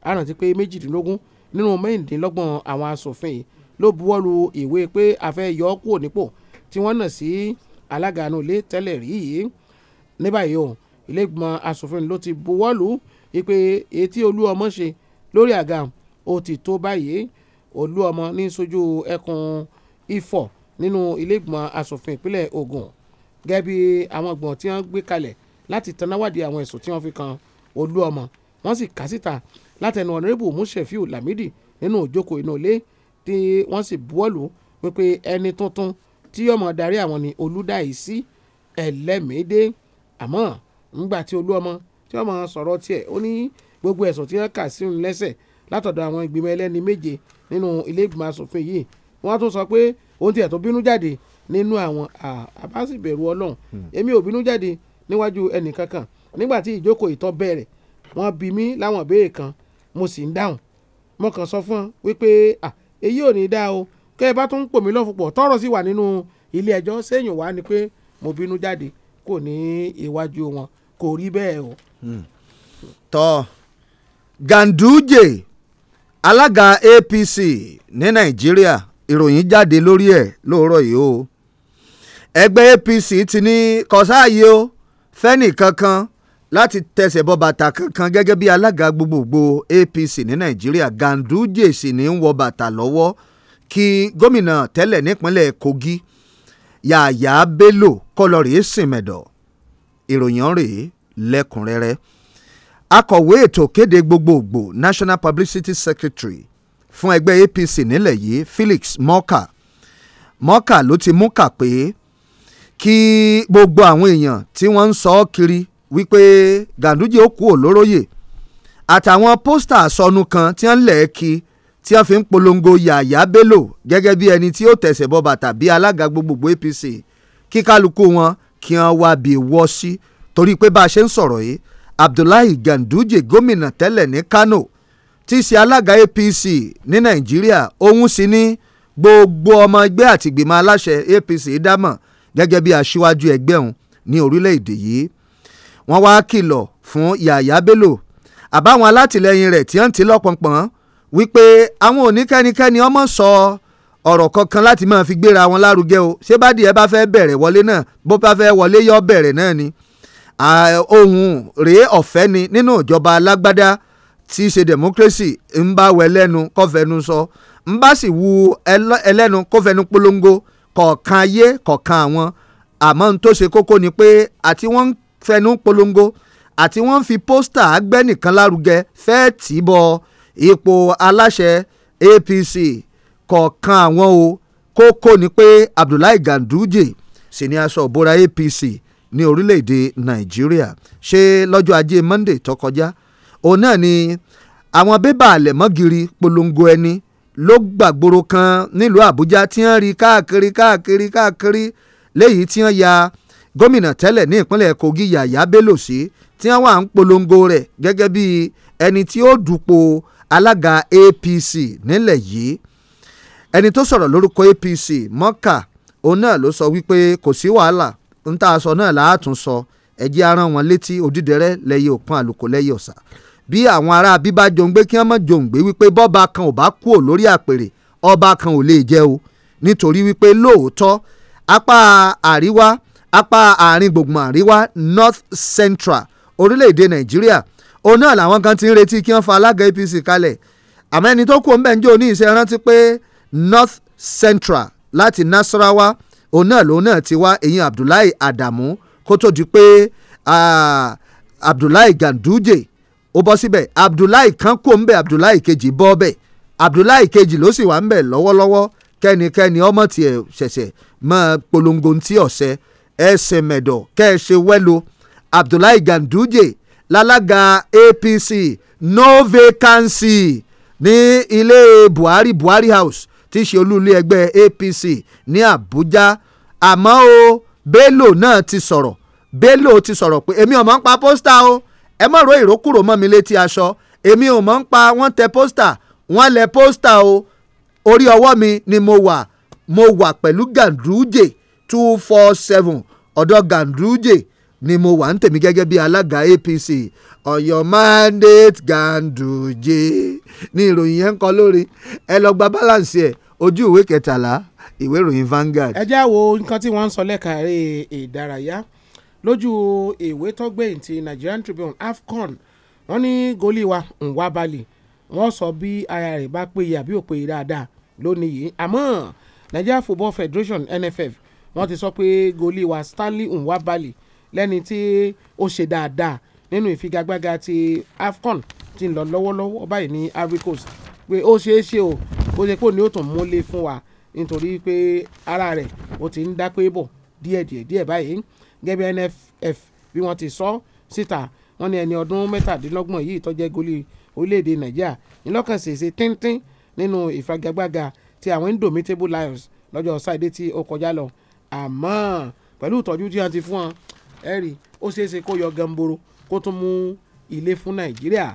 àrántí pé méjìdínlógún nínú mẹ́rìndínlọ́gbọ̀n àwọn asòfin yìí ló buwọ́lu ìwé pé a fẹ́ yọ ọ́ kúrò nípò tí wọ́n nà sí alága àánú ilé tẹ́lẹ̀ rí yìí ní báyìí o ilé ìgbìmọ̀ asòfin ló ti buwọ́lu pé etí olú ọmọ ṣe lórí àga ó ti tó báyìí olú ọmọ ní sojú ẹkùn ifọ̀ nínú ilé ìgbìmọ̀ asòfin ìpínlẹ̀ Ògùn gẹ́gẹ́ bí àwọn ìgbìmọ̀ tí wọ́n gbé kalẹ̀ láti tanáwádìí àwọn ẹ̀sùn tí wọ́n fi kan olú ọmọ wọ́n sì kà síta látẹnu ọ̀nàrẹ́bù mushefiu lamidi nínú òjókòó inú ilé tí wọ́n sì buwọ́lù wípé ẹni tuntun tí yóò máa darí àwọn ni Olúdáìsí Ẹlẹ́mìídé àmọ́ ńgbà tí Olúọmọ tí wọ́n máa sọ̀rọ̀ tiẹ̀ ó ní gbogbo ẹ̀sùn tí wọ́n kà sí òun lẹ́sẹ̀ látọ̀dọ̀ àwọn ìgbìmọ̀ ẹlẹ́ni méje nínú ilé ìgbìmọ̀ asòfin yìí wọ́n tún sọ pé òun tiẹ̀ tó bínú jáde nínú àwọn àbáṣìbẹ̀rù Ọlọ́run hmm. èmi ò bínú jáde níwájú ẹnìkankan nígbà tí ìjókòó ìtọ́ bẹ̀rẹ̀ wọ́n bi mí láwọn ìbéèrè kan mo sì ń dáhùn mo kàn sọ fún wọn wípé ah èyí ò ní dá o kẹ́ ẹ bá tún ń pò mí lọ́fùpọ̀ tọ́rọ̀ sì wà nínú ilé ẹjọ́ sẹ́yìn wá ni pé mo bínú jáde kò ní iwájú wọn kò rí bẹ́ẹ̀ o. Hmm. tọ́ Ganduje alága APC ní Nàìjíríà ìròyìn jáde lórí ẹ̀ lóòrọ̀ yìí o ẹgbẹ́ APC ti ní kọ́sáàyè o fẹ́nì kankan láti tẹsẹ̀ bọ bàtà kankan gẹ́gẹ́ bí alága gbogbogbò APC ní Nàìjíríà Ganduje sì ní ń wọ bàtà lọ́wọ́ kí gómìnà tẹ́lẹ̀ nípínlẹ̀ Kogi Yàyà Bello kọlọ́rì sìmẹ̀dọ̀ ìròyìn rèé lẹ́kùnrẹ́rẹ́ akọ̀wé ètò kéde gbogbogbò National Publicity Secretary fún ẹgbẹ́ APC nílẹ̀ yìí Felix Mọ́kà Mọ́kà ló ti mú kà pé kí gbogbo àwọn èèyàn tí wọ́n ń sọ ọ́ kiri wípé Ganduje ó kú olóróyè àtàwọn pósítà sọnù kan tí wọ́n lẹ̀ kí tí wọ́n fi ń polongo Yàyà Bello gẹ́gẹ́ bí ẹni tí ó tẹ̀sẹ̀ bọ́ bàtà bí alága gbogbogbò APC kí kálukú wọn kí wọ́n wá bí wọ́ sí torí pé bá a ṣe ń sọ̀rọ̀ yìí Abdullahi Ganduje gómìnà tẹ́lẹ̀ ní Kano tí í ṣe alága APC ní Nàìjíríà òun sì ni gbogbo ọmọ ẹgbẹ́ àtìgbìmọ̀ aláṣẹ APC dámọ̀ gẹ́gẹ́ bí aṣíwájú ẹgbẹ́ òun ní orílẹ̀-èdè yìí wọ́n wá kìlọ̀ fún Yàyà Bello àbáwọn alátìlẹyìn rẹ̀ tí wọ́n ti lọ́pọ̀npọ̀n wípé àwọn oníkẹ́nikẹ́ni ọmọ sọ ọ̀rọ̀ kankan láti máa fi gbéra wọn lárugẹ o ṣé bá díẹ̀ bá fẹ́ bẹ̀rẹ̀ wọlé náà bó bá fẹ́ wọlé yọ bẹ̀rẹ̀ náà ni ohun rèé ọ̀fẹ́ ni nínú ìjọba alágbádá tí í ṣe democracy ń bá wẹ lẹ́nu kọ́fẹ́nu sọ ń bá sì wu ẹlẹ́nu kọ́fẹ́nu polongo kọ̀ọ̀kan ayé kọ̀ọ̀kan àwọn àmọ́ n tó ṣe kókó ni pé àti wọ́n ń fẹnu polongo àti wọ́n fi pósítà agbẹ́nìkan lárugẹ fẹ́ẹ́ tì í bọ ipò aláṣẹ APC kọ̀ọ̀kan àwọn o kókó ni pé Abdullahi Ganduje sì ni aṣọ òbora APC ní orílẹ̀-èdè Nàìjíríà ṣé lọ́jọ́ ajé Monday tó kọjá òun náà ni àwọn bébà àlẹ̀mọ́gìrì polongo ẹni ló gbàgbóró kan nílùú Àbújá tí wọ́n rí káàkiri káàkiri káàkiri léyìí tí wọ́n ya gómìnà tẹ́lẹ̀ ní ìpínlẹ̀ Kogi Yàyà Bello sí tí wọ́n wà ń polongo rẹ̀ gẹ́gẹ́ bí ẹni tí ó dupò alága APC nílẹ̀ yìí ẹni tó sọ̀rọ̀ lórúkọ APC mọ́kà òun náà ló sọ wípé kò sí wàhálà ń tà sọ náà láàtún sọ ẹ̀jẹ̀ aràn wọn létí odídẹrẹ́ lẹ́yẹ òpin àlùkò lẹ́yẹ ọ̀sà bí àwọn ará bíbá jòǹgbé kí wọ́n mọ̀ jòǹgbé wípé bọ́ba kan ò bá kúò lórí àpèrè ọba kan ò lè jẹ́ o nítorí wípé lóòótọ́ apá àríwá apá àárín gbùngbùn àríwá north central orílẹ̀-èdè nàìjíríà òun náà làwọn kan ti ń retí kí wọ́n fa alága APC kalẹ̀ àmọ́ ẹni tó kú ń jẹ́ òní ìṣe rántí pé north central láti nasarawa òun náà lòun náà ti wá èyí abdullahi adamu kó tó di pé abdullahi ganduje ó bọ́ síbẹ̀ abdullahi kan kú òun bẹ́ẹ̀ abdullahi kejì bọ́ bẹ́ẹ̀ abdullahi kejì ló sì wà ń bẹ̀ lọ́wọ́lọ́wọ́ kẹ́nikẹ́ni ọmọ tiẹ̀ ṣẹ̀ṣẹ̀ mọ́ polongo ti ọ̀sẹ̀ ẹsẹ̀ mẹ̀dọ̀ kẹ́ ẹ ṣe wẹ́lo Abdullahi Ganduje lálága APC no vacancy ní ilé Buhari Buhari House tí í ṣe olúlé ẹgbẹ́ APC ní abuja, àmọ́ o Bello náà ti sọ̀rọ̀ Bello ti sọ̀rọ̀ pé èmi ò mọ̀ ń pa pósítà o ẹ mọ̀ ro ìrókùrò mọ́ mi létí aṣọ èmi ò mọ̀ ń pa wọ́n tẹ pósítà wọ́n lẹ pósítà o orí ọwọ́ mi ni mo wà mo wà pẹ̀lú Ganduje two four seven ọ̀dọ̀ Ganduje ni mo wà ń tèmi gẹ́gẹ́ bí alága APC ọ̀yọ́ mandate Ganduje ni ìròyìn yẹn ń kọ lórí ẹ lọ gba balance ẹ ojú ìwé kẹtàlá ìwé ìròyìn Vanguard. ẹ já wo nǹkan tí wọ́n ń sọ lẹ́kàárẹ̀ ìdárayá lójú ìwé tọ́gbẹ̀yìn ti Nigerian Tribune AFCON wọ́n ní gólí wa Nwabali wọ́n sọ bí ara rẹ̀ bá péye àbí òpè dáadáa lónìí yìí àmọ́ Nigeria Football Federation NFF wọ́n ti sọ pé goli wa Stanley Nwabali lẹ́ni tí ó ṣe dáadáa nínú ìfigagbága ti AFCON ti ń lọ lọ́wọ́lọ́wọ́ báyìí ní Ivory Coast pé ó ṣeé ṣe o bó ṣe pò ní ó tún múlé fún wa nítorí pé ara rẹ̀ ó ti ń dá pé bọ̀ díẹ̀díẹ̀ díẹ̀ báyìí gẹ́gẹ́ bí NFF bí wọ́n ti sọ síta wọ́n ní ẹni ọdún mẹ́tàdínlọ́gbọ̀n yìí tó jẹ́ goli orílẹ̀-èdè Nàìjíríà ńlọ́kànṣèṣe tíntín nínú ìfigagbága ti àwọn Indomitable Lions lọ́jọ́ Sátidé tí ó kọjá lọ àmọ́ pẹ̀lú ìtọ́jú tí a ti fún wọn ẹ rí ó ṣeé ṣe kó yọ gamboro kó tún mú ilé fún nàìjíríà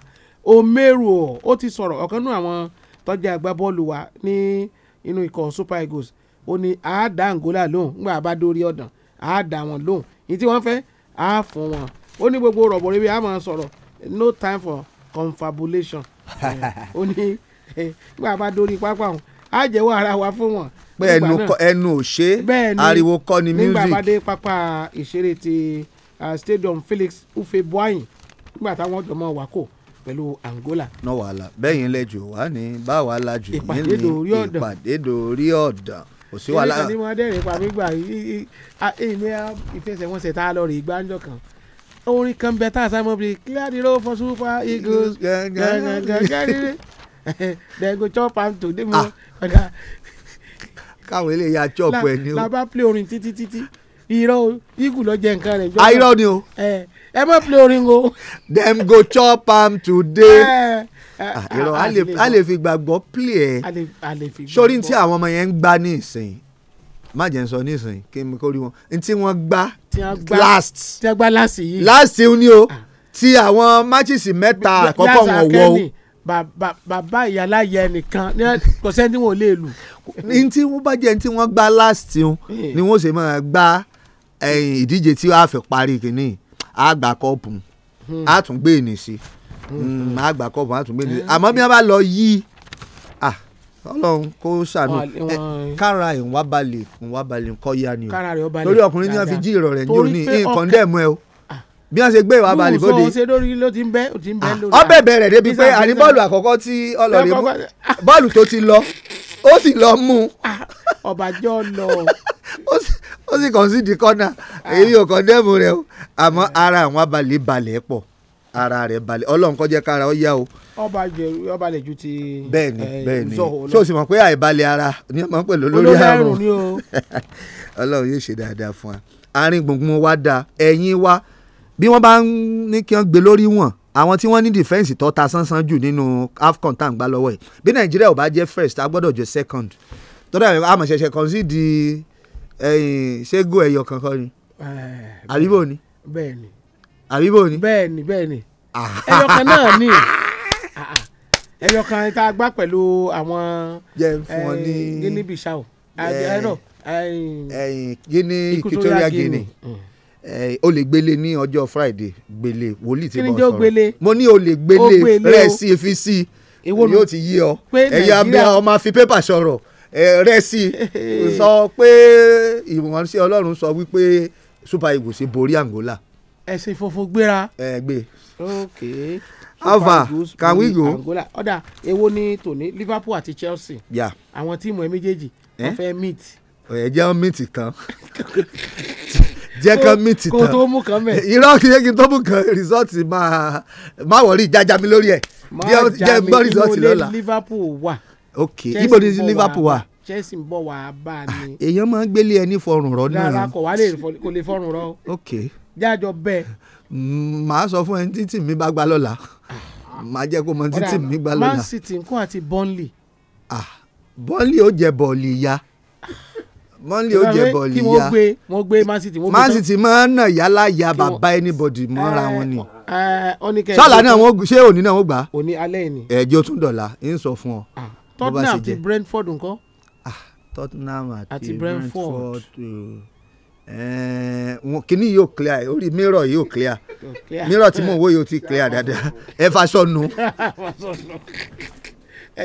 omeru ó ti sọ̀rọ̀ ọ̀kan nú àwọn tọ́jú agbábọ́ọ̀lù wa ní inú ikọ̀ super eagles ó ní àádá angola lóhùn ńgbà bá dórí ọ̀dàn àádá wọn lóhùn ní tí wọ́n fẹ́ A fún wọn ó ní gbogbo rọ̀bọ̀ rẹ̀ bí a máa sọ̀rọ̀ no time for confabulation ó ní ńgbà bá dórí pápá wọn á jẹ́wọ́ ara wa fún wọn pé ẹnu ẹnu ò ariwo kọ́ ni music. nígbà bá pápá ìṣeré ti stadium Felix Ufe Boahin nígbà táwọn ọ̀dọ́ mọ̀ wákò pẹ̀lú Angola. náà wàhálà bẹ́yìn lẹ́jù wá ní báwa lajù yín ní ìpàdé dorí ọ̀dàn kò sí wàhálà. èmi kan ní mo pa mí gbà èmi ìfẹsẹ̀wọnsẹ̀ tá a lọ rè gbáńjọ kan orin kan bẹ tá a sáré mọ́ bi clear the road for Super Eagles gangan gangan gangan they go chop am today mo ah. ọ̀dà káwọn eléyìí àjọpọ̀ ẹ̀ ni o. la bá orin títí títí irọ́ o eagle lọ jẹ nǹkan rẹ̀. irọ́ ni o. ẹ ẹ má orin o. dem go chop am today. Ah, irọ́ a lè fi gbàgbọ́ play ẹ̀ sórí tí àwọn ọmọ yẹn ń gbá ní ìsìn má jẹ́ n sọ ní ìsìn kí n kórìí wọn ntí wọ́n gbá last. tí wọ́n gbá last yìí. last ni o ti àwọn májèsì mẹ́ta àkọ́kọ́ wọn wọ o bàbá ìyáláyé ẹnìkan kò sẹ́ni tí wọ́n lè lù. ntí wọ́n bá jẹ́ ntí wọ́n gbá last un hmm. ni wọ́n ṣe máa gbá eh, ìdíje tí wàá fẹ́ parí kìíní àgbà kọ́ọ̀pù àtúngbé hmm. ìní sí àgbà hmm. kọ́ọ̀pù àtúngbé ìní sí àmọ́ bí wọ́n bá lọ yí ọlọ́run kó ṣàánú eh, kára ìwà balẹ̀ ìwà yá ni o torí ọkùnrin ní wọ́n fi jí ìrọ̀rẹ́ ní òní ìkọ̀ndẹ́mù ẹ o bí wọ́n ṣe gbé ìwà balẹ̀ bóde. lóòótọ́ ṣe lórí ló ti ń bẹ́ ó ti ń bẹ́ ah, lórí. ọbẹ̀ bẹ̀rẹ̀ débi pé àní bọ́ọ̀lù àkọ́kọ́ tí ọlọ́rin mú bọ́ọ̀lù tó ti lọ ó sì lọ mú. Ah, ọ̀bàjọ́ lọ. ó sì kàn sí di kọ́nà ah. èyí ò kàn dẹ́mu rẹ o àmọ́ ara àwọn abalẹ̀ balẹ̀ pọ̀ ara rẹ̀ balẹ̀ ọlọ́run kó jẹ́ kára ó yá o. ọba lè ju ti. bẹ́ẹ̀ni eh, bẹ́ẹ̀ni tí o sì mọ̀ pé àìbalẹ̀ ara ni wọ́n máa ń pè lórí àrùn ọlọ́run yóò ṣe dáadáa fún wa àárín gbùngbùn wa dáa ẹ̀yìn wa bí wọ́n bá ń ní kí wọ́n gbé lórí wọn àwọn tí wọ́n ní dìfẹ́ǹsì tó ta sánsán jù nínú AFCON tá à ń gbá lọ́wọ́ ẹ̀ bí nàìjíríà ò bá jẹ́ first a gbọ́dọ̀ jẹ́ second tọ́lá àmọ̀ ṣẹ̀ṣẹ̀ kàn sí eh, di ṣégo ẹ̀yọ̀ kankan ni eh, àbíbò ni àbíbò ni bẹ́ẹ̀ni bẹ́ẹ̀ni ẹ̀yọ̀ ah. náà ni ah, ah. ẹ̀yọ̀ tá a gbá pẹ̀lú àwọn eh, guinea bissau ẹ̀yìn guinea equatorial guinea. Mm. Eh, o lè gbélé ní ọjọ́ friday gbélé wòlíì tí mo sọ̀rọ̀ mo ní o lè gbélé rẹ̀ sí fi sí yóò ti yí ọ ẹ̀yà bí ọ máa fi pépà sọ̀rọ̀ eh, rẹ̀ sí sọ pé ìránṣẹ́ ọlọ́run sọ wípé super eagles borí angola. ẹ̀sìn funfun gbéra. ẹ gbé. ok alva can we go. angola ọ̀dà èwo ni tòní liverpool àti chelsea. ya àwọn tíìmù ẹ méjèèjì wọ́n eh? fẹ́ meet. ẹ jẹ́ meet tán. jẹ́ kán mí ti tán kó tó mú kan mẹ́. irọ́ kì í ṣe kí n tó mú kan result máa máa wọ̀rí ìjájà mi lórí ẹ̀ jẹ́ gbọ́ result lọ́la. Liverpool wà. ok ibo ni Liverpool wà. Chelsea ń bọ̀ wá bá a ní. Ah, èèyàn máa ń gbélé ẹni fọrùn rọ náà. rárá kò wá kò lè fọrùn rọ. ok jájọ bẹ́ẹ̀. Mm, màá sọ fún ẹni títì mi bá gbá lọ́la ah. màá jẹ́ kó mọ títì mi gbá lọ́la. Man City nkún àti Burnley. ah Burnley ó jẹ bọ̀ọ̀lì ya mọ́nlẹ̀ ó jẹ bọ̀ọ̀lì ya kí wọ́n gbé man city. man city máa ń nà yálà ya bàbá anybody mọ́ra wọn ni. sọ́ọ̀là eh, eh, náà wọ́n ṣé òní náà wọ́n gbà. òní alẹ́ ni. ẹ̀jẹ̀ ó tún dọ̀la ń sọ fún ọ. Ah, ah, Tottenham àti Brentford ńkọ́. Tottenham àti Brentford eh, kínní yóò clear orí mirror yóò clear mirror tí mò ń wò yóò ti clear dáadáa ẹ fa sọnù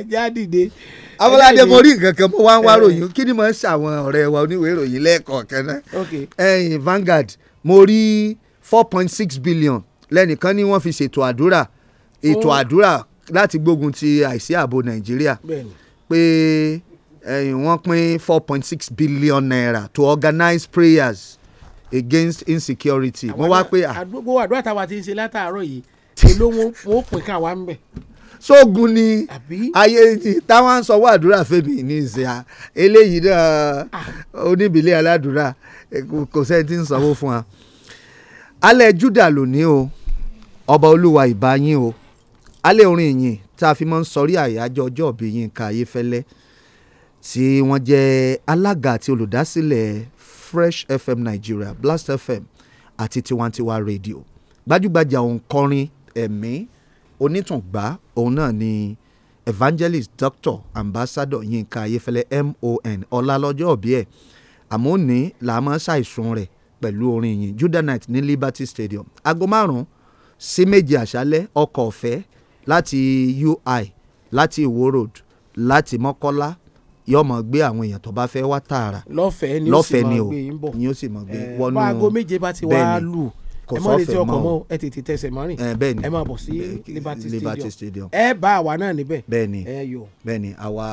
ẹjẹ́ á dìde. abọ́ládé mo mo wá ń wá ròyìn kí ni mo ń ṣàwọn ọ̀rẹ́ wa oníwèé ìròyìn lẹ́ẹ̀kọ̀ọ̀kan náà. ẹyin Vanguard mo rí four point six billion lẹ́nìkan ni wọ́n fi ṣètò àdúrà ètò oh. àdúrà láti gbógun ti àìsí ààbò Nàìjíríà pé wọ́n pín four point six billion naira to organize prayers against insecurity. mo wá pé. àdúgbò àdúrà táwa ti ń ṣe látàárọ̀ yìí èló wọn ò pín káwa ń bẹ̀ sóògùn ni ayé táwọn sọ wà àdúrà fèmí ní ìsìn eléyìí náà ah. oníbìlẹ̀ aládùúrà kò sẹ́ni tí ń sanwó fún wa. alẹ́ juda lónìí o ọba olúwa ìbá yín o alẹ́ orin ìyìn tá a fi máa ń sọrí àyájọ́ ọjọ́ ìbí Yínká Ayéfẹ́lẹ́ tí wọ́n jẹ́ alága àti olùdásílẹ̀ Fresh FM Nigeria Blast FM àti Tiwantiwa Radio gbajúgbajà òǹkọrin ẹ̀mí eh, onítùngbà òun náà ni evangelist doctor ambassador yínká ayéfẹ́lẹ́ mon ọlálọ́jọ́ òbí ẹ̀ àmọ́ òní là á máa ṣàìsùn rẹ̀ pẹ̀lú orin yìí judah night ní liberty stadium aago márùn-ún sí méje àṣálẹ́ ọkọ̀ ọ̀fẹ́ láti ui láti ìwó road láti mọ́kọ́lá yóò mọ̀ gbé àwọn èèyàn tó bá fẹ́ wá tààrà lọ́fẹ̀ẹ́ ni ó sì mọ̀ gbé wọnú bẹ́ẹ̀ kò sọ́fẹ̀ mọ́ ẹ tètè tẹsẹ̀ mọ́ rìn eh, ẹ máa bọ̀ sí eh, Liberty Stadium ẹ bá àwa náà níbẹ̀ bẹ́ẹ̀ ni bẹ́ẹ̀ ni àwa.